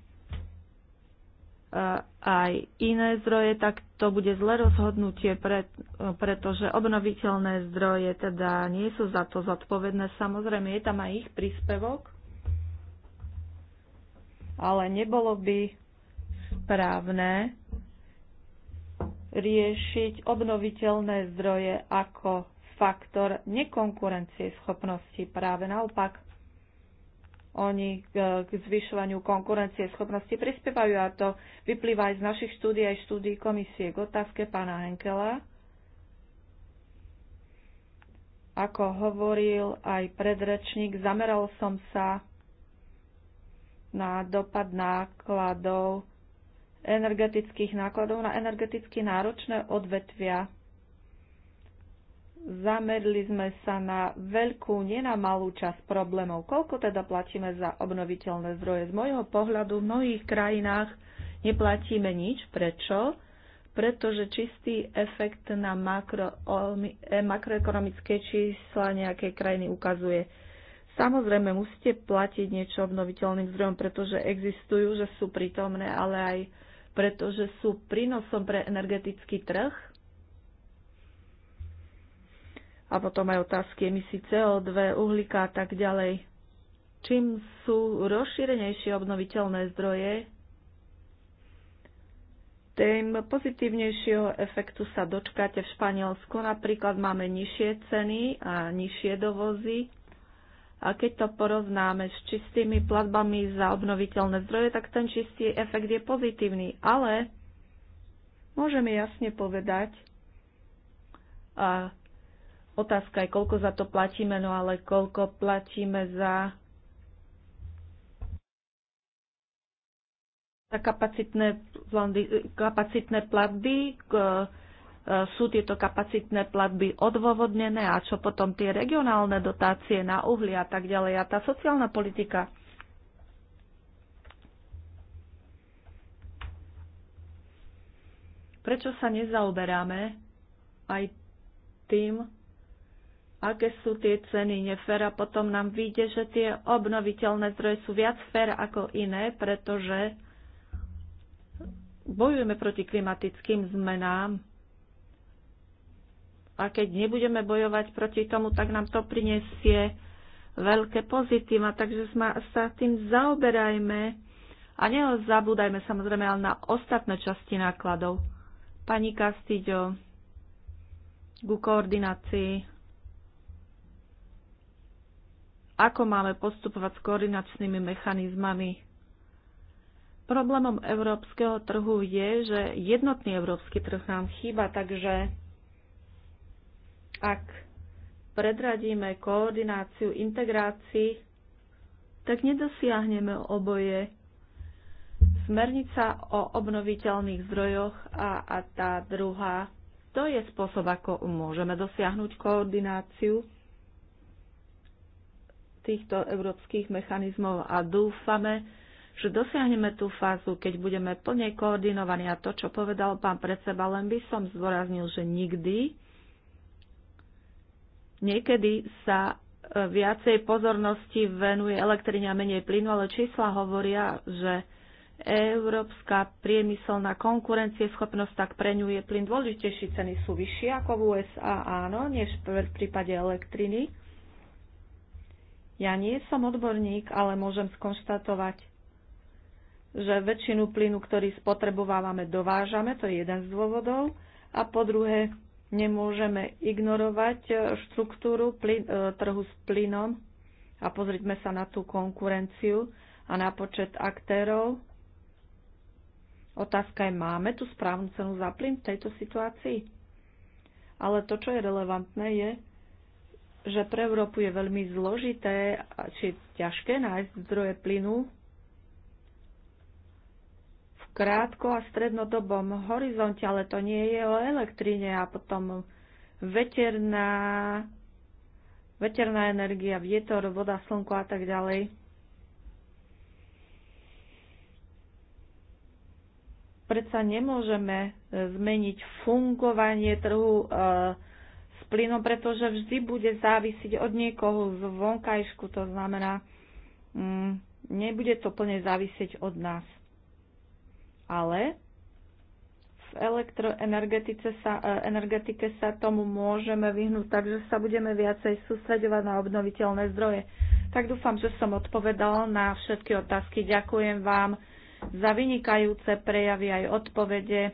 aj iné zdroje, tak to bude zlé rozhodnutie, pretože obnoviteľné zdroje teda nie sú za to zodpovedné. Samozrejme, je tam aj ich príspevok, ale nebolo by správne riešiť obnoviteľné zdroje ako faktor nekonkurencie schopnosti. Práve naopak, oni k, zvyšovaniu konkurencie schopnosti prispievajú a to vyplýva aj z našich štúdí, aj štúdí komisie. K otázke pána Henkela. Ako hovoril aj predrečník, zameral som sa na dopad nákladov, energetických nákladov na energeticky náročné odvetvia Zamerli sme sa na veľkú, nie na malú časť problémov. Koľko teda platíme za obnoviteľné zdroje? Z môjho pohľadu v mnohých krajinách neplatíme nič. Prečo? Pretože čistý efekt na makro, eh, makroekonomické čísla nejakej krajiny ukazuje. Samozrejme, musíte platiť niečo obnoviteľným zdrojom, pretože existujú, že sú prítomné, ale aj pretože sú prínosom pre energetický trh a potom aj otázky emisí CO2, uhlíka a tak ďalej. Čím sú rozšírenejšie obnoviteľné zdroje, tým pozitívnejšieho efektu sa dočkáte v Španielsku. Napríklad máme nižšie ceny a nižšie dovozy. A keď to porovnáme s čistými platbami za obnoviteľné zdroje, tak ten čistý efekt je pozitívny. Ale môžeme jasne povedať, a Otázka je, koľko za to platíme, no ale koľko platíme za za kapacitné, kapacitné platby, e, sú tieto kapacitné platby odôvodnené a čo potom tie regionálne dotácie na uhlie a tak ďalej a tá sociálna politika. Prečo sa nezaoberáme aj tým, aké sú tie ceny nefér a potom nám vyjde, že tie obnoviteľné zdroje sú viac fér ako iné, pretože bojujeme proti klimatickým zmenám a keď nebudeme bojovať proti tomu, tak nám to prinesie veľké pozitíva, takže sa tým zaoberajme a nezabúdajme samozrejme ale na ostatné časti nákladov. Pani Castillo, ku koordinácii ako máme postupovať s koordinačnými mechanizmami. Problémom európskeho trhu je, že jednotný európsky trh nám chýba, takže ak predradíme koordináciu integrácií, tak nedosiahneme oboje. Smernica o obnoviteľných zdrojoch a, a tá druhá, to je spôsob, ako môžeme dosiahnuť koordináciu týchto európskych mechanizmov a dúfame, že dosiahneme tú fázu, keď budeme plne koordinovaní. A to, čo povedal pán predseba, len by som zdôraznil, že nikdy, niekedy sa e, viacej pozornosti venuje elektrine a menej plynu, ale čísla hovoria, že európska priemyselná konkurencieschopnosť, tak pre ňu je plyn dôležitejší, ceny sú vyššie ako v USA, áno, než v prípade elektriny ja nie som odborník, ale môžem skonštatovať, že väčšinu plynu, ktorý spotrebovávame, dovážame, to je jeden z dôvodov. A po druhé, nemôžeme ignorovať e, štruktúru plyn, e, trhu s plynom a pozrieme sa na tú konkurenciu a na počet aktérov. Otázka je, máme tú správnu cenu za plyn v tejto situácii? Ale to, čo je relevantné, je, že pre Európu je veľmi zložité či ťažké nájsť zdroje plynu v krátko a strednodobom horizonte, ale to nie je o elektrine a potom veterná, veterná energia, vietor, voda, slnko a tak ďalej. Predsa nemôžeme zmeniť fungovanie trhu e, plynu, pretože vždy bude závisiť od niekoho z vonkajšku, to znamená, mm, nebude to plne závisieť od nás. Ale v elektroenergetike sa, e, energetike sa tomu môžeme vyhnúť, takže sa budeme viacej sústreďovať na obnoviteľné zdroje. Tak dúfam, že som odpovedal na všetky otázky. Ďakujem vám za vynikajúce prejavy aj odpovede e,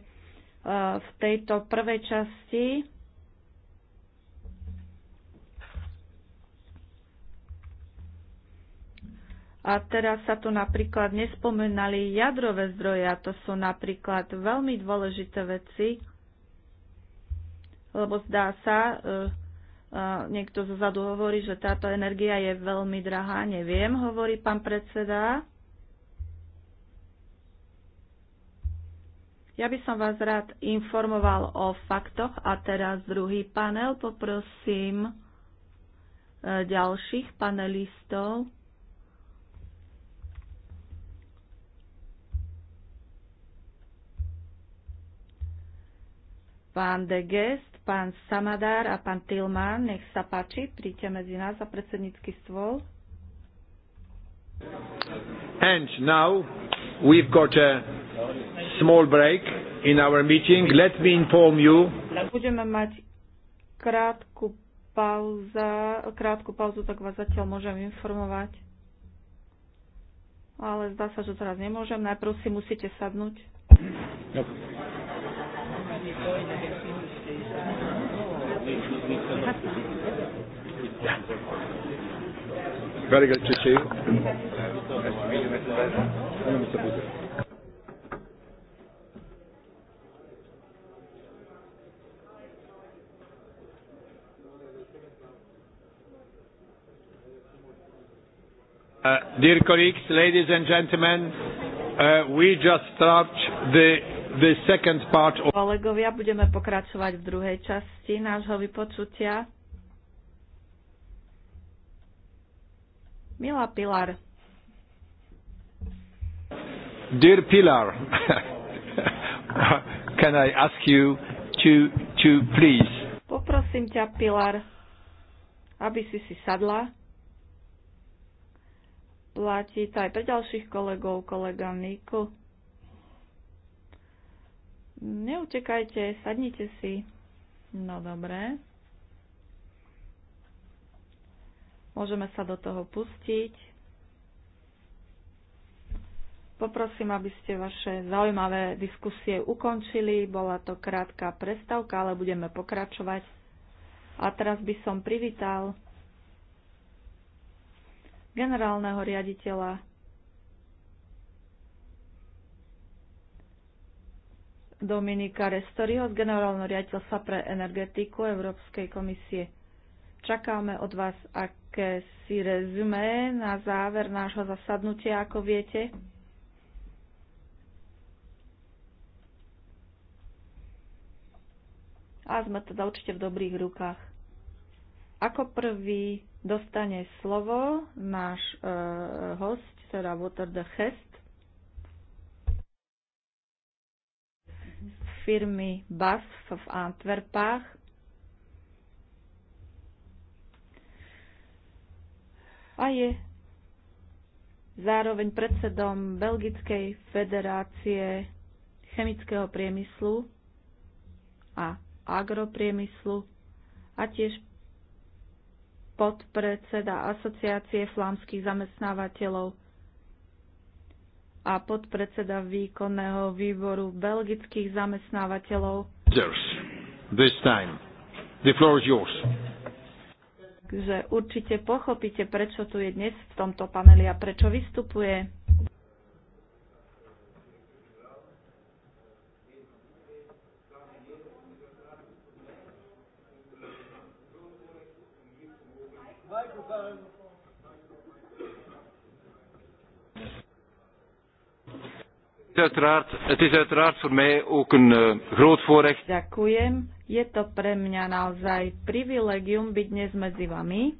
v tejto prvej časti A teraz sa tu napríklad nespomenali jadrové zdroje, a to sú napríklad veľmi dôležité veci, lebo zdá sa, e, e, niekto zo zadu hovorí, že táto energia je veľmi drahá, neviem, hovorí pán predseda. Ja by som vás rád informoval o faktoch a teraz druhý panel. Poprosím e, ďalších panelistov. pán De Gest, pán Samadár a pán Tilman. Nech sa páči, príďte medzi nás za predsednícky stôl. And now we've got a small break in our meeting. Let me inform you. Budeme mať krátku pauza, krátku pauzu, tak vás zatiaľ môžem informovať. Ale zdá sa, že teraz nemôžem. Najprv si musíte sadnúť. Yep. No. Very good to see you. Uh, dear colleagues, ladies and gentlemen, uh, we just start the the second part of... Kolegovia, budeme pokračovať v druhej časti nášho vypočutia. Milá Pilar. Dear Pilar, can I ask you to, to please? Poprosím ťa, Pilar, aby si si sadla. Platí to aj pre ďalších kolegov, kolega Miku. Neutekajte, sadnite si. No dobre. Môžeme sa do toho pustiť. Poprosím, aby ste vaše zaujímavé diskusie ukončili. Bola to krátka prestavka, ale budeme pokračovať. A teraz by som privítal generálneho riaditeľa Dominika Restoriho z generálneho riaditeľstva pre energetiku Európskej komisie. Čakáme od vás aké si rezume na záver nášho zasadnutia, ako viete. A sme teda určite v dobrých rukách. Ako prvý dostane slovo náš e, host, teda Water the Hest, firmy BAS v Antwerpách. A je zároveň predsedom Belgickej federácie chemického priemyslu a agropriemyslu a tiež podpredseda Asociácie flámskych zamestnávateľov a podpredseda výkonného výboru belgických zamestnávateľov. This time. The floor is yours. Takže určite pochopíte, prečo tu je dnes v tomto paneli a prečo vystupuje. uiteraard, het is uiteraard voor mij ook een uh, groot voorrecht. Ďakujem. Je to pre mňa naozaj privilegium byť dnes medzi vami.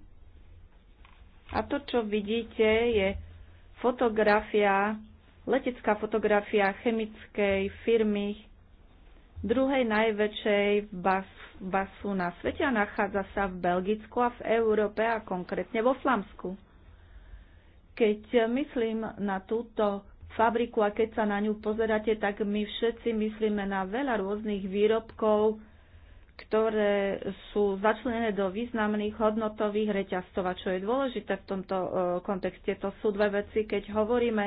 A to, čo vidíte, je fotografia, letecká fotografia chemickej firmy, druhej najväčšej bas, basu na svete a nachádza sa v Belgicku a v Európe a konkrétne vo Flamsku. Keď eh, myslím na túto fabriku a keď sa na ňu pozeráte, tak my všetci myslíme na veľa rôznych výrobkov, ktoré sú začlenené do významných hodnotových reťazcov. A čo je dôležité v tomto e, kontexte, to sú dve veci. Keď hovoríme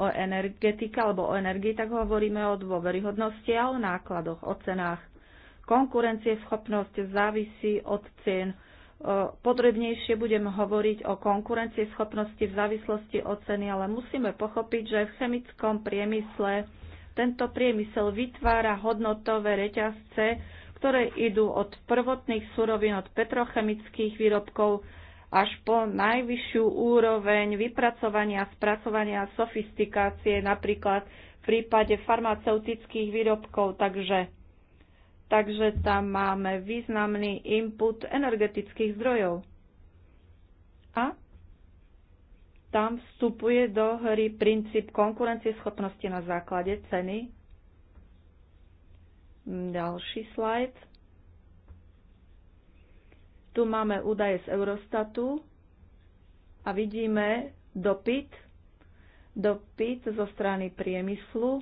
o energetike alebo o energii, tak hovoríme o dôveryhodnosti a o nákladoch, o cenách. Konkurencieschopnosť závisí od cien E, podrobnejšie budem hovoriť o konkurencieschopnosti v závislosti od ceny, ale musíme pochopiť, že v chemickom priemysle tento priemysel vytvára hodnotové reťazce, ktoré idú od prvotných surovín, od petrochemických výrobkov až po najvyššiu úroveň vypracovania, spracovania a sofistikácie, napríklad v prípade farmaceutických výrobkov. Takže takže tam máme významný input energetických zdrojov. A tam vstupuje do hry princíp konkurencieschopnosti na základe ceny. Ďalší slajd. Tu máme údaje z Eurostatu a vidíme dopyt, dopyt zo strany priemyslu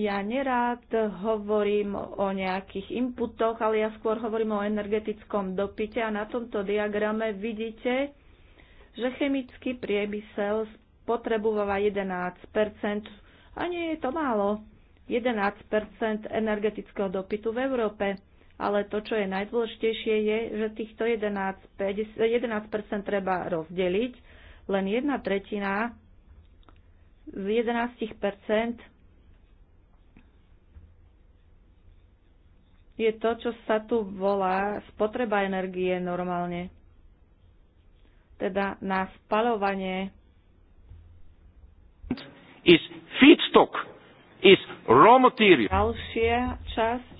ja nerád hovorím o nejakých inputoch, ale ja skôr hovorím o energetickom dopite a na tomto diagrame vidíte, že chemický priemysel spotrebováva 11 a nie je to málo. 11 energetického dopytu v Európe. Ale to, čo je najdôležitejšie, je, že týchto 11, 11 treba rozdeliť. Len jedna tretina z 11 je to, čo sa tu volá spotreba energie normálne. Teda na spalovanie. Is feedstock, is raw material. Ďalšia časť,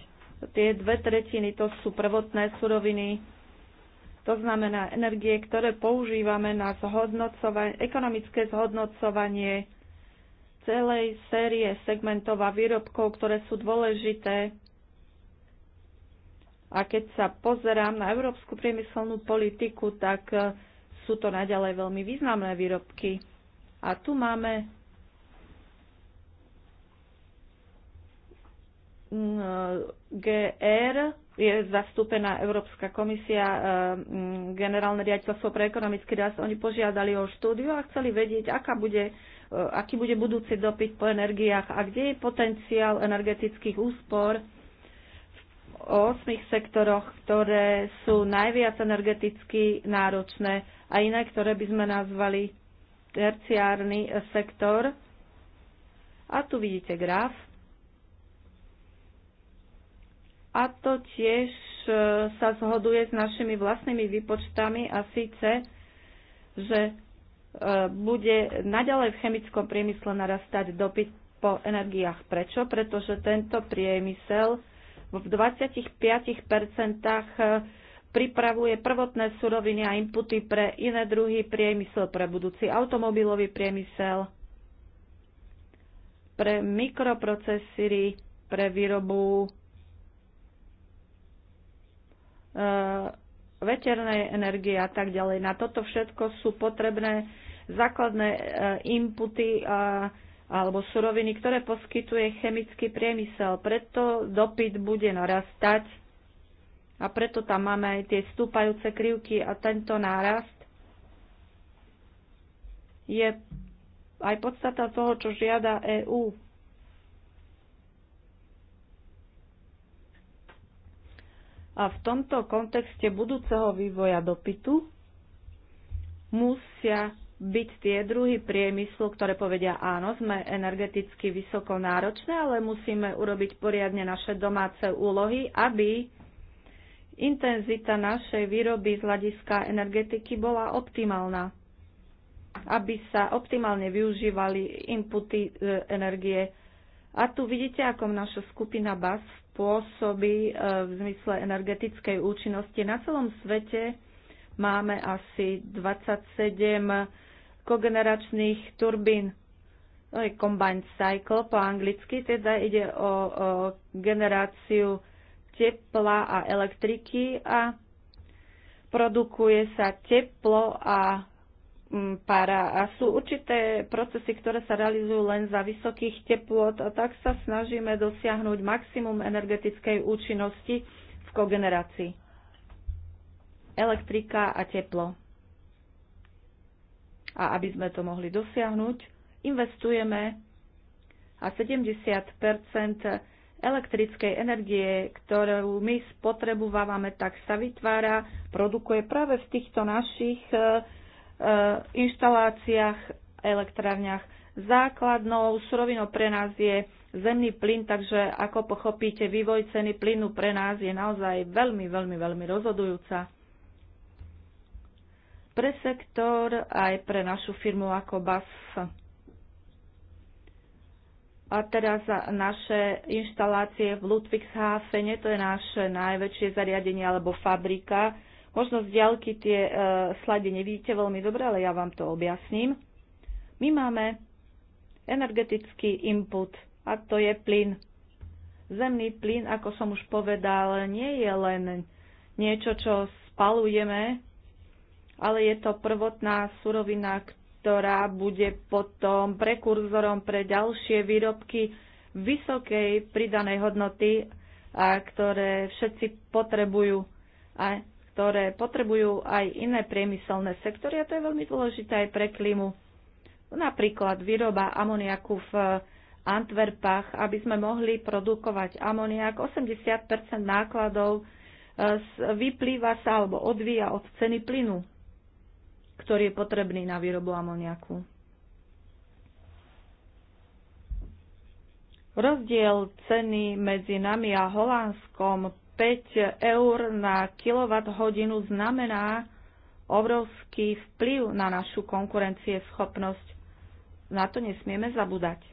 tie dve tretiny, to sú prvotné suroviny. To znamená energie, ktoré používame na zhodnocovanie, ekonomické zhodnocovanie celej série segmentov a výrobkov, ktoré sú dôležité a keď sa pozerám na európsku priemyselnú politiku, tak e, sú to naďalej veľmi významné výrobky. A tu máme mm, e, GR, je zastúpená Európska komisia, e, mm, generálne riaditeľstvo pre ekonomický rast. Oni požiadali o štúdiu a chceli vedieť, aká bude, aký bude budúci dopyt po energiách a kde je potenciál energetických úspor o osmých sektoroch, ktoré sú najviac energeticky náročné a iné, ktoré by sme nazvali terciárny sektor. A tu vidíte graf. A to tiež e, sa zhoduje s našimi vlastnými výpočtami a síce, že e, bude naďalej v chemickom priemysle narastať dopyt po energiách. Prečo? Pretože tento priemysel v 25 eh, pripravuje prvotné suroviny a inputy pre iné druhy priemysel, pre budúci automobilový priemysel, pre mikroprocesory, pre výrobu eh, veternej energie a tak ďalej. Na toto všetko sú potrebné základné eh, inputy a alebo suroviny, ktoré poskytuje chemický priemysel. Preto dopyt bude narastať a preto tam máme aj tie stúpajúce krivky a tento nárast je aj podstata toho, čo žiada EÚ. A v tomto kontexte budúceho vývoja dopytu musia byť tie druhy priemyslu, ktoré povedia áno, sme energeticky vysoko náročné, ale musíme urobiť poriadne naše domáce úlohy, aby intenzita našej výroby z hľadiska energetiky bola optimálna. Aby sa optimálne využívali inputy e, energie. A tu vidíte, ako naša skupina BAS pôsobí e, v zmysle energetickej účinnosti. Na celom svete máme asi 27 kogeneračných turbín. To je combined cycle po anglicky, teda ide o, o generáciu tepla a elektriky a produkuje sa teplo a mm, para. A sú určité procesy, ktoré sa realizujú len za vysokých teplot a tak sa snažíme dosiahnuť maximum energetickej účinnosti v kogenerácii. Elektrika a teplo. A aby sme to mohli dosiahnuť, investujeme a 70 elektrickej energie, ktorú my spotrebovávame, tak sa vytvára, produkuje práve v týchto našich e, e, inštaláciách, elektrárniach. Základnou surovinou pre nás je zemný plyn, takže ako pochopíte, vývoj ceny plynu pre nás je naozaj veľmi, veľmi, veľmi rozhodujúca pre sektor, aj pre našu firmu ako BAS. A teraz naše inštalácie v Ludwigshafene, to je naše najväčšie zariadenie alebo fabrika. Možno z diaľky tie e, slajdy nevidíte veľmi dobre, ale ja vám to objasním. My máme energetický input a to je plyn. Zemný plyn, ako som už povedal, nie je len niečo, čo spalujeme, ale je to prvotná surovina, ktorá bude potom prekurzorom pre ďalšie výrobky vysokej pridanej hodnoty, a ktoré všetci potrebujú a ktoré potrebujú aj iné priemyselné sektory a to je veľmi dôležité aj pre klímu. Napríklad výroba amoniaku v Antwerpách, aby sme mohli produkovať amoniak. 80 nákladov e, vyplýva sa alebo odvíja od ceny plynu ktorý je potrebný na výrobu amoniaku. Rozdiel ceny medzi nami a Holandskom 5 eur na kWh znamená obrovský vplyv na našu konkurencieschopnosť. Na to nesmieme zabúdať.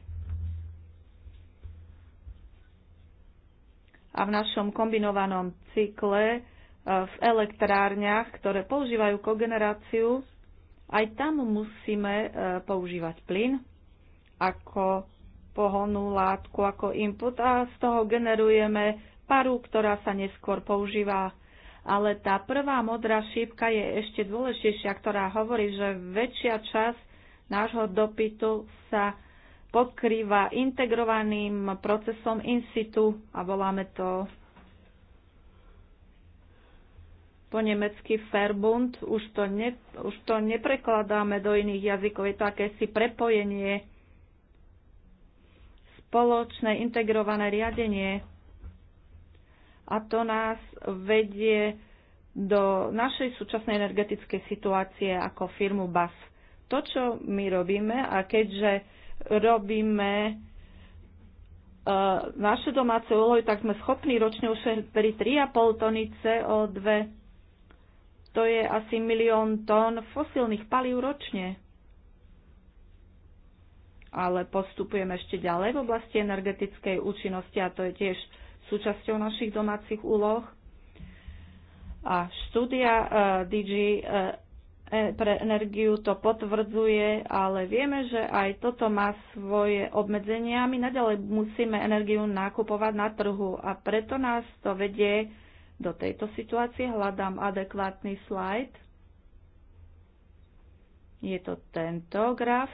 a v našom kombinovanom cykle eh, v elektrárniach, ktoré používajú kogeneráciu, aj tam musíme e, používať plyn ako pohonú látku, ako input a z toho generujeme paru, ktorá sa neskôr používa. Ale tá prvá modrá šípka je ešte dôležitejšia, ktorá hovorí, že väčšia časť nášho dopytu sa pokrýva integrovaným procesom in situ a voláme to po nemecky Verbund, už to, ne, už to neprekladáme do iných jazykov, je to akési prepojenie, spoločné integrované riadenie. A to nás vedie do našej súčasnej energetickej situácie ako firmu BAS. To, čo my robíme, a keďže robíme e, naše domáce úlohy, tak sme schopní ročne ušetriť 3,5 tony CO2 to je asi milión tón fosílnych palív ročne. Ale postupujeme ešte ďalej v oblasti energetickej účinnosti a to je tiež súčasťou našich domácich úloh. A štúdia uh, e, DG uh, e, e, pre energiu to potvrdzuje, ale vieme, že aj toto má svoje obmedzenia. My nadalej musíme energiu nakupovať na trhu a preto nás to vedie do tejto situácie. Hľadám adekvátny slajd. Je to tento graf.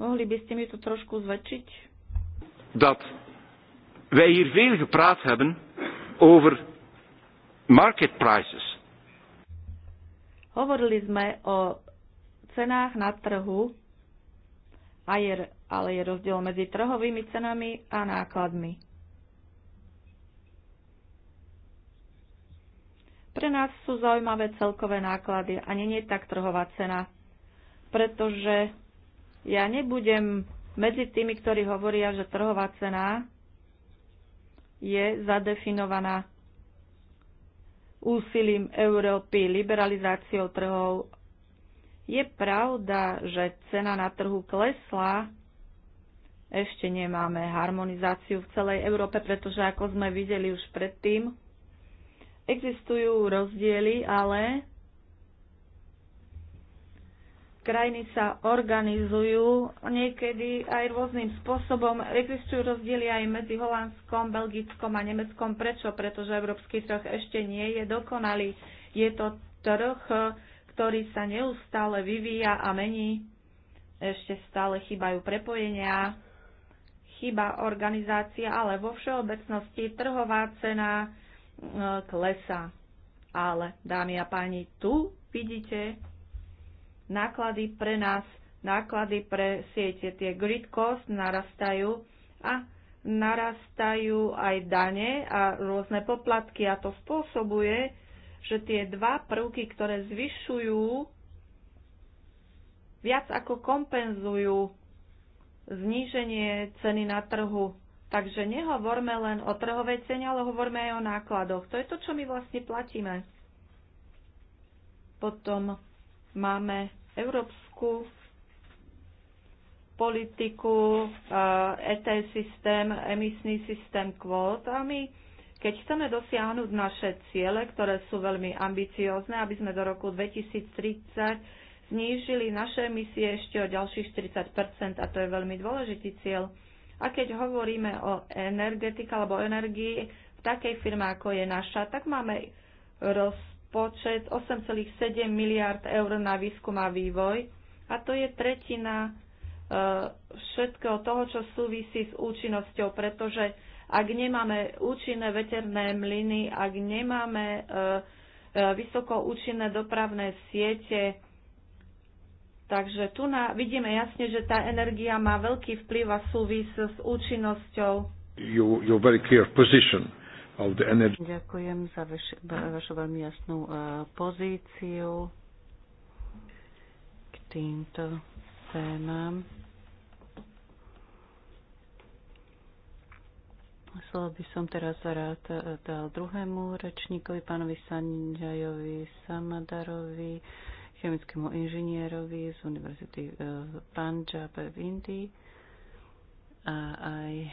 Mohli by ste mi to trošku zväčšiť? Dat wij hier veel gepraat hebben over market prices. Hovorili sme o cenách na trhu a je ale je rozdiel medzi trhovými cenami a nákladmi. Pre nás sú zaujímavé celkové náklady a nie je tak trhová cena, pretože ja nebudem medzi tými, ktorí hovoria, že trhová cena je zadefinovaná úsilím Európy liberalizáciou trhov. Je pravda, že cena na trhu klesla ešte nemáme harmonizáciu v celej Európe, pretože ako sme videli už predtým, existujú rozdiely, ale krajiny sa organizujú niekedy aj rôznym spôsobom. Existujú rozdiely aj medzi Holandskom, Belgickom a Nemeckom. Prečo? Pretože európsky trh ešte nie je dokonalý. Je to trh, ktorý sa neustále vyvíja a mení. Ešte stále chýbajú prepojenia chyba organizácia, ale vo všeobecnosti trhová cena e, klesá. Ale, dámy a páni, tu vidíte náklady pre nás, náklady pre siete, tie grid cost narastajú a narastajú aj dane a rôzne poplatky a to spôsobuje, že tie dva prvky, ktoré zvyšujú, viac ako kompenzujú zníženie ceny na trhu. Takže nehovorme len o trhovej cene, ale hovorme aj o nákladoch. To je to, čo my vlastne platíme. Potom máme európsku politiku, ETS e systém, emisný systém kvót a my, keď chceme dosiahnuť naše ciele, ktoré sú veľmi ambiciozne, aby sme do roku 2030 znížili naše emisie ešte o ďalších 40 a to je veľmi dôležitý cieľ. A keď hovoríme o energetike alebo energii v takej firme, ako je naša, tak máme rozpočet 8,7 miliard eur na výskum a vývoj a to je tretina e, všetkého toho, čo súvisí s účinnosťou, pretože ak nemáme účinné veterné mlyny, ak nemáme e, e, vysoko dopravné siete, Takže tu na, vidíme jasne, že tá energia má veľký vplyv a súvis s účinnosťou. You, your very clear position of the energy. Ďakujem za vaš, vašu veľmi jasnú uh, pozíciu k týmto témam. Slovo by som teraz rád e, dal druhému rečníkovi, pánovi Sanjajovi Samadarovi Uh, chemickému inžinierovi z Univerzity v e, Punjab v Indii a aj e,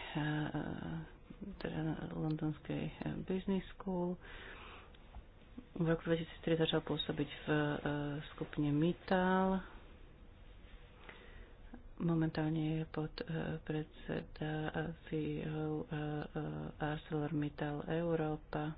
teda Londonskej e, Business School. V roku 2003 začal pôsobiť v skupine Mittal. Momentálne je pod predseda CEO ArcelorMittal Európa.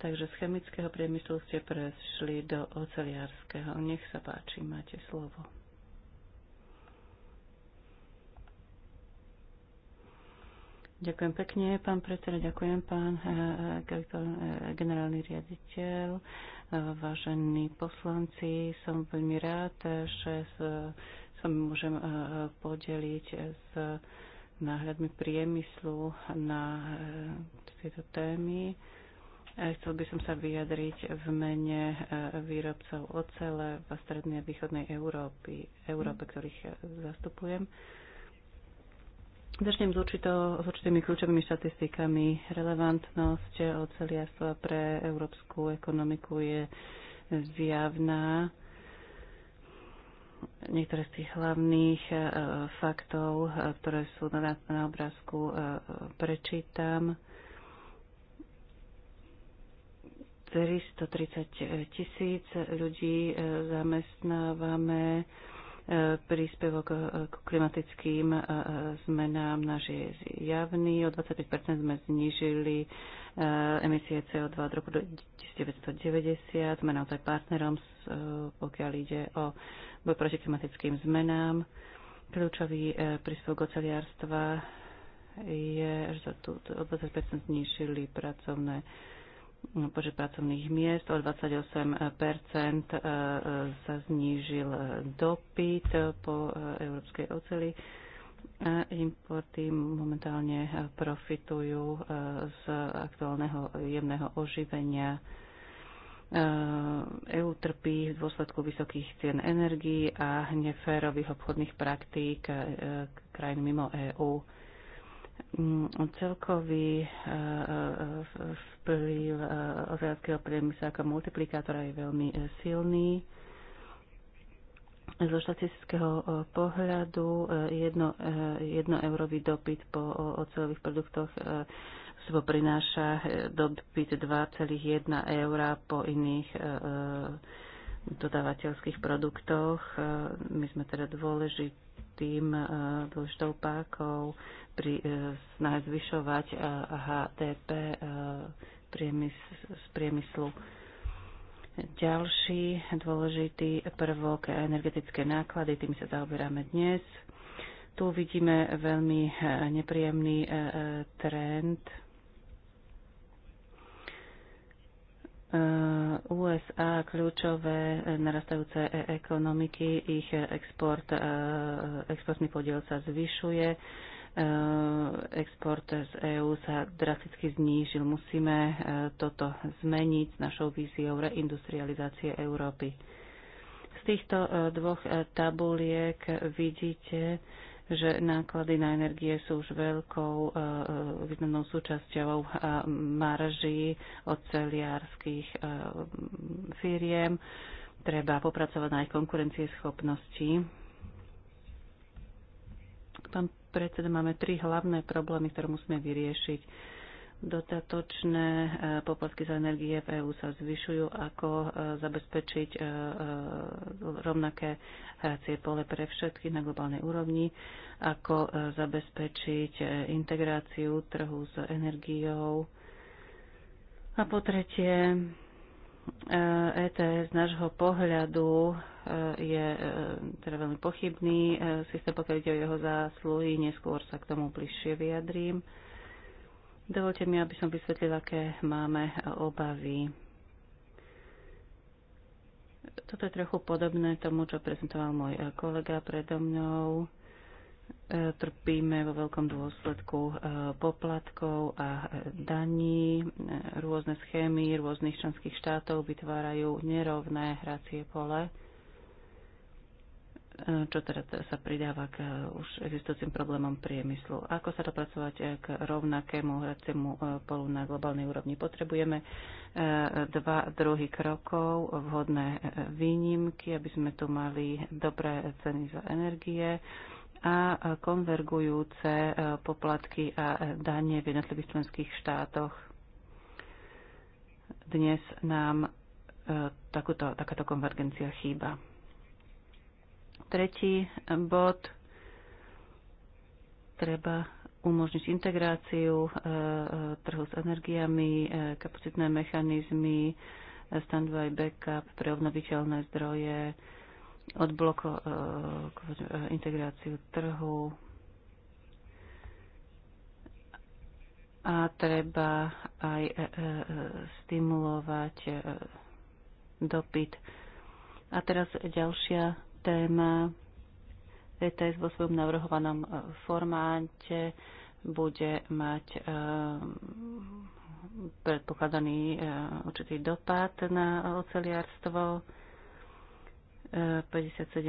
Takže z chemického priemyslu ste prešli do oceliárskeho. Nech sa páči, máte slovo. Ďakujem pekne, pán predseda, ďakujem, pán eh, eh, generálny riaditeľ, vážení poslanci. Som veľmi rád, že sa môžem eh, podeliť s náhľadmi priemyslu na tieto témy. E, chcel by som sa vyjadriť v mene e, výrobcov ocele v strednej a východnej Európy, Európe, ktorých e, zastupujem. Začnem s, určito, s určitými kľúčovými štatistikami. Relevantnosť oceliarstva pre európsku ekonomiku je zjavná. Niektoré z tých hlavných faktov, ktoré sú na, na obrázku, prečítam 330 tisíc ľudí e, zamestnávame e, príspevok k klimatickým e, zmenám náš je javný. O 25 sme znížili emisie CO2 od roku 1990. Sme naozaj partnerom, pokiaľ ide o boj proti klimatickým zmenám. Kľúčový príspevok oceliarstva je, že sa tu o 20 znižili pracovné počet pracovných miest, o 28 e, e, sa znížil dopyt po e, európskej oceli a importy momentálne profitujú z aktuálneho jemného oživenia. EU trpí v dôsledku vysokých cien energií a neférových obchodných praktík krajín mimo EÚ. Mm, celkový eh, eh, vplyv eh, ozeánskeho priemysla ako multiplikátora je veľmi silný. Zo štatistického pohľadu jedno, jedno eurový dopyt po ocelových produktoch sebou prináša dopyt 2,1 eura po iných dodávateľských produktoch. My sme teda dôležití tým e, dôležitou pákov pri e, snahe zvyšovať e, HDP z priemyslu. Ďalší dôležitý prvok energetické náklady, tým sa zaoberáme dnes. Tu vidíme veľmi nepríjemný trend Eh, USA kľúčové narastajúce e- ekonomiky, ich export, eh, exportný podiel sa zvyšuje, eh, export z EÚ sa drasticky znížil. Musíme toto zmeniť s našou víziou reindustrializácie Európy. Z týchto dvoch tabuliek vidíte, že náklady na energie sú už veľkou e, e, významnou súčasťou e, marží od firiem. Treba popracovať na ich konkurencieschopnosti. Pán predseda, máme tri hlavné problémy, ktoré musíme vyriešiť Dotatočné e, poplatky za energie v EÚ sa zvyšujú, ako e, zabezpečiť e, rovnaké hracie pole pre všetky na globálnej úrovni, ako zabezpečiť integráciu trhu s energiou. A po tretie, ETS z nášho pohľadu je teda veľmi pochybný. Systém, pokiaľ ide o jeho zásluhy, neskôr sa k tomu bližšie vyjadrím. Dovolte mi, aby som vysvetlila, aké máme obavy. Toto je trochu podobné tomu, čo prezentoval môj kolega predo mnou. Trpíme vo veľkom dôsledku e, poplatkov a e, daní. E, rôzne schémy rôznych členských štátov vytvárajú nerovné hracie pole čo teda sa pridáva k eh, už existujúcim problémom priemyslu. Ako sa dopracovať eh, k rovnakému hraciemu eh, polu na globálnej úrovni? Potrebujeme dva druhy krokov, vhodné výnimky, aby sme tu mali dobré ceny za energie a konvergujúce poplatky a danie v jednotlivých členských štátoch. Dnes nám takúto, takáto konvergencia chýba. Tretí bod. Treba umožniť integráciu e, e, trhu s energiami, e, kapacitné mechanizmy, standby backup pre obnoviteľné zdroje, odbloko, integráciu trhu, a treba aj stimulovať dopyt. A teraz ďalšia téma ETS vo svojom navrhovanom e, formáte bude mať e, predpokladaný e, určitý dopad na oceliarstvo. 57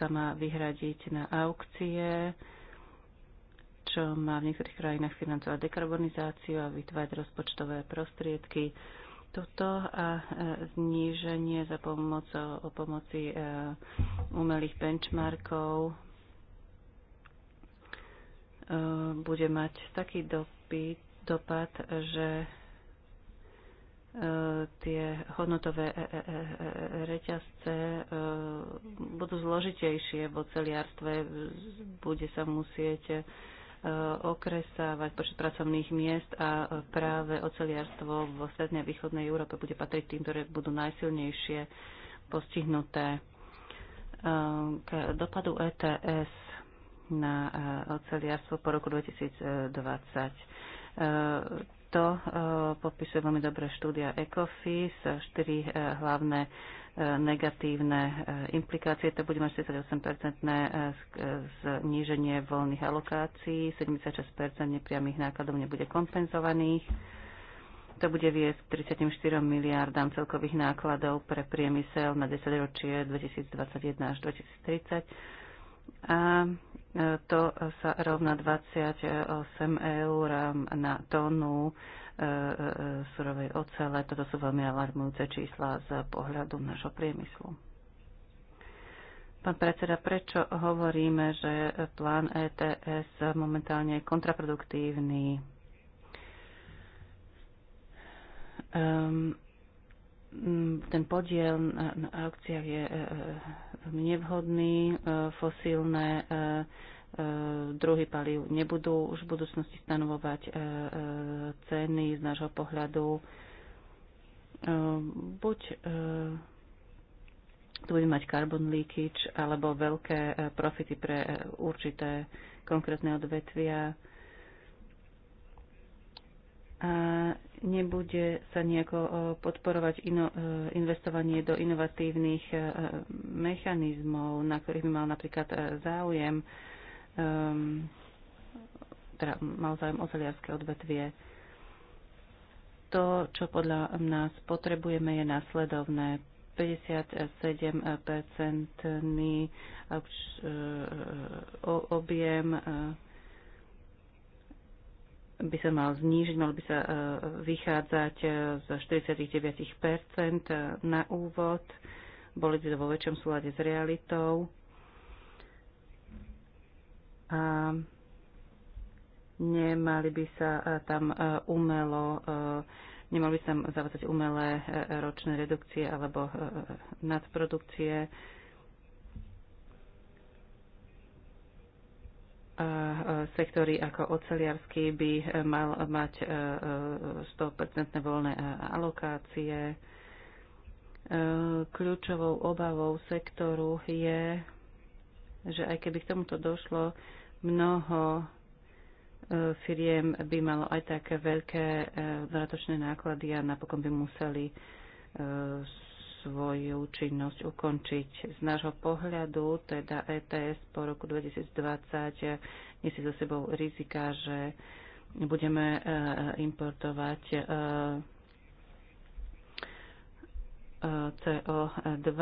sa má vyhradiť na aukcie, čo má v niektorých krajinách financovať dekarbonizáciu a vytvárať rozpočtové prostriedky. Toto a e, zníženie za pomoc, o pomoci e, umelých benchmarkov e, bude mať taký dopyt, dopad, že tie hodnotové reťazce budú zložitejšie v oceliarstve, bude sa musieť okresávať počet pracovných miest a práve oceliarstvo vo strednej a východnej Európe bude patriť tým, ktoré budú najsilnejšie postihnuté ehm, k dopadu ETS na eh, oceliarstvo po roku 2020. Ehm, to eh, popisuje veľmi dobré štúdia ECOFIS, štyri eh, hlavné E, negatívne e, implikácie. To bude mať 48-percentné e, zníženie voľných alokácií, 76 nepriamých nákladov nebude kompenzovaných. To bude viesť 34 miliardám celkových nákladov pre priemysel na 10 ročie 2021 až 2030 a e, to sa rovná 28 eur na tonu e, e, surovej ocele. Toto sú veľmi alarmujúce čísla z pohľadu nášho priemyslu. Pán predseda, prečo hovoríme, že plán ETS momentálne je kontraproduktívny? Um, ehm, ten podiel na, na aukciách je nevhodný, e, fosílne e, e, druhy palív nebudú už v budúcnosti stanovovať ceny z nášho pohľadu. Buď tu budeme mať carbon leakage alebo veľké profity pre určité konkrétne odvetvia. A nebude sa nejako e, podporovať ino, e, investovanie do inovatívnych e, mechanizmov, na ktorých by mal napríklad záujem, ehm, teda mal záujem oceliarské odvetvie. To, čo podľa nás potrebujeme, je následovné. 57-percentný objem by sa mal znížiť, mal by sa e, vychádzať e, z 49% e, na úvod, boli by to vo väčšom súlade s realitou. A nemali by sa tam umelo nemali by sa tam zavádzať umelé ročné redukcie alebo nadprodukcie sektory ako oceliarský by e, mal mať 100% e, e, voľné alokácie. Kľúčovou obavou sektoru je, že aj keby k tomuto došlo, mnoho firiem by malo aj také veľké vratočné náklady a napokon by museli svoju činnosť ukončiť. Z nášho pohľadu, teda ETS po roku 2020 nesie za sebou rizika, že budeme e, importovať e, e, CO2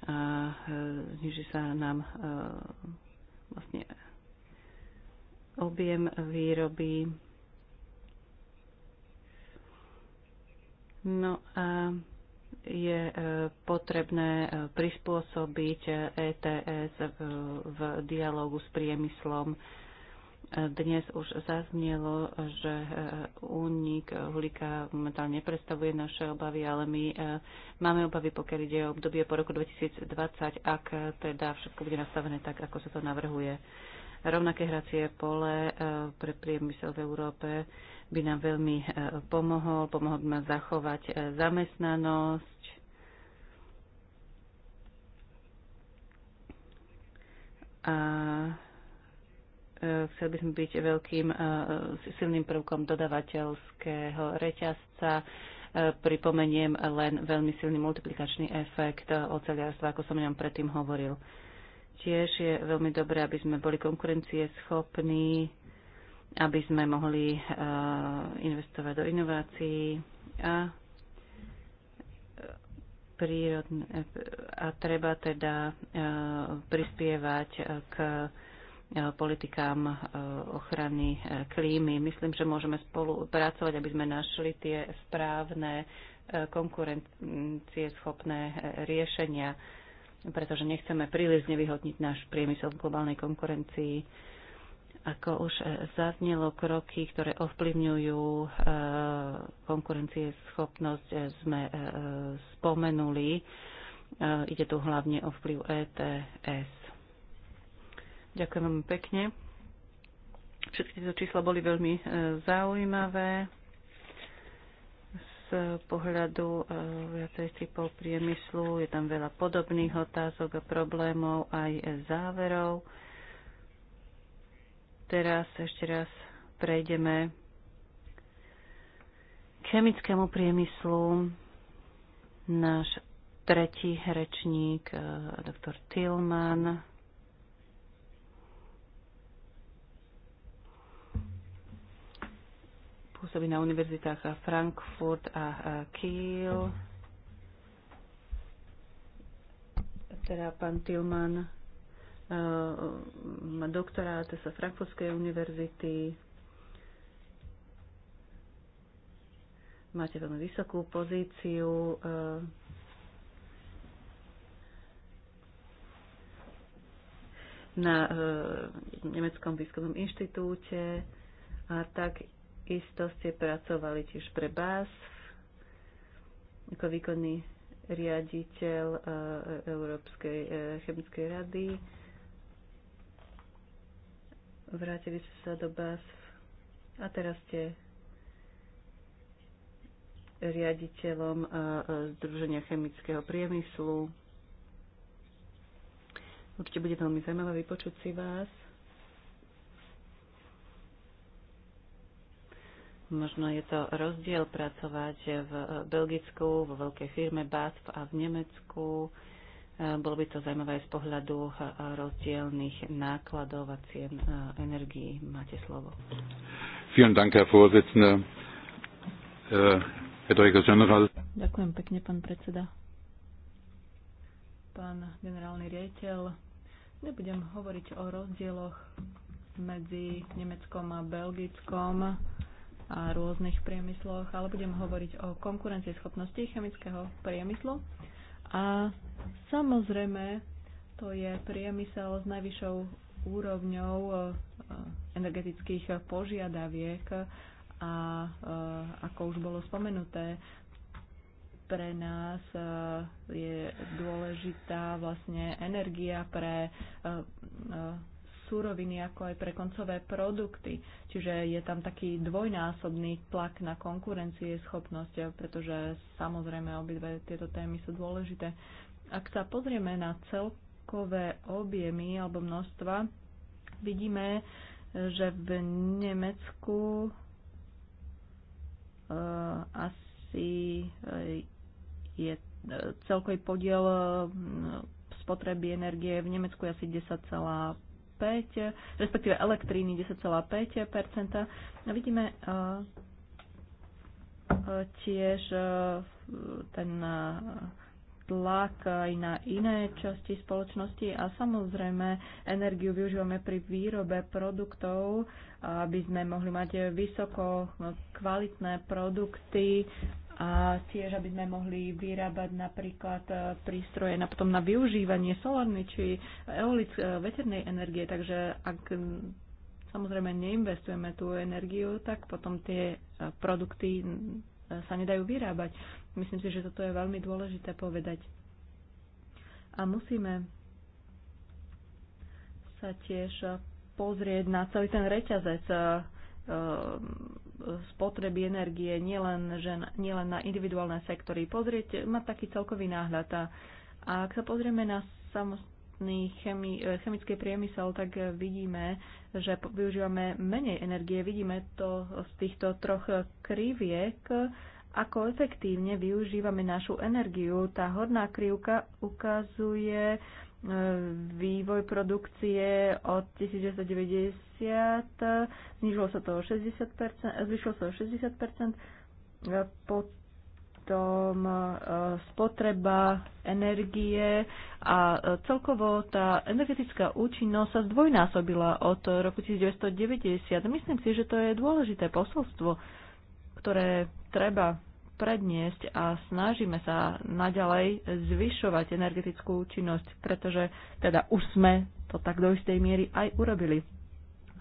a zniží sa nám vlastne objem výroby. No a je e, potrebné e, prispôsobiť ETS e v dialogu s priemyslom. Dnes už zaznelo, že únik uhlíka momentálne neprestavuje naše obavy, ale my máme obavy, pokiaľ ide o obdobie po roku 2020, ak teda všetko bude nastavené tak, ako sa to navrhuje. Rovnaké hracie pole pre priemysel v Európe by nám veľmi e, pomohol. Pomohol by nám zachovať e, zamestnanosť. A e, chcel by sme byť veľkým silným prvkom dodavateľského reťazca. Pripomeniem len veľmi silný multiplikačný efekt oceliarstva, ako som o ňom predtým hovoril. Tiež je veľmi dobré, aby sme boli konkurencieschopní aby sme mohli eh, investovať do inovácií a eh, prírodne, eh, a treba teda prispievať k politikám ochrany klímy. Myslím, že môžeme spolu pracovať, aby sme našli tie správne schopné riešenia, pretože nechceme príliš nevyhodniť náš priemysel v globálnej konkurencii. Ako už e, zaznelo, kroky, ktoré ovplyvňujú e, konkurencieschopnosť, e, sme spomenuli. Ide tu hlavne o vplyv ETS. Ďakujem veľmi pekne. Všetky tieto čísla boli veľmi zaujímavé z pohľadu viacej typov priemyslu. Je tam veľa podobných otázok a problémov aj záverov. Teraz ešte raz prejdeme k chemickému priemyslu. Náš tretí rečník, eh, doktor Tillman. Pôsobí na univerzitách Frankfurt a Kiel. Teda pán Tillman eh, má doktorát z Frankfurtskej univerzity. Máte veľmi vysokú pozíciu. Eh, na e, Nemeckom výskumnom inštitúte a tak isto ste pracovali tiež pre BASF ako výkonný riaditeľ eh, Európskej chemickej rady vrátili ste sa do BASF a teraz ste riaditeľom Združenia chemického priemyslu. Určite bude veľmi zaujímavé vypočuť si vás. Možno je to rozdiel pracovať v Belgicku, vo veľkej firme BASF a v Nemecku. Bolo by to zaujímavé z pohľadu rozdielných nákladov a cien energií. Máte slovo. Vielen Dank, Herr Vorsitzende. Äh, Herr General. Ďakujem pekne, pán predseda. Pán generálny riaditeľ, nebudem hovoriť o rozdieloch medzi Nemeckom a Belgickom a rôznych priemysloch, ale budem hovoriť o konkurencieschopnosti chemického priemyslu a samozrejme, to je priemysel s najvyššou úrovňou e, e, energetických požiadaviek a e, ako už bolo spomenuté, pre nás je dôležitá vlastne energia pre súroviny, ako aj pre koncové produkty. Čiže je tam taký dvojnásobný tlak na konkurencie schopnosť, pretože samozrejme obidve tieto témy sú dôležité. Ak sa pozrieme na celkové objemy alebo množstva, vidíme, že v Nemecku eh, asi eh, je eh, celkový podiel hm, spotreby energie v Nemecku je asi respektíve elektríny 10,5 Vidíme eh, eh, tiež eh, ten tlak aj na iné časti spoločnosti a samozrejme energiu využívame pri výrobe produktov, aby sme mohli mať vysoko kvalitné produkty a tiež, aby sme mohli vyrábať napríklad e, prístroje na potom na využívanie solárnej či eolic e, veternej energie. Takže ak samozrejme neinvestujeme tú energiu, tak potom tie e, produkty sa nedajú vyrábať. Myslím si, že toto je veľmi dôležité povedať. A musíme sa tiež pozrieť na celý ten reťazec spotreby energie nielen, že, nielen na individuálne sektory. Pozrieť, má taký celkový náhľad. A, a ak sa pozrieme na samotný chemi, e, chemický priemysel, tak vidíme, že využívame menej energie. Vidíme to z týchto troch kriviek, ako efektívne využívame našu energiu. Tá horná krivka ukazuje vývoj produkcie od 1990, znižilo sa to o 60%, zvyšilo sa o 60%, potom e, spotreba energie a e, celkovo tá energetická účinnosť sa zdvojnásobila od roku 1990. Myslím si, že to je dôležité posolstvo, ktoré treba predniesť a snažíme sa naďalej zvyšovať energetickú účinnosť, pretože teda už sme to tak do istej miery aj urobili.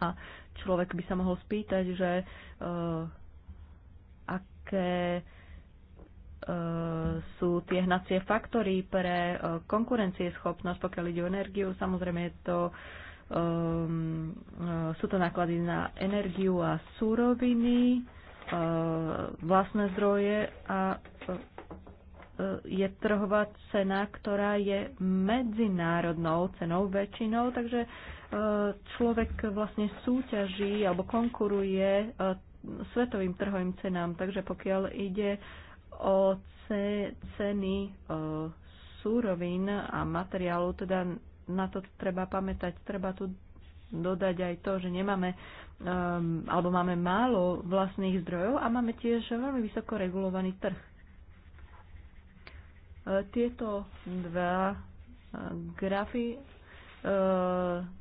A človek by sa mohol spýtať, že uh, aké e, sú tie hnacie faktory pre e, konkurencieschopnosť, pokiaľ ide o energiu. Samozrejme je to, um, sú to náklady na energiu a súroviny E, vlastné zdroje a e, e, je trhová cena, ktorá je medzinárodnou cenou väčšinou, takže človek vlastne súťaží alebo konkuruje svetovým trhovým cenám. Takže pokiaľ ide o ceny súrovín a materiálu, teda na to treba pamätať, treba tu dodať aj to, že nemáme um, alebo máme málo vlastných zdrojov a máme tiež veľmi vysoko regulovaný trh. E, tieto dva e, grafy e,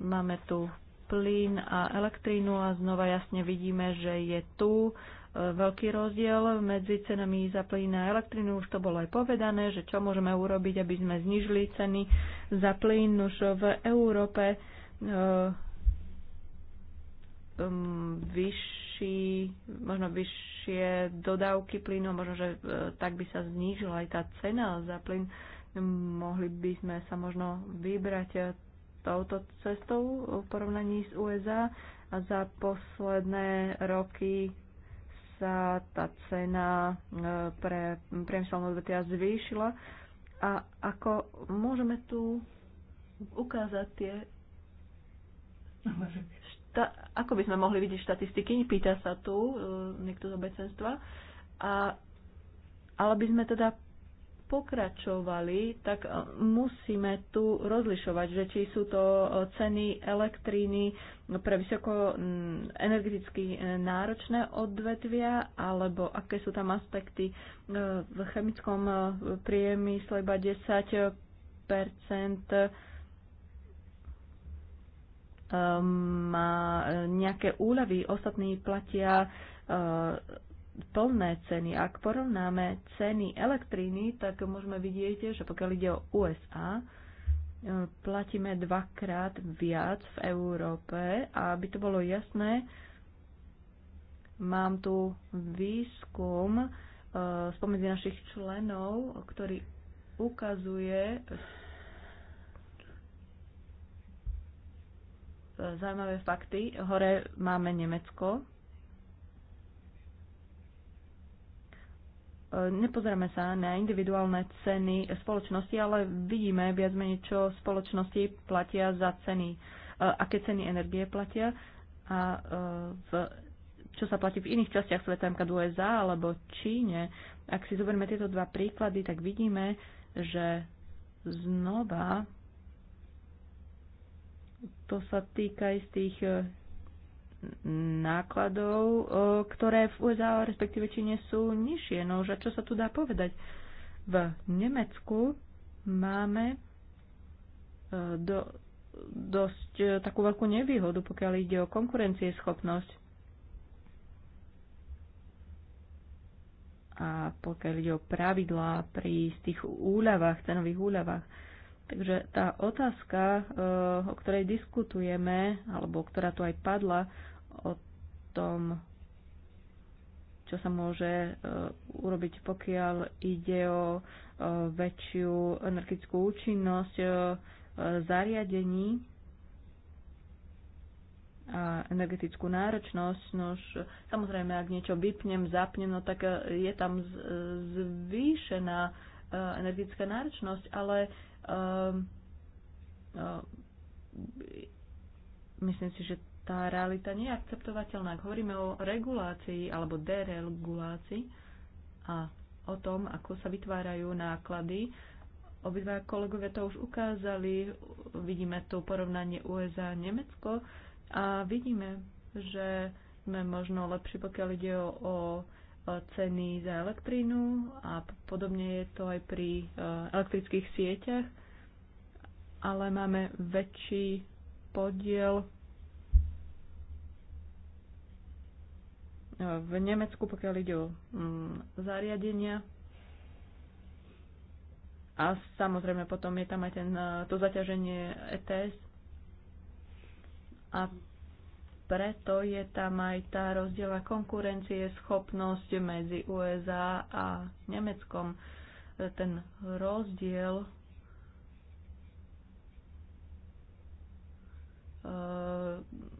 máme tu plyn a elektrínu a znova jasne vidíme, že je tu e, veľký rozdiel medzi cenami za plyn a elektrínu. Už to bolo aj povedané, že čo môžeme urobiť, aby sme znižili ceny za plyn. Už v Európe um, vyšší, možno vyššie dodávky plynu, možno, že uh, tak by sa znížila aj tá cena za plyn. Mohli by sme sa možno vybrať uh, touto cestou v porovnaní s USA a za posledné roky sa tá cena uh, pre priemyselné odvetvia zvýšila a ako môžeme tu ukázať tie ta, ako by sme mohli vidieť štatistiky, pýta sa tu e, niekto z obecenstva, a, ale by sme teda pokračovali, tak e, musíme tu rozlišovať, že či sú to e, ceny elektríny pre vysoko energeticky e, náročné odvetvia, alebo aké sú tam aspekty v chemickom priemysle iba 10 Ehm, má e, nejaké úľavy, ostatní platia e, plné ceny. Ak porovnáme ceny elektríny, tak môžeme vidieť, že pokiaľ ide o USA, e, platíme dvakrát viac v Európe a aby to bolo jasné, mám tu výskum spomedzi našich členov, ktorý ukazuje zaujímavé fakty. Hore máme Nemecko. Nepozeráme sa na individuálne ceny spoločnosti, ale vidíme viac menej, čo spoločnosti platia za ceny, e, aké ceny energie platia a e, v, čo sa platí v iných častiach sveta, napríklad USA alebo Číne. Ak si zoberieme tieto dva príklady, tak vidíme, že znova to sa týka istých e, nákladov, e, ktoré v USA, respektíve Číne, sú nižšie. No už čo sa tu dá povedať? V Nemecku máme e, do, dosť takú veľkú nevýhodu, pokiaľ ide o konkurencieschopnosť. A pokiaľ ide o pravidlá pri tých úľavách, cenových úľavách, Takže tá otázka, eh, o ktorej diskutujeme, alebo ktorá tu aj padla, o tom, čo sa môže eh, urobiť, pokiaľ ide o eh, väčšiu energetickú účinnosť zariadení a energetickú náročnosť. Nož, samozrejme, ak niečo vypnem, zapnem, no tak je tam zvýšená energetická náročnosť, ale Ehm, no, myslím si, že tá realita nie je akceptovateľná. Ak hovoríme o regulácii alebo deregulácii a o tom, ako sa vytvárajú náklady, obidva kolegovia to už ukázali, vidíme tu porovnanie USA a Nemecko a vidíme, že sme možno lepší, pokiaľ ide o, o ceny za elektrínu a podobne je to aj pri e, elektrických sieťach, ale máme väčší podiel e, v Nemecku, pokiaľ ide o mm, zariadenia. A samozrejme potom je tam aj ten, e, to zaťaženie ETS. A preto je tam aj tá rozdiela konkurencie, schopnosť medzi USA a Nemeckom. Ten rozdiel eh,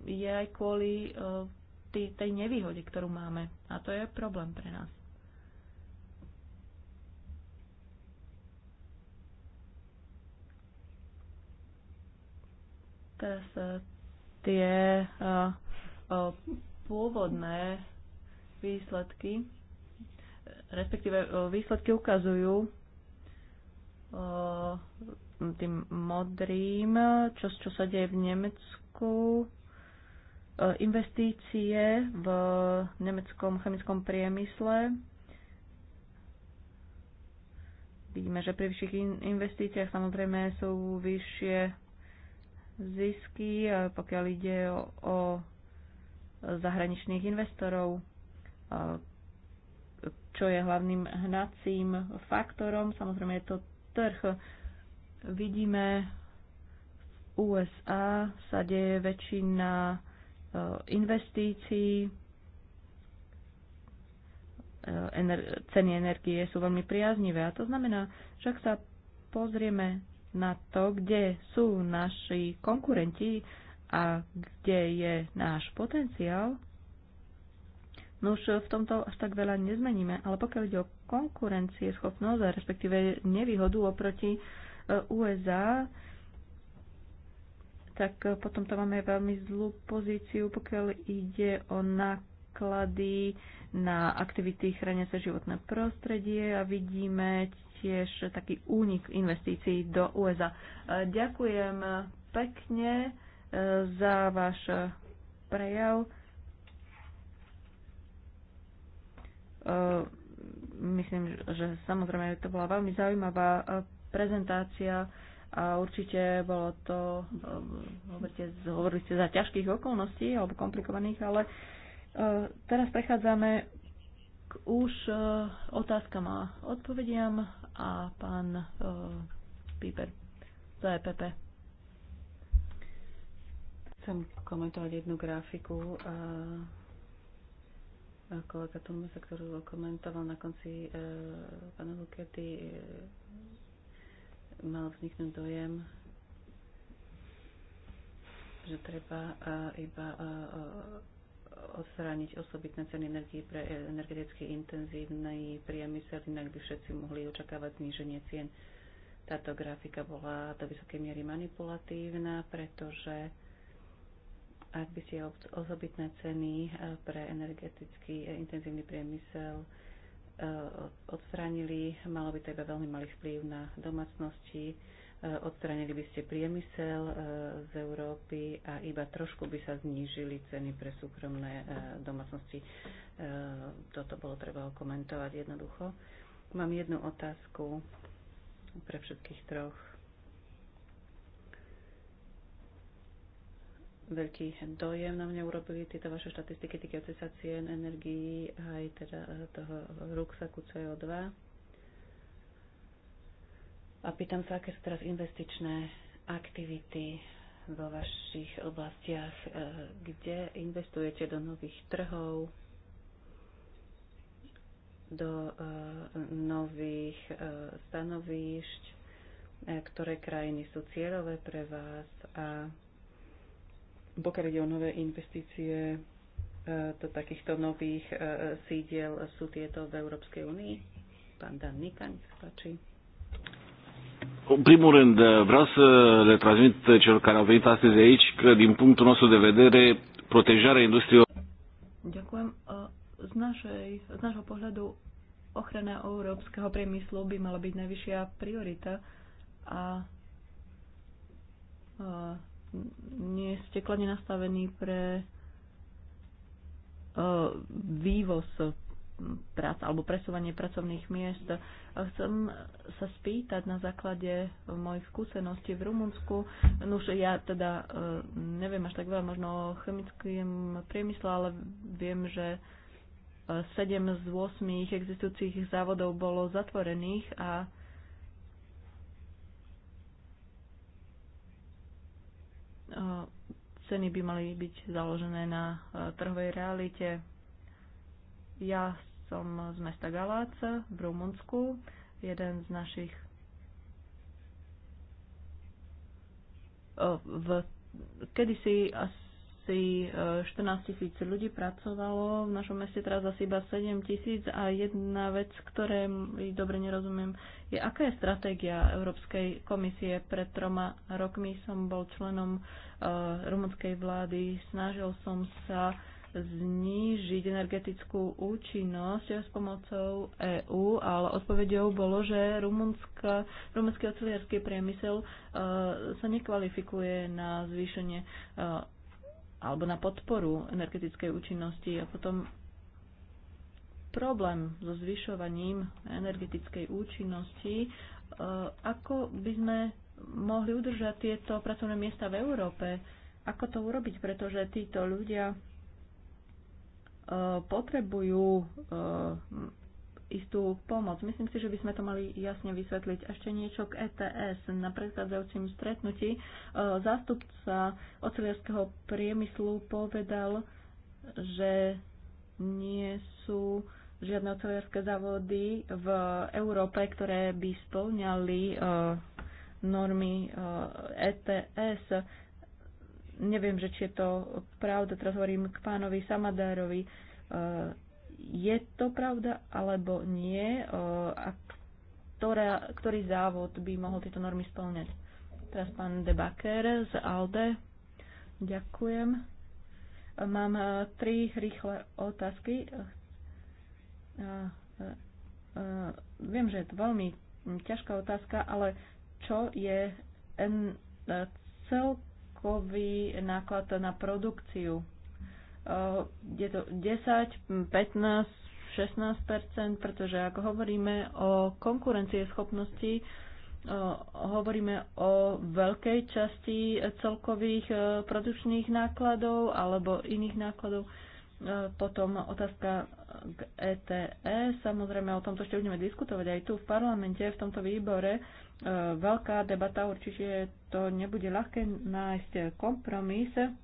je aj kvôli eh, tej nevýhode, ktorú máme. A to je problém pre nás. Teraz eh, tie eh, eh, pôvodné výsledky, respektíve eh, výsledky ukazujú tým modrým, čo, čo sa deje v Nemecku, investície v nemeckom chemickom priemysle. Vidíme, že pri vyšších investíciách samozrejme sú vyššie zisky, pokiaľ ide o, zahraničných investorov, čo je hlavným hnacím faktorom. Samozrejme je to trh. Vidíme, v USA sa deje väčšina e, investícií, e, ceny energie sú veľmi priaznivé. A to znamená, že ak sa pozrieme na to, kde sú naši konkurenti a kde je náš potenciál, No už v tomto až tak veľa nezmeníme, ale pokiaľ ide o schopnosť a respektíve nevýhodu oproti e, USA, tak e, potom to máme veľmi zlú pozíciu, pokiaľ ide o náklady na aktivity sa životné prostredie a vidíme tiež taký únik investícií do USA. Ďakujem pekne eh, za váš eh, prejav. Eh, myslím, že samozrejme to bola veľmi zaujímavá prezentácia a určite bolo to, hovoríte, hovorili ste za ťažkých okolností alebo komplikovaných, ale teraz prechádzame k už otázkam a odpovediam a pán uh, e, Piper za EPP. Chcem komentovať jednu grafiku. a e, kolega Tulmesa, ktorú komentoval na konci uh, e, panelu, kedy uh, mal vzniknúť dojem, že treba uh, iba uh, odstrániť osobitné ceny energie pre energeticky intenzívny priemysel, inak by všetci mohli očakávať zníženie cien. Táto grafika bola do vysokej miery manipulatívna, pretože ak by ste osobitné ceny eh, pre energeticky intenzívny priemysel eh, odstránili, malo by to iba veľmi malý vplyv na domácnosti, E, odstranili by ste priemysel e, z Európy a iba trošku by sa znížili ceny pre súkromné e, domácnosti. Toto bolo treba komentovať jednoducho. Mám jednu otázku pre všetkých troch. Veľký dojem na mňa urobili tieto vaše štatistiky týkajúce sa cien energií aj teda toho ruksaku CO2 a pýtam sa, aké sú teraz investičné aktivity vo vašich oblastiach, e, kde investujete do nových trhov, do e, nových e, stanovišť, ktoré krajiny sú cieľové pre vás a pokiaľ ide o nové investície do takýchto nových sídiel, sú tieto v Európskej únii? Pán Dan Nika, sa páči. În primul rând, eh, vreau să le transmit eh, celor care au venit astăzi aici că, din punctul nostru de vedere, protejarea industriei... Ďakujem. Eh, z, našej, z našho pohľadu ochrana európskeho priemyslu by mala byť najvyššia priorita a, a nie ste kladne nastavení pre a, vývoz prác alebo presúvanie pracovných miest. Chcem sa spýtať na základe mojich skúseností v Rumunsku. už ja teda e, neviem až tak veľa možno o chemickým priemysle, ale viem, že 7 e, z 8 existujúcich závodov bolo zatvorených a e, ceny by mali byť založené na trhovej realite. Ja som z mesta Galác v Rumunsku. Jeden z našich v, kedysi asi 14 e, tisíc ľudí pracovalo v našom meste, teraz asi iba 7 tisíc a jedna vec, ktoré dobre nerozumiem, je aká je stratégia Európskej komisie. Pred troma rokmi som bol členom uh, rumunskej vlády, snažil som sa znížiť energetickú účinnosť s pomocou EÚ, ale odpovedou bolo, že rumunský oceliarský priemysel e, sa nekvalifikuje na zvýšenie e, alebo na podporu energetickej účinnosti a potom problém so zvyšovaním energetickej účinnosti, e, ako by sme mohli udržať tieto pracovné miesta v Európe, ako to urobiť, pretože títo ľudia potrebujú eh, istú pomoc. Myslím si, že by sme to mali jasne vysvetliť. Ešte niečo k ETS. Na predchádzajúcim stretnutí eh, zástupca oceliarského priemyslu povedal, že nie sú žiadne oceliarské závody v Európe, ktoré by splňali eh, normy ETS. E Neviem, že či je to pravda, teraz hovorím k pánovi Samadárovi. Eh, je to pravda alebo nie? Eh, a ktorá, ktorý závod by mohol tieto normy splňať? Teraz pán Debaker z ALDE. Ďakujem. Eh, mám tri rýchle otázky. Viem, že je to veľmi ťažká otázka, ale čo je celkom celkový náklad na produkciu. Eh, je to 10, 15, 16 pretože ak hovoríme o konkurencieschopnosti, eh, hovoríme o veľkej časti celkových eh, produkčných nákladov alebo iných nákladov. Potom otázka k ETE. E. Samozrejme, o tomto ešte budeme diskutovať aj tu v parlamente, v tomto výbore E, veľká debata, určite to nebude ľahké nájsť kompromis e,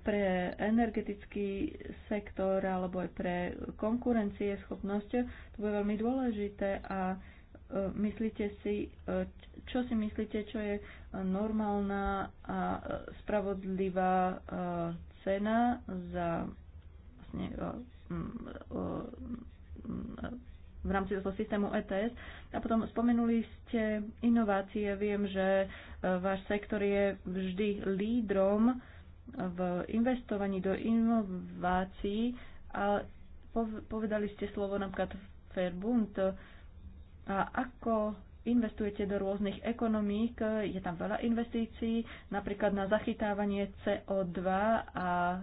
pre energetický sektor alebo aj pre schopnosť. To bude veľmi dôležité a e, myslíte si, čo si myslíte, čo je normálna a spravodlivá cena za vlastne, v rámci toho systému ETS. A potom spomenuli ste inovácie. Viem, že e, váš sektor je vždy lídrom v investovaní do inovácií a povedali ste slovo napríklad Fairbund. A ako investujete do rôznych ekonomík, je tam veľa investícií, napríklad na zachytávanie CO2 a e,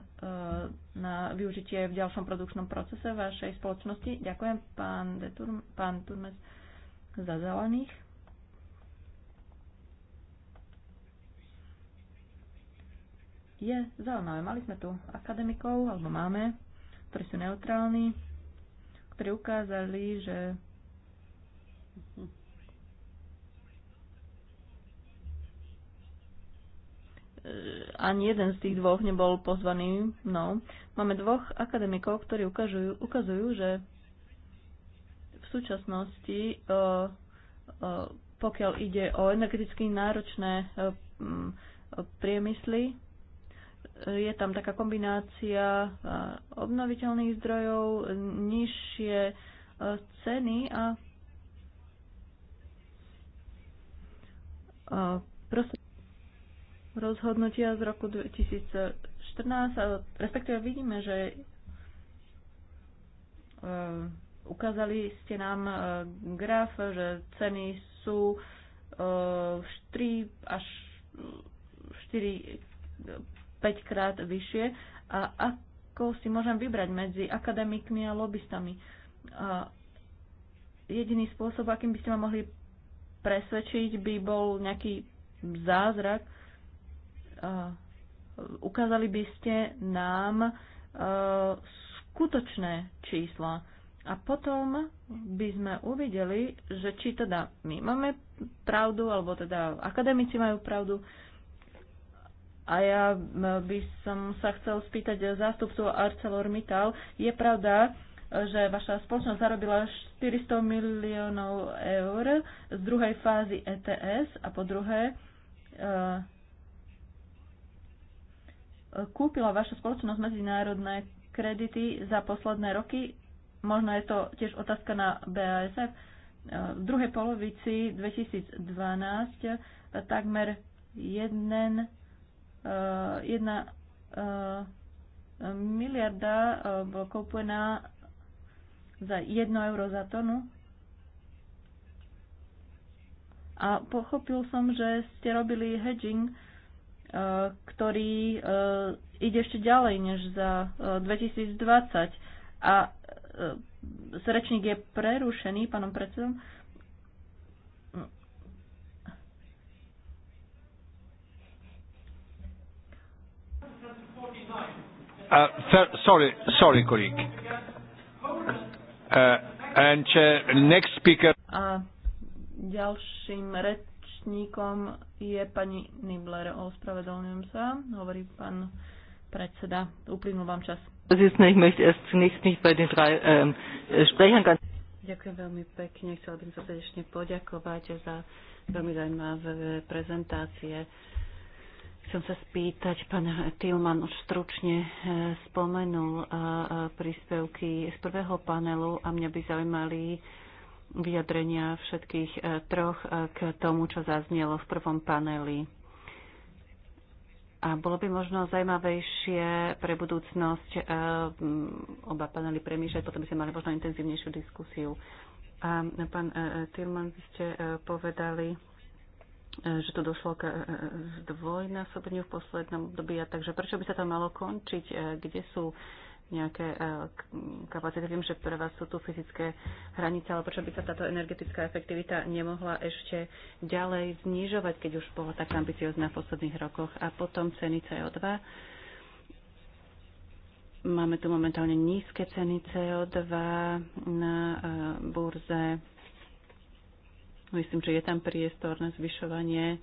na využitie v ďalšom produkčnom procese vašej spoločnosti. Ďakujem pán, Detur, pán Turmes za zelených. Je zaujímavé. Mali sme tu akademikov, alebo máme, ktorí sú neutrálni, ktorí ukázali, že Eh, ani jeden z tých dvoch nebol pozvaný mnou. Máme dvoch akademikov, ktorí ukazujú, ukazujú že v súčasnosti, eh, eh, pokiaľ ide o energeticky náročné priemysly, je tam taká kombinácia obnoviteľných zdrojov, nižšie ceny a proste rozhodnutia z roku 2014, a respektíve vidíme, že e, ukázali ste nám e, graf, že ceny sú 4 e, až 4, 5 krát vyššie a ako si môžem vybrať medzi akademikmi a lobbystami. A jediný spôsob, akým by ste ma mohli presvedčiť, by bol nejaký zázrak, E, ukázali by ste nám e, skutočné čísla. A potom by sme uvideli, že či teda my máme pravdu, alebo teda akademici majú pravdu. A ja e, by som sa chcel spýtať zástupcu ArcelorMittal. Je pravda, že vaša spoločnosť zarobila 400 miliónov eur z druhej fázy ETS a po druhé kúpila vaša spoločnosť medzinárodné kredity za posledné roky? Možno je to tiež otázka na BASF. E, v druhej polovici 2012 e, takmer 1, e, miliarda bola kúpená za 1 euro za tonu. A pochopil som, že ste robili hedging Eh, ktorý eh, ide ešte ďalej než za 2020. Eh, A srečník je prerušený pánom predsedom. Uh, sorry, sorry, colleague. Uh, and uh, next speaker. A ďalším red, rečníkom je pani Nibler. Ospravedlňujem sa, hovorí pán predseda. Uplynul vám čas. Ähm, Ďakujem veľmi pekne. Chcela by som sa srdečne poďakovať za veľmi zaujímavé prezentácie. Chcem sa spýtať, pán Tilman už stručne eh, spomenul eh, eh, príspevky z prvého panelu a mňa by zaujímali vyjadrenia všetkých e, troch e, k tomu, čo zaznelo v prvom paneli. A bolo by možno zajímavejšie pre budúcnosť e, oba panely premýšľať, potom by sme mali možno intenzívnejšiu diskusiu. A pán Tilman, vy ste povedali, že to došlo k zdvojnásobeniu v poslednom období, a takže prečo by sa to malo končiť? Kde sú nejaké e, kapacity. Viem, že pre vás sú tu fyzické hranice, ale prečo by sa táto energetická efektivita nemohla ešte ďalej znižovať, keď už bola tak ambiciozná v posledných rokoch. A potom ceny CO2. Máme tu momentálne nízke ceny CO2 na e, burze. Myslím, že je tam priestor na zvyšovanie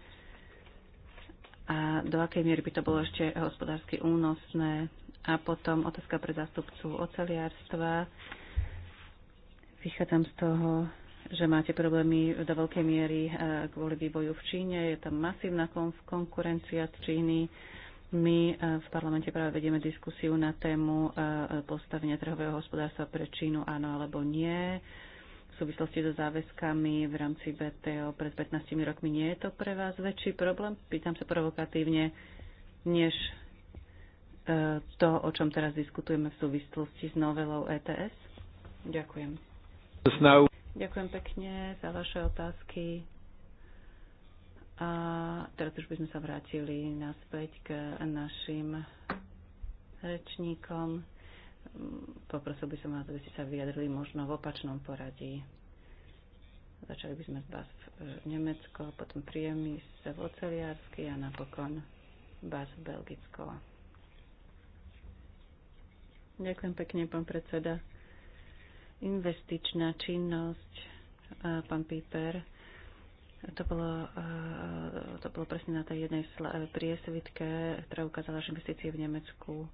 a do akej miery by to bolo ešte hospodársky únosné a potom otázka pre zástupcu oceliarstva. Vychádzam z toho, že máte problémy do veľkej miery eh, kvôli vývoju v Číne. Je tam masívna konkurencia z Číny. My eh, v parlamente práve vedieme diskusiu na tému eh, postavenia trhového hospodárstva pre Čínu, áno alebo nie. V súvislosti so záväzkami v rámci VTO pred 15 rokmi nie je to pre vás väčší problém? Pýtam sa provokatívne, než to, o čom teraz diskutujeme v súvislosti s novelou ETS? Ďakujem. Ďakujem pekne za vaše otázky. A teraz už by sme sa vrátili naspäť k našim rečníkom. Poprosil by som vás, aby ste sa vyjadrili možno v opačnom poradí. Začali by sme vás v Nemecko, potom sa v oceliarsky a napokon vás v Belgicko. Ďakujem pekne, pán predseda. Investičná činnosť, pán Píper. To bolo, to bolo presne na tej jednej priesvitke, ktorá ukázala, že investície v Nemecku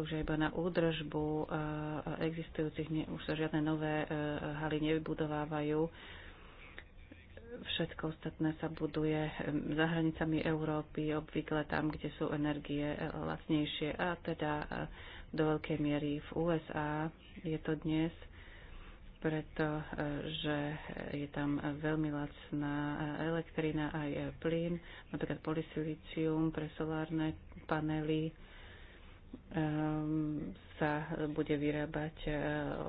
slúžia iba na údržbu existujúcich, už sa žiadne nové haly nevybudovávajú. Všetko ostatné sa buduje za hranicami Európy, obvykle tam, kde sú energie e, lacnejšie a teda do veľkej miery v USA. Je to dnes pretože je tam veľmi lacná elektrina aj plyn, napríklad polysilicium pre solárne panely ehm, sa bude vyrábať e,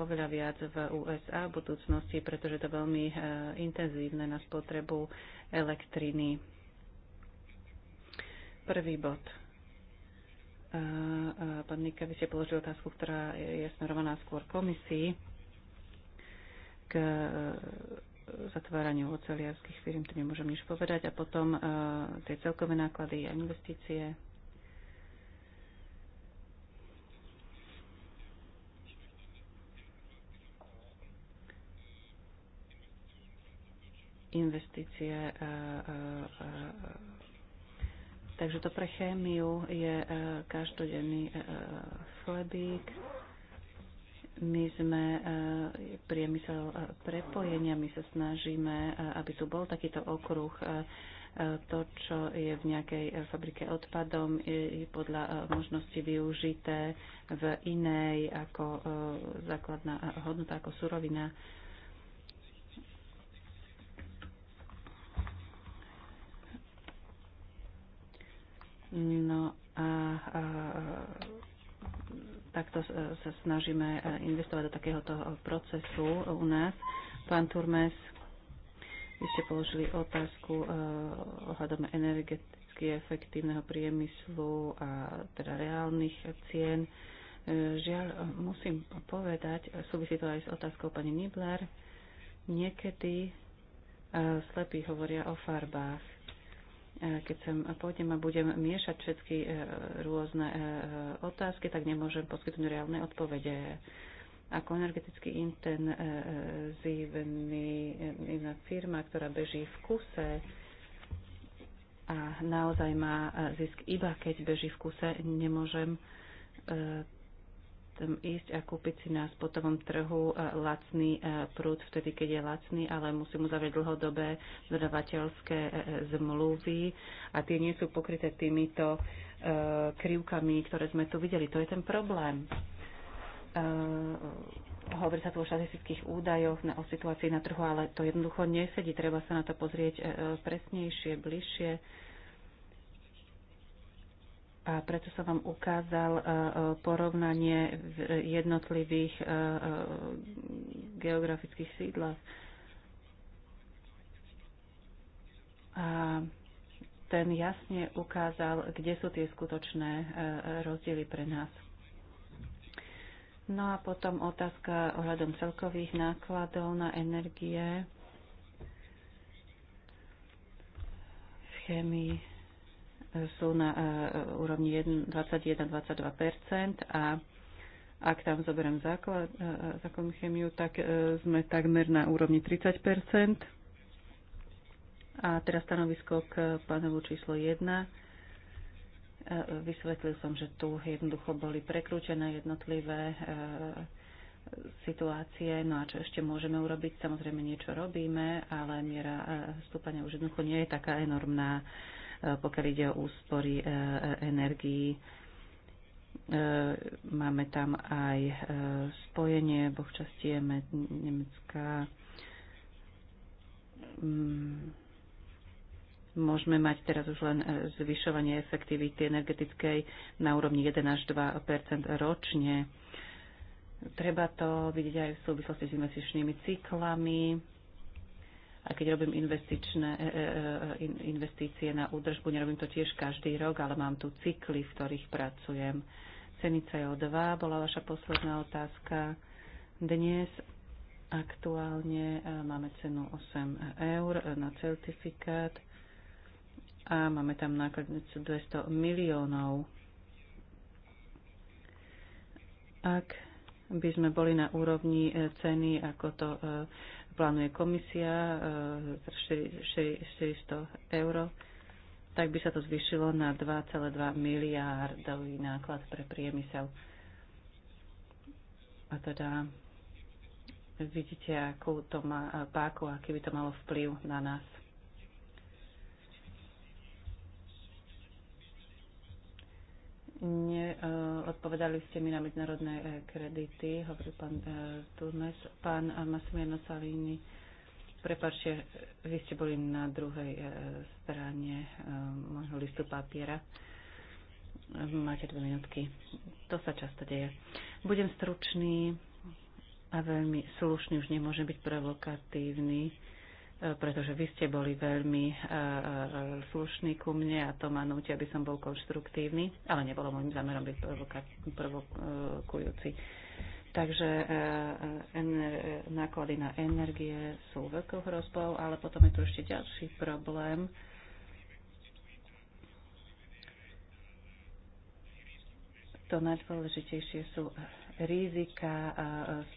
oveľa viac v USA v budúcnosti, pretože to je veľmi e, intenzívne na spotrebu elektriny. Prvý bod Pán Nika, vy ste položili otázku, ktorá je smerovaná skôr komisii k e, zatváraniu oceliarských firm, to nemôžem nič povedať. A potom e, tie celkové náklady a investície. Investície a, e, Takže to pre chémiu je e, každodenný e, e, chlebík. My sme priemysel prepojenia, my sa snažíme, aby tu bol takýto okruh. To, čo je v nejakej fabrike odpadom, je podľa možnosti využité v inej ako základná hodnota, ako surovina No a, a takto sa snažíme e, investovať do takéhoto e, procesu u nás. Pán Turmes, vy ste položili otázku e, ohľadom energeticky efektívneho priemyslu a teda reálnych cien. Žiaľ, musím povedať, súvisí to aj s otázkou pani Nibler, niekedy slepí hovoria o farbách E, keď sem pôjdem a budem miešať všetky e, rôzne e, otázky, tak nemôžem poskytnúť reálne odpovede. Ako energeticky iná firma, ktorá beží v kuse a naozaj má zisk iba keď beží v kuse, nemôžem ísť a kúpiť si na spotovom trhu e, lacný e, prúd, vtedy, keď je lacný, ale musím uzavrieť dlhodobé dodavateľské e, zmluvy a tie nie sú pokryté týmito krivkami, ktoré sme tu videli. To je ten problém. Hovorí sa tu o štatistických údajoch na, o situácii na trhu, ale to jednoducho nesedí. Treba sa na to pozrieť presnejšie, bližšie a preto som vám ukázal e, e, porovnanie v jednotlivých e, geografických sídlach. A ten jasne ukázal, kde sú tie skutočné rozdiely pre nás. No a potom otázka ohľadom celkových nákladov na energie v chemii sú na e, úrovni 21-22 a ak tam zoberiem základ, e, e, základnú chemiu, tak sme takmer na úrovni 30 A teraz stanovisko k panelu číslo 1. Vysvetlil som, že tu jednoducho boli prekrúčené jednotlivé situácie, no a čo ešte môžeme urobiť, samozrejme niečo robíme, ale miera stúpania už jednoducho nie je taká enormná. E, pokiaľ ide o úspory e, e, energií. Máme tam aj spojenie časti je Nemecká. Mm, môžeme mať teraz už len zvyšovanie efektivity energetickej na úrovni 1 až 2 ročne. Treba to vidieť aj v súvislosti s investičnými cyklami a keď robím investičné, e, e, e, investície na údržbu, nerobím to tiež každý rok, ale mám tu cykly, v ktorých pracujem. Ceny CO2 bola vaša posledná otázka. Dnes aktuálne máme cenu 8 eur na certifikát a máme tam nákladnicu 200 miliónov. Ak by sme boli na úrovni ceny, ako to plánuje komisia 400 e, eur, tak by sa to zvyšilo na 2,2 miliardový náklad pre priemysel. A teda vidíte, akú to má páku, aký by to malo vplyv na nás. Neodpovedali ste mi na medzinárodné e, kredity, hovorí pán e, Turmes. Pán e, Massimiliano Salini, prepáčte, vy ste boli na druhej strane môjho listu papiera. Máte dve minútky. To sa často deje. Budem stručný a veľmi slušný, už nemôžem byť provokatívny pretože vy ste boli veľmi e, e, slušní ku mne a to ma núti, aby som bol konštruktívny, ale nebolo môjim zámerom byť provokujúci. Takže e, náklady na energie sú veľkou hrozbou, ale potom je tu ešte ďalší problém. To najdôležitejšie sú rizika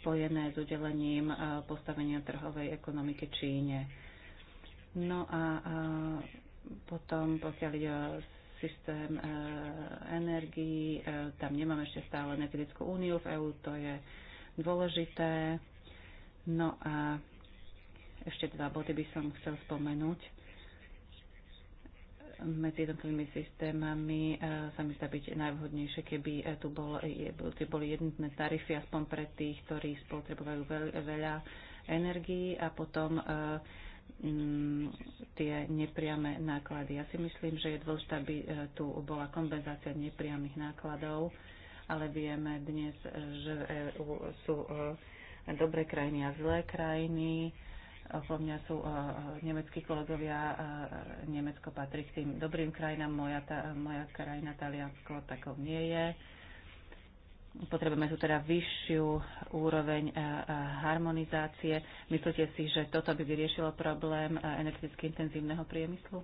spojené s udelením postavenia trhovej ekonomiky Číne. No a potom, pokiaľ ide o systém e, energií, e, tam nemáme ešte stále energetickú úniu v EÚ, to je dôležité. No a ešte dva body by som chcel spomenúť medzi jednotlivými systémami e, sa mi zdá byť najvhodnejšie, keby e, tu bol, tu boli jednotné tarify aspoň pre tých, ktorí spotrebujú veľa energii a potom e, mm, tie nepriame náklady. Ja si myslím, že je dôležité, aby tu bola kompenzácia nepriamých nákladov, ale vieme dnes, že sú dobré krajiny a zlé krajiny Okolo mňa sú eh, nemeckí kolegovia, eh, Nemecko patrí k tým dobrým krajinám, moja, tá, moja krajina Taliansko takou nie je. Potrebujeme tu teda vyššiu úroveň eh, harmonizácie. Myslíte si, že toto by vyriešilo problém energeticky intenzívneho priemyslu?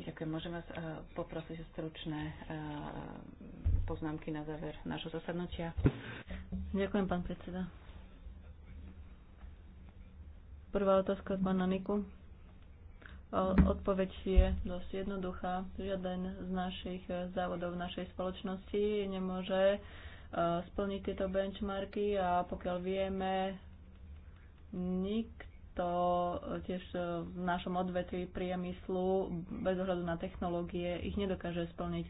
Ďakujem. Môžem vás poprosiť o stručné poznámky na záver nášho zasadnutia. Ďakujem, pán predseda. Prvá otázka od pána Niku. Odpoveď je dosť jednoduchá. Žiaden z našich e, závodov v našej spoločnosti nemôže e, splniť tieto benchmarky a pokiaľ vieme, nikto e, tiež v našom odvetví priemyslu bez ohľadu na technológie ich nedokáže splniť.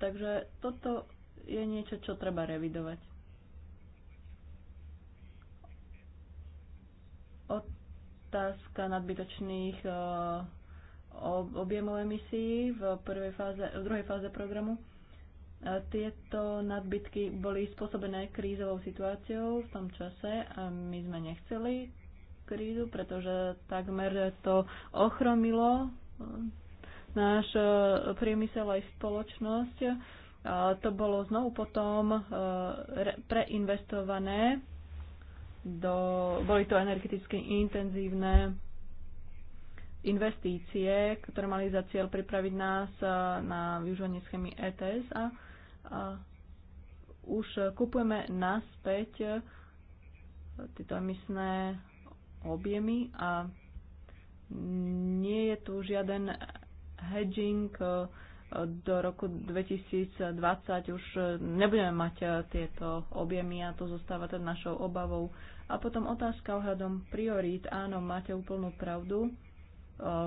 Takže toto je niečo, čo treba revidovať. Otázka nadbytočných eh, objemov emisí v, prvej fáze, v druhej fáze programu. Eh, tieto nadbytky boli spôsobené krízovou situáciou v tom čase a my sme nechceli krízu, pretože takmer to ochromilo eh, náš priemysel aj spoločnosť. To bolo znovu potom preinvestované do, boli to energeticky intenzívne investície, ktoré mali za cieľ pripraviť nás e, na využívanie schémy ETS a, a už kupujeme naspäť e, tieto emisné objemy a nie je tu žiaden hedging e, do roku 2020 už nebudeme mať tieto objemy a to zostáva teda našou obavou. A potom otázka ohľadom priorít. Áno, máte úplnú pravdu. E,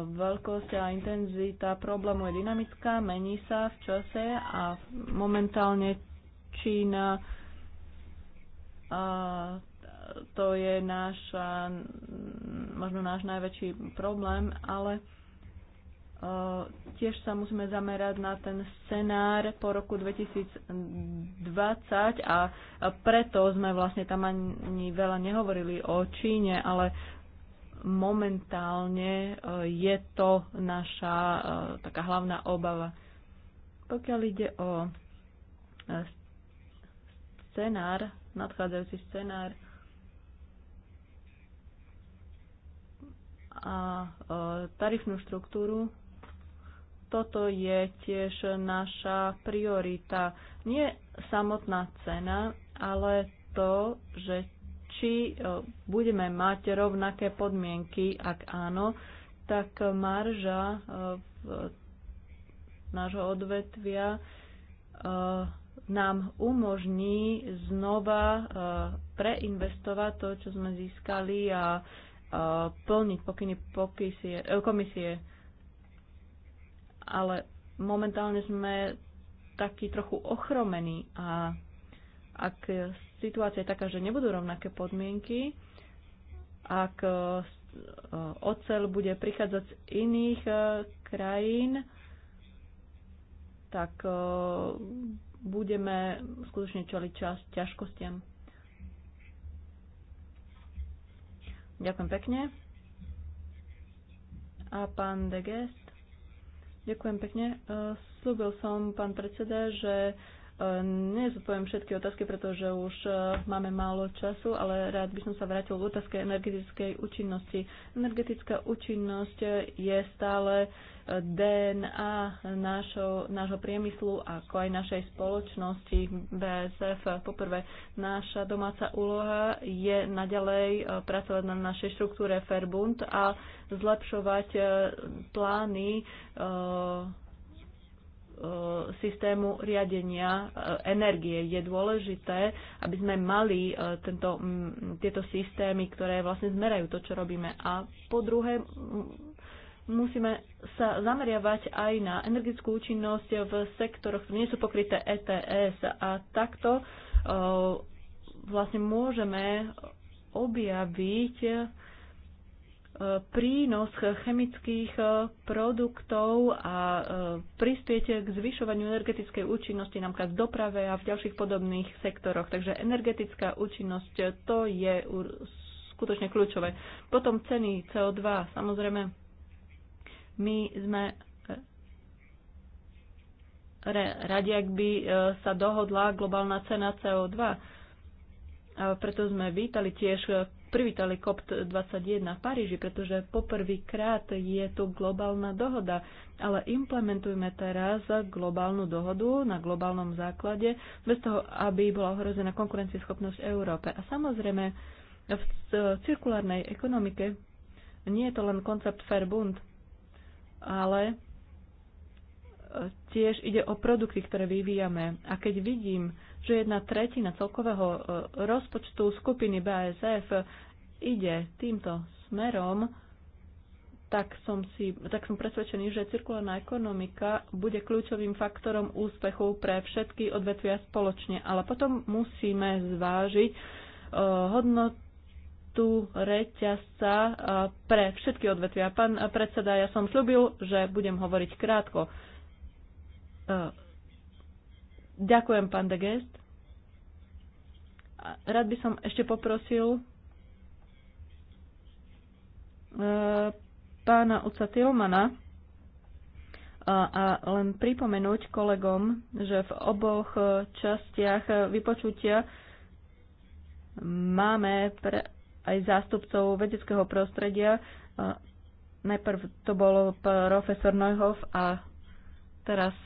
veľkosť a intenzita problému je dynamická, mení sa v čase a momentálne Čína a to je náš, možno náš najväčší problém, ale Eh, tiež sa musíme zamerať na ten scenár po roku 2020 a preto sme vlastne tam ani veľa nehovorili o Číne, ale momentálne eh, je to naša eh, taká hlavná obava. Pokiaľ ide o scenár, nadchádzajúci scenár, a tarifnú štruktúru toto je tiež naša priorita. Nie samotná cena, ale to, že či e, budeme mať rovnaké podmienky, ak áno, tak marža e, v nášho odvetvia e, nám umožní znova preinvestovať to, čo sme získali a plniť pokyny pokysie, komisie ale momentálne sme taký trochu ochromení a ak situácia je taká, že nebudú rovnaké podmienky, ak e, ocel bude prichádzať z iných e, krajín, tak e, budeme skutočne čeliť čas ťažkostiam. Ďakujem pekne. A pán Degest? Ďakujem pekne. E, slúbil som, pán predseda, že Nezodpoviem všetky otázky, pretože už e, máme málo času, ale rád by som sa vrátil k otázke energetickej účinnosti. Energetická účinnosť e, je stále e, DNA nášho, nášho priemyslu, ako aj našej spoločnosti BSF. Poprvé, naša domáca úloha je naďalej pracovať na našej štruktúre Fairbund a zlepšovať plány E, systému riadenia e, energie. Je dôležité, aby sme mali e, tento, tieto systémy, ktoré vlastne zmerajú to, čo robíme. A po druhé, musíme sa zameriavať aj na energetickú účinnosť v sektoroch, ktoré nie sú pokryté ETS. A takto vlastne môžeme objaviť prínos chemických e, produktov a e, prispiete k zvyšovaniu energetickej účinnosti napríklad v doprave a v ďalších podobných sektoroch. Takže energetická účinnosť to je skutočne kľúčové. Potom ceny CO2. Samozrejme, my sme e, radi, ak by sa dohodla globálna cena CO2. preto sme vítali tiež Prvý tali COP21 v Paríži, pretože poprvýkrát je tu globálna dohoda, ale implementujme teraz globálnu dohodu na globálnom základe, bez toho, aby bola ohrozená konkurencieschopnosť Európe. A samozrejme, v cirkulárnej ekonomike nie je to len koncept Fairbund, ale e, tiež ide o produkty, ktoré vyvíjame. A keď vidím, že jedna tretina celkového e, rozpočtu skupiny BASF ide týmto smerom, tak som, si, tak som presvedčený, že cirkulárna ekonomika bude kľúčovým faktorom úspechu pre všetky odvetvia spoločne. Ale potom musíme zvážiť e, hodnotu reťazca e, pre všetky odvetvia. Pán predseda, ja som slúbil, že budem hovoriť krátko. Ďakujem, pán de Gest. Rád by som ešte poprosil e, pána Uca Tilmana a, e, a len pripomenúť kolegom, že v oboch častiach vypočutia máme pre aj zástupcov vedeckého prostredia. E, najprv to bol profesor Neuhoff a teraz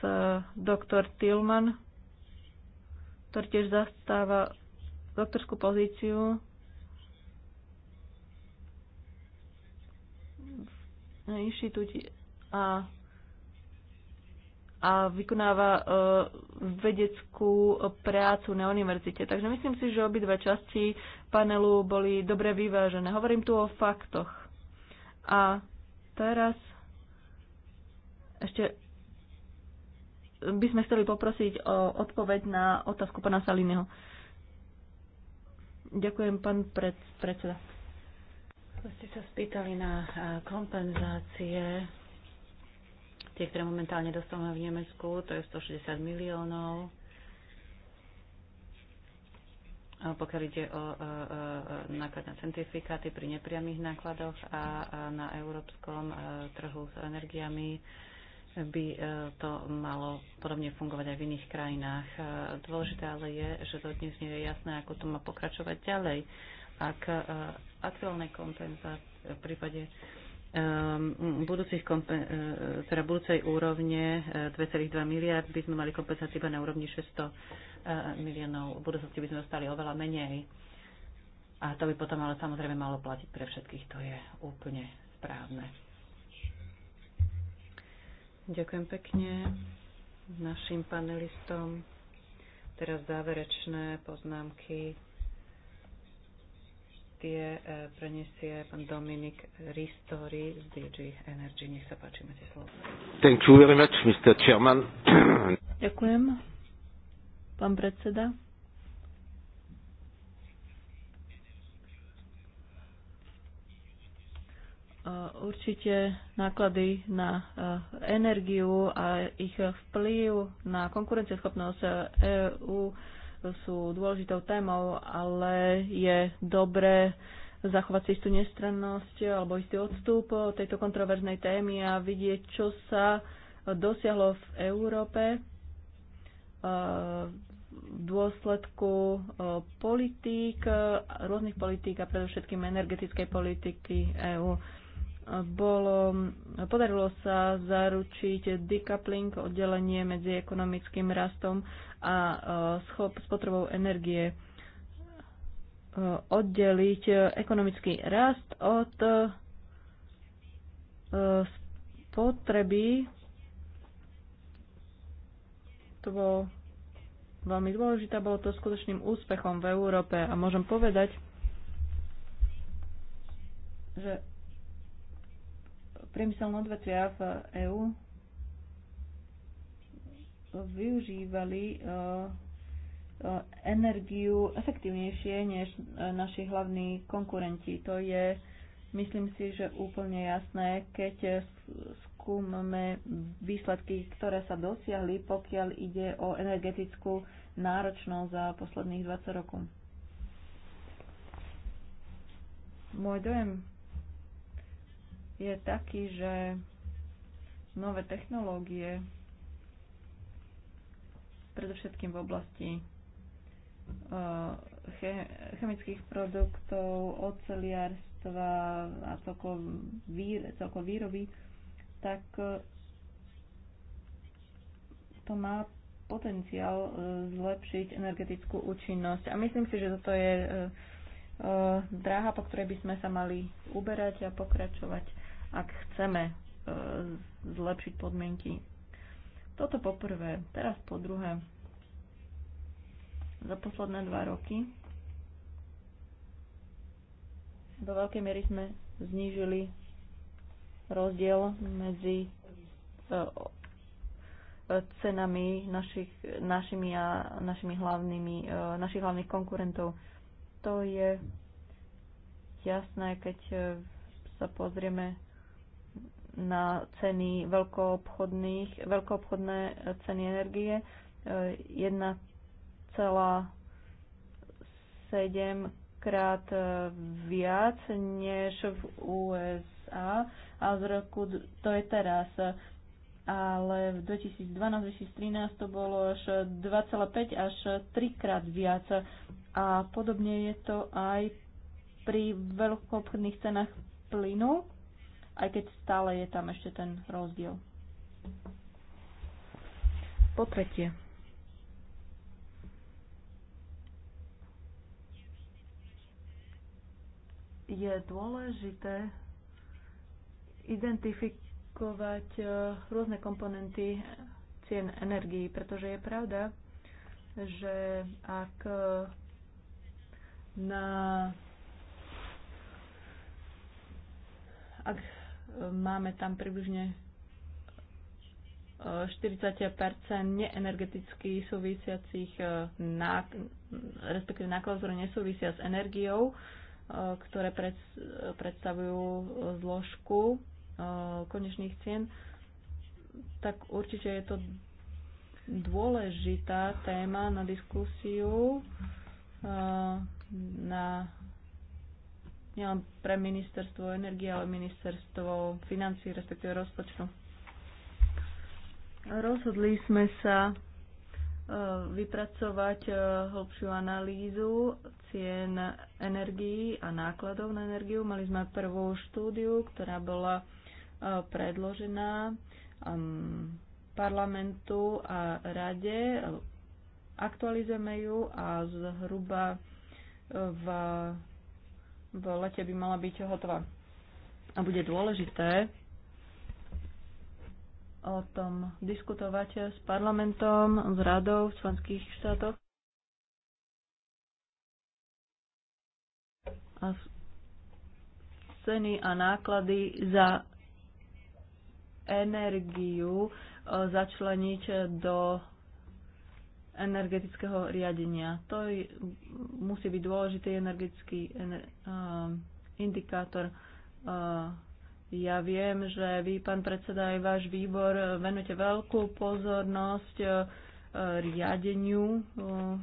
doktor Tilman ktorý tiež zastáva doktorskú pozíciu na inštitúti a, a vykonáva uh, vedeckú prácu na univerzite. Takže myslím si, že obidve časti panelu boli dobre vyvážené. Hovorím tu o faktoch. A teraz ešte by sme chceli poprosiť o odpoveď na otázku pana Salineho. Ďakujem, pán pred, predseda. Ste sa spýtali na kompenzácie, tie, ktoré momentálne dostávame v Nemecku, to je 160 miliónov. Pokiaľ ide o náklad na certifikáty pri nepriamých nákladoch a na európskom trhu s energiami, by e, to malo podobne fungovať aj v iných krajinách. E, dôležité ale je, že to dnes nie je jasné, ako to má pokračovať ďalej. Ak e, aktuálne kompenzácie v prípade budúcich teda budúcej úrovne 2,2 miliard by sme mali kompenzáciu iba na úrovni 600 miliónov. V budúcnosti by sme dostali oveľa menej. A to by potom ale samozrejme malo platiť pre všetkých. To je úplne správne. Ďakujem pekne našim panelistom. Teraz záverečné poznámky. Tie e, preniesie pán Dominik Ristori z DG Energy. Nech sa páči, máte slovo. Thank you very much, Mr. Chairman. Ďakujem, pán predseda. Určite náklady na e, energiu a ich vplyv na konkurencieschopnosť EÚ e sú dôležitou témou, ale je dobré zachovať si istú nestrannosť alebo istý odstup od tejto kontroverznej témy a vidieť, čo sa dosiahlo v Európe e, v dôsledku politík, rôznych politík a predovšetkým energetickej politiky EÚ bolo, podarilo sa zaručiť decoupling, oddelenie medzi ekonomickým rastom a e, schop spotrebou energie e, oddeliť ekonomický rast od e, spotreby. To bolo veľmi dôležité, bolo to skutočným úspechom v Európe a môžem povedať, že priemyselné odvetvia v EÚ využívali e, e, energiu efektívnejšie než e, naši hlavní konkurenti. To je, myslím si, že úplne jasné, keď skúmame výsledky, ktoré sa dosiahli, pokiaľ ide o energetickú náročnosť za posledných 20 rokov. Môj dojem je taký, že nové technológie, predovšetkým v oblasti e, chemických produktov, oceliarstva a celkovo výroby, tak e, to má potenciál e, zlepšiť energetickú účinnosť. A myslím si, že toto je dráha, po ktorej by sme sa mali uberať a pokračovať ak chceme e, zlepšiť podmienky. Toto poprvé. Teraz po druhé. Za posledné dva roky do veľkej miery sme znížili rozdiel medzi e, e, cenami našich, našimi a našimi hlavnými, našich hlavných konkurentov. To je jasné, keď sa pozrieme na ceny veľkoobchodných, veľkoobchodné ceny energie 1,7 eh, krát eh, viac než v USA a z roku to je teraz ale v 2012-2013 to bolo až 2,5 až 3 krát viac a podobne je to aj pri veľkoobchodných cenách plynu aj keď stále je tam ešte ten rozdiel. Po tretie. Je dôležité identifikovať eh, rôzne komponenty cien energií, pretože je pravda, že ak eh, na ak máme tam približne 40 e, neenergeticky súvisiacich e, respektíve nákladov, ktoré nesúvisia s energiou, e, ktoré pred, predstavujú zložku konečných cien, tak určite je to dôležitá téma na diskusiu na nielen pre ministerstvo energie, ale ministerstvo financí, respektíve rozpočtu. Rozhodli sme sa e, vypracovať e, hlbšiu analýzu cien energií a nákladov na energiu. Mali sme prvú štúdiu, ktorá bola e, predložená um, parlamentu a rade. Aktualizujeme ju a zhruba v v lete by mala byť hotová. A bude dôležité o tom diskutovať s parlamentom, s radou v členských štátoch a ceny a náklady za energiu e, začleniť do energetického riadenia. To je, musí byť dôležitý energetický ener, uh, indikátor. Uh, ja viem, že vy, pán predseda, aj váš výbor venujete veľkú pozornosť uh, riadeniu, uh,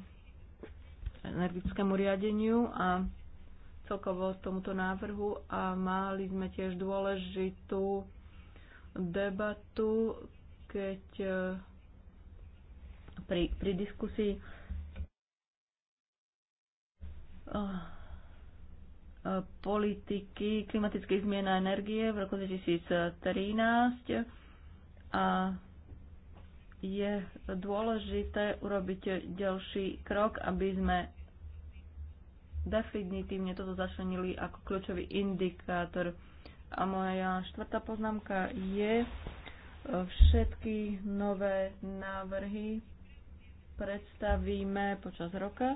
energetickému riadeniu a celkovo tomuto návrhu a mali sme tiež dôležitú debatu, keď uh, pri, pri diskusii. Oh politiky klimatických zmien a energie v roku 2013 a je dôležité urobiť ďalší krok, aby sme definitívne toto začlenili ako kľúčový indikátor. A moja štvrtá poznámka je eh, všetky nové návrhy predstavíme počas roka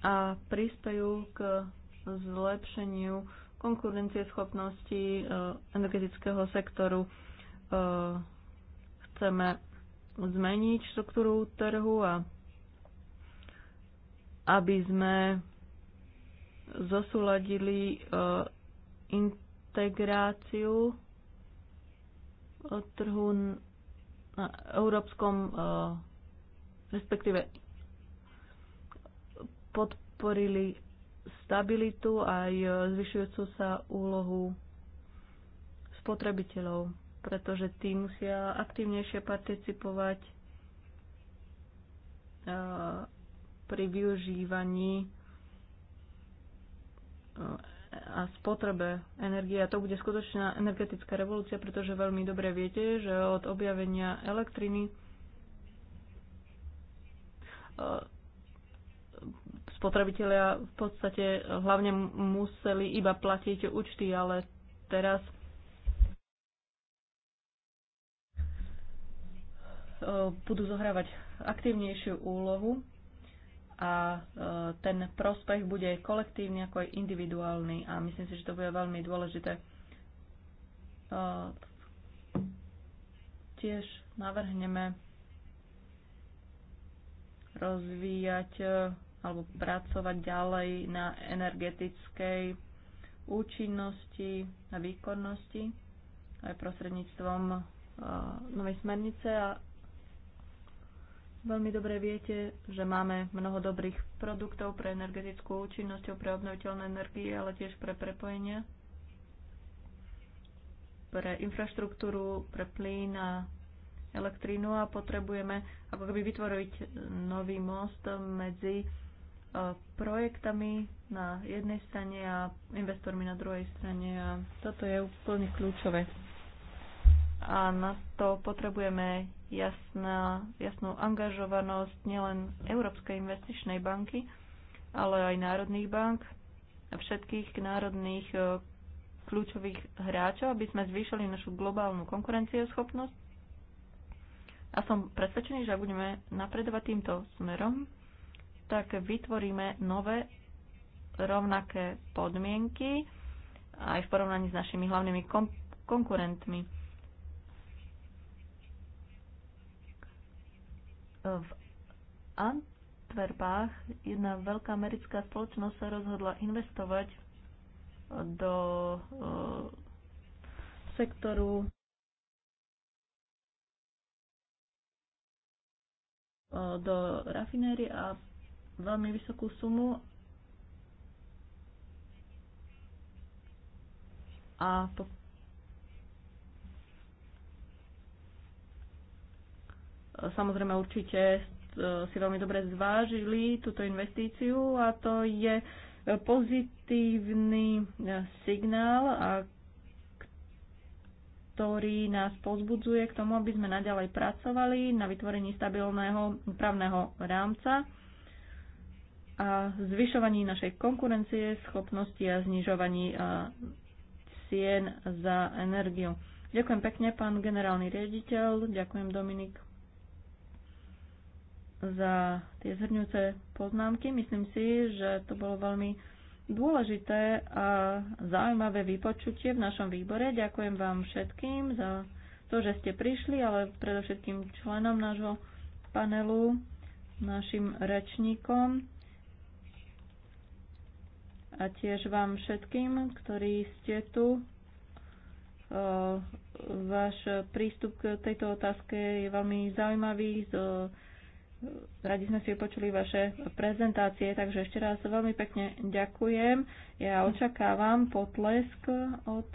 a prispejú k zlepšeniu konkurencieschopnosti eh, energetického sektoru. Eh, chceme zmeniť štruktúru trhu a aby sme zosúladili eh, integráciu trhu na európskom, e, respektíve podporili stabilitu aj zvyšujúcu sa úlohu spotrebiteľov, pretože tí musia aktívnejšie participovať e, pri využívaní e, a spotrebe energie. A to bude skutočná energetická revolúcia, pretože veľmi dobre viete, že od objavenia elektriny e, spotrebitelia v podstate hlavne museli iba platiť účty, ale teraz e, budú zohrávať aktívnejšiu úlohu a e, ten prospech bude kolektívny ako aj individuálny a myslím si, že to bude veľmi dôležité. E, tiež navrhneme rozvíjať e, alebo pracovať ďalej na energetickej účinnosti a výkonnosti aj prostredníctvom novej smernice a Veľmi dobre viete, že máme mnoho dobrých produktov pre energetickú účinnosť, pre obnoviteľné energie, ale tiež pre prepojenia, pre infraštruktúru, pre plyn a elektrínu a potrebujeme ako keby vytvoriť nový most medzi e, projektami na jednej strane a investormi na druhej strane a toto je úplne kľúčové. A na to potrebujeme jasná, jasnú angažovanosť nielen Európskej investičnej banky, ale aj národných bank a všetkých národných e, kľúčových hráčov, aby sme zvýšili našu globálnu konkurencieschopnosť. A som presvedčený, že ak budeme napredovať týmto smerom, tak vytvoríme nové rovnaké podmienky aj v porovnaní s našimi hlavnými konkurentmi v Antwerpách jedna veľká americká spoločnosť sa rozhodla investovať do e, sektoru e, do rafinérie a veľmi vysokú sumu a po Samozrejme určite e, si veľmi dobre zvážili túto investíciu a to je pozitívny e, signál, a ktorý nás pozbudzuje k tomu, aby sme naďalej pracovali na vytvorení stabilného právneho rámca a zvyšovaní našej konkurencie, schopnosti a znižovaní e, cien za energiu. Ďakujem pekne, pán generálny riaditeľ, ďakujem Dominik za tie zhrňujúce poznámky. Myslím si, že to bolo veľmi dôležité a zaujímavé vypočutie v našom výbore. Ďakujem vám všetkým za to, že ste prišli, ale predovšetkým členom nášho panelu, našim rečníkom a tiež vám všetkým, ktorí ste tu. Váš prístup k tejto otázke je veľmi zaujímavý. Z Radi sme si počuli vaše prezentácie, takže ešte raz veľmi pekne ďakujem. Ja očakávam potlesk od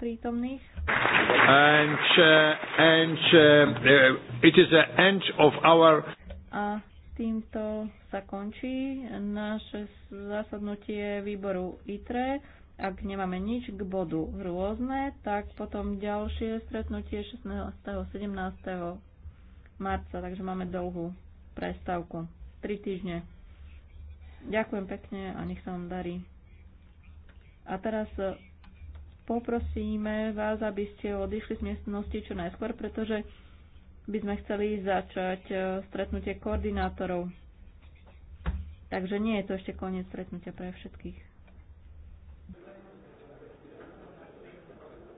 prítomných. And, uh, and, uh, uh, it is the end of our... A týmto sa končí naše zasadnutie výboru ITRE. Ak nemáme nič k bodu rôzne, tak potom ďalšie stretnutie 16. 17. marca, takže máme dlhú prestávku. 3 týždne. Ďakujem pekne a nech sa vám darí. A teraz e, poprosíme vás, aby ste odišli z miestnosti čo najskôr, pretože by sme chceli začať e, stretnutie koordinátorov. Takže nie je to ešte koniec stretnutia pre všetkých.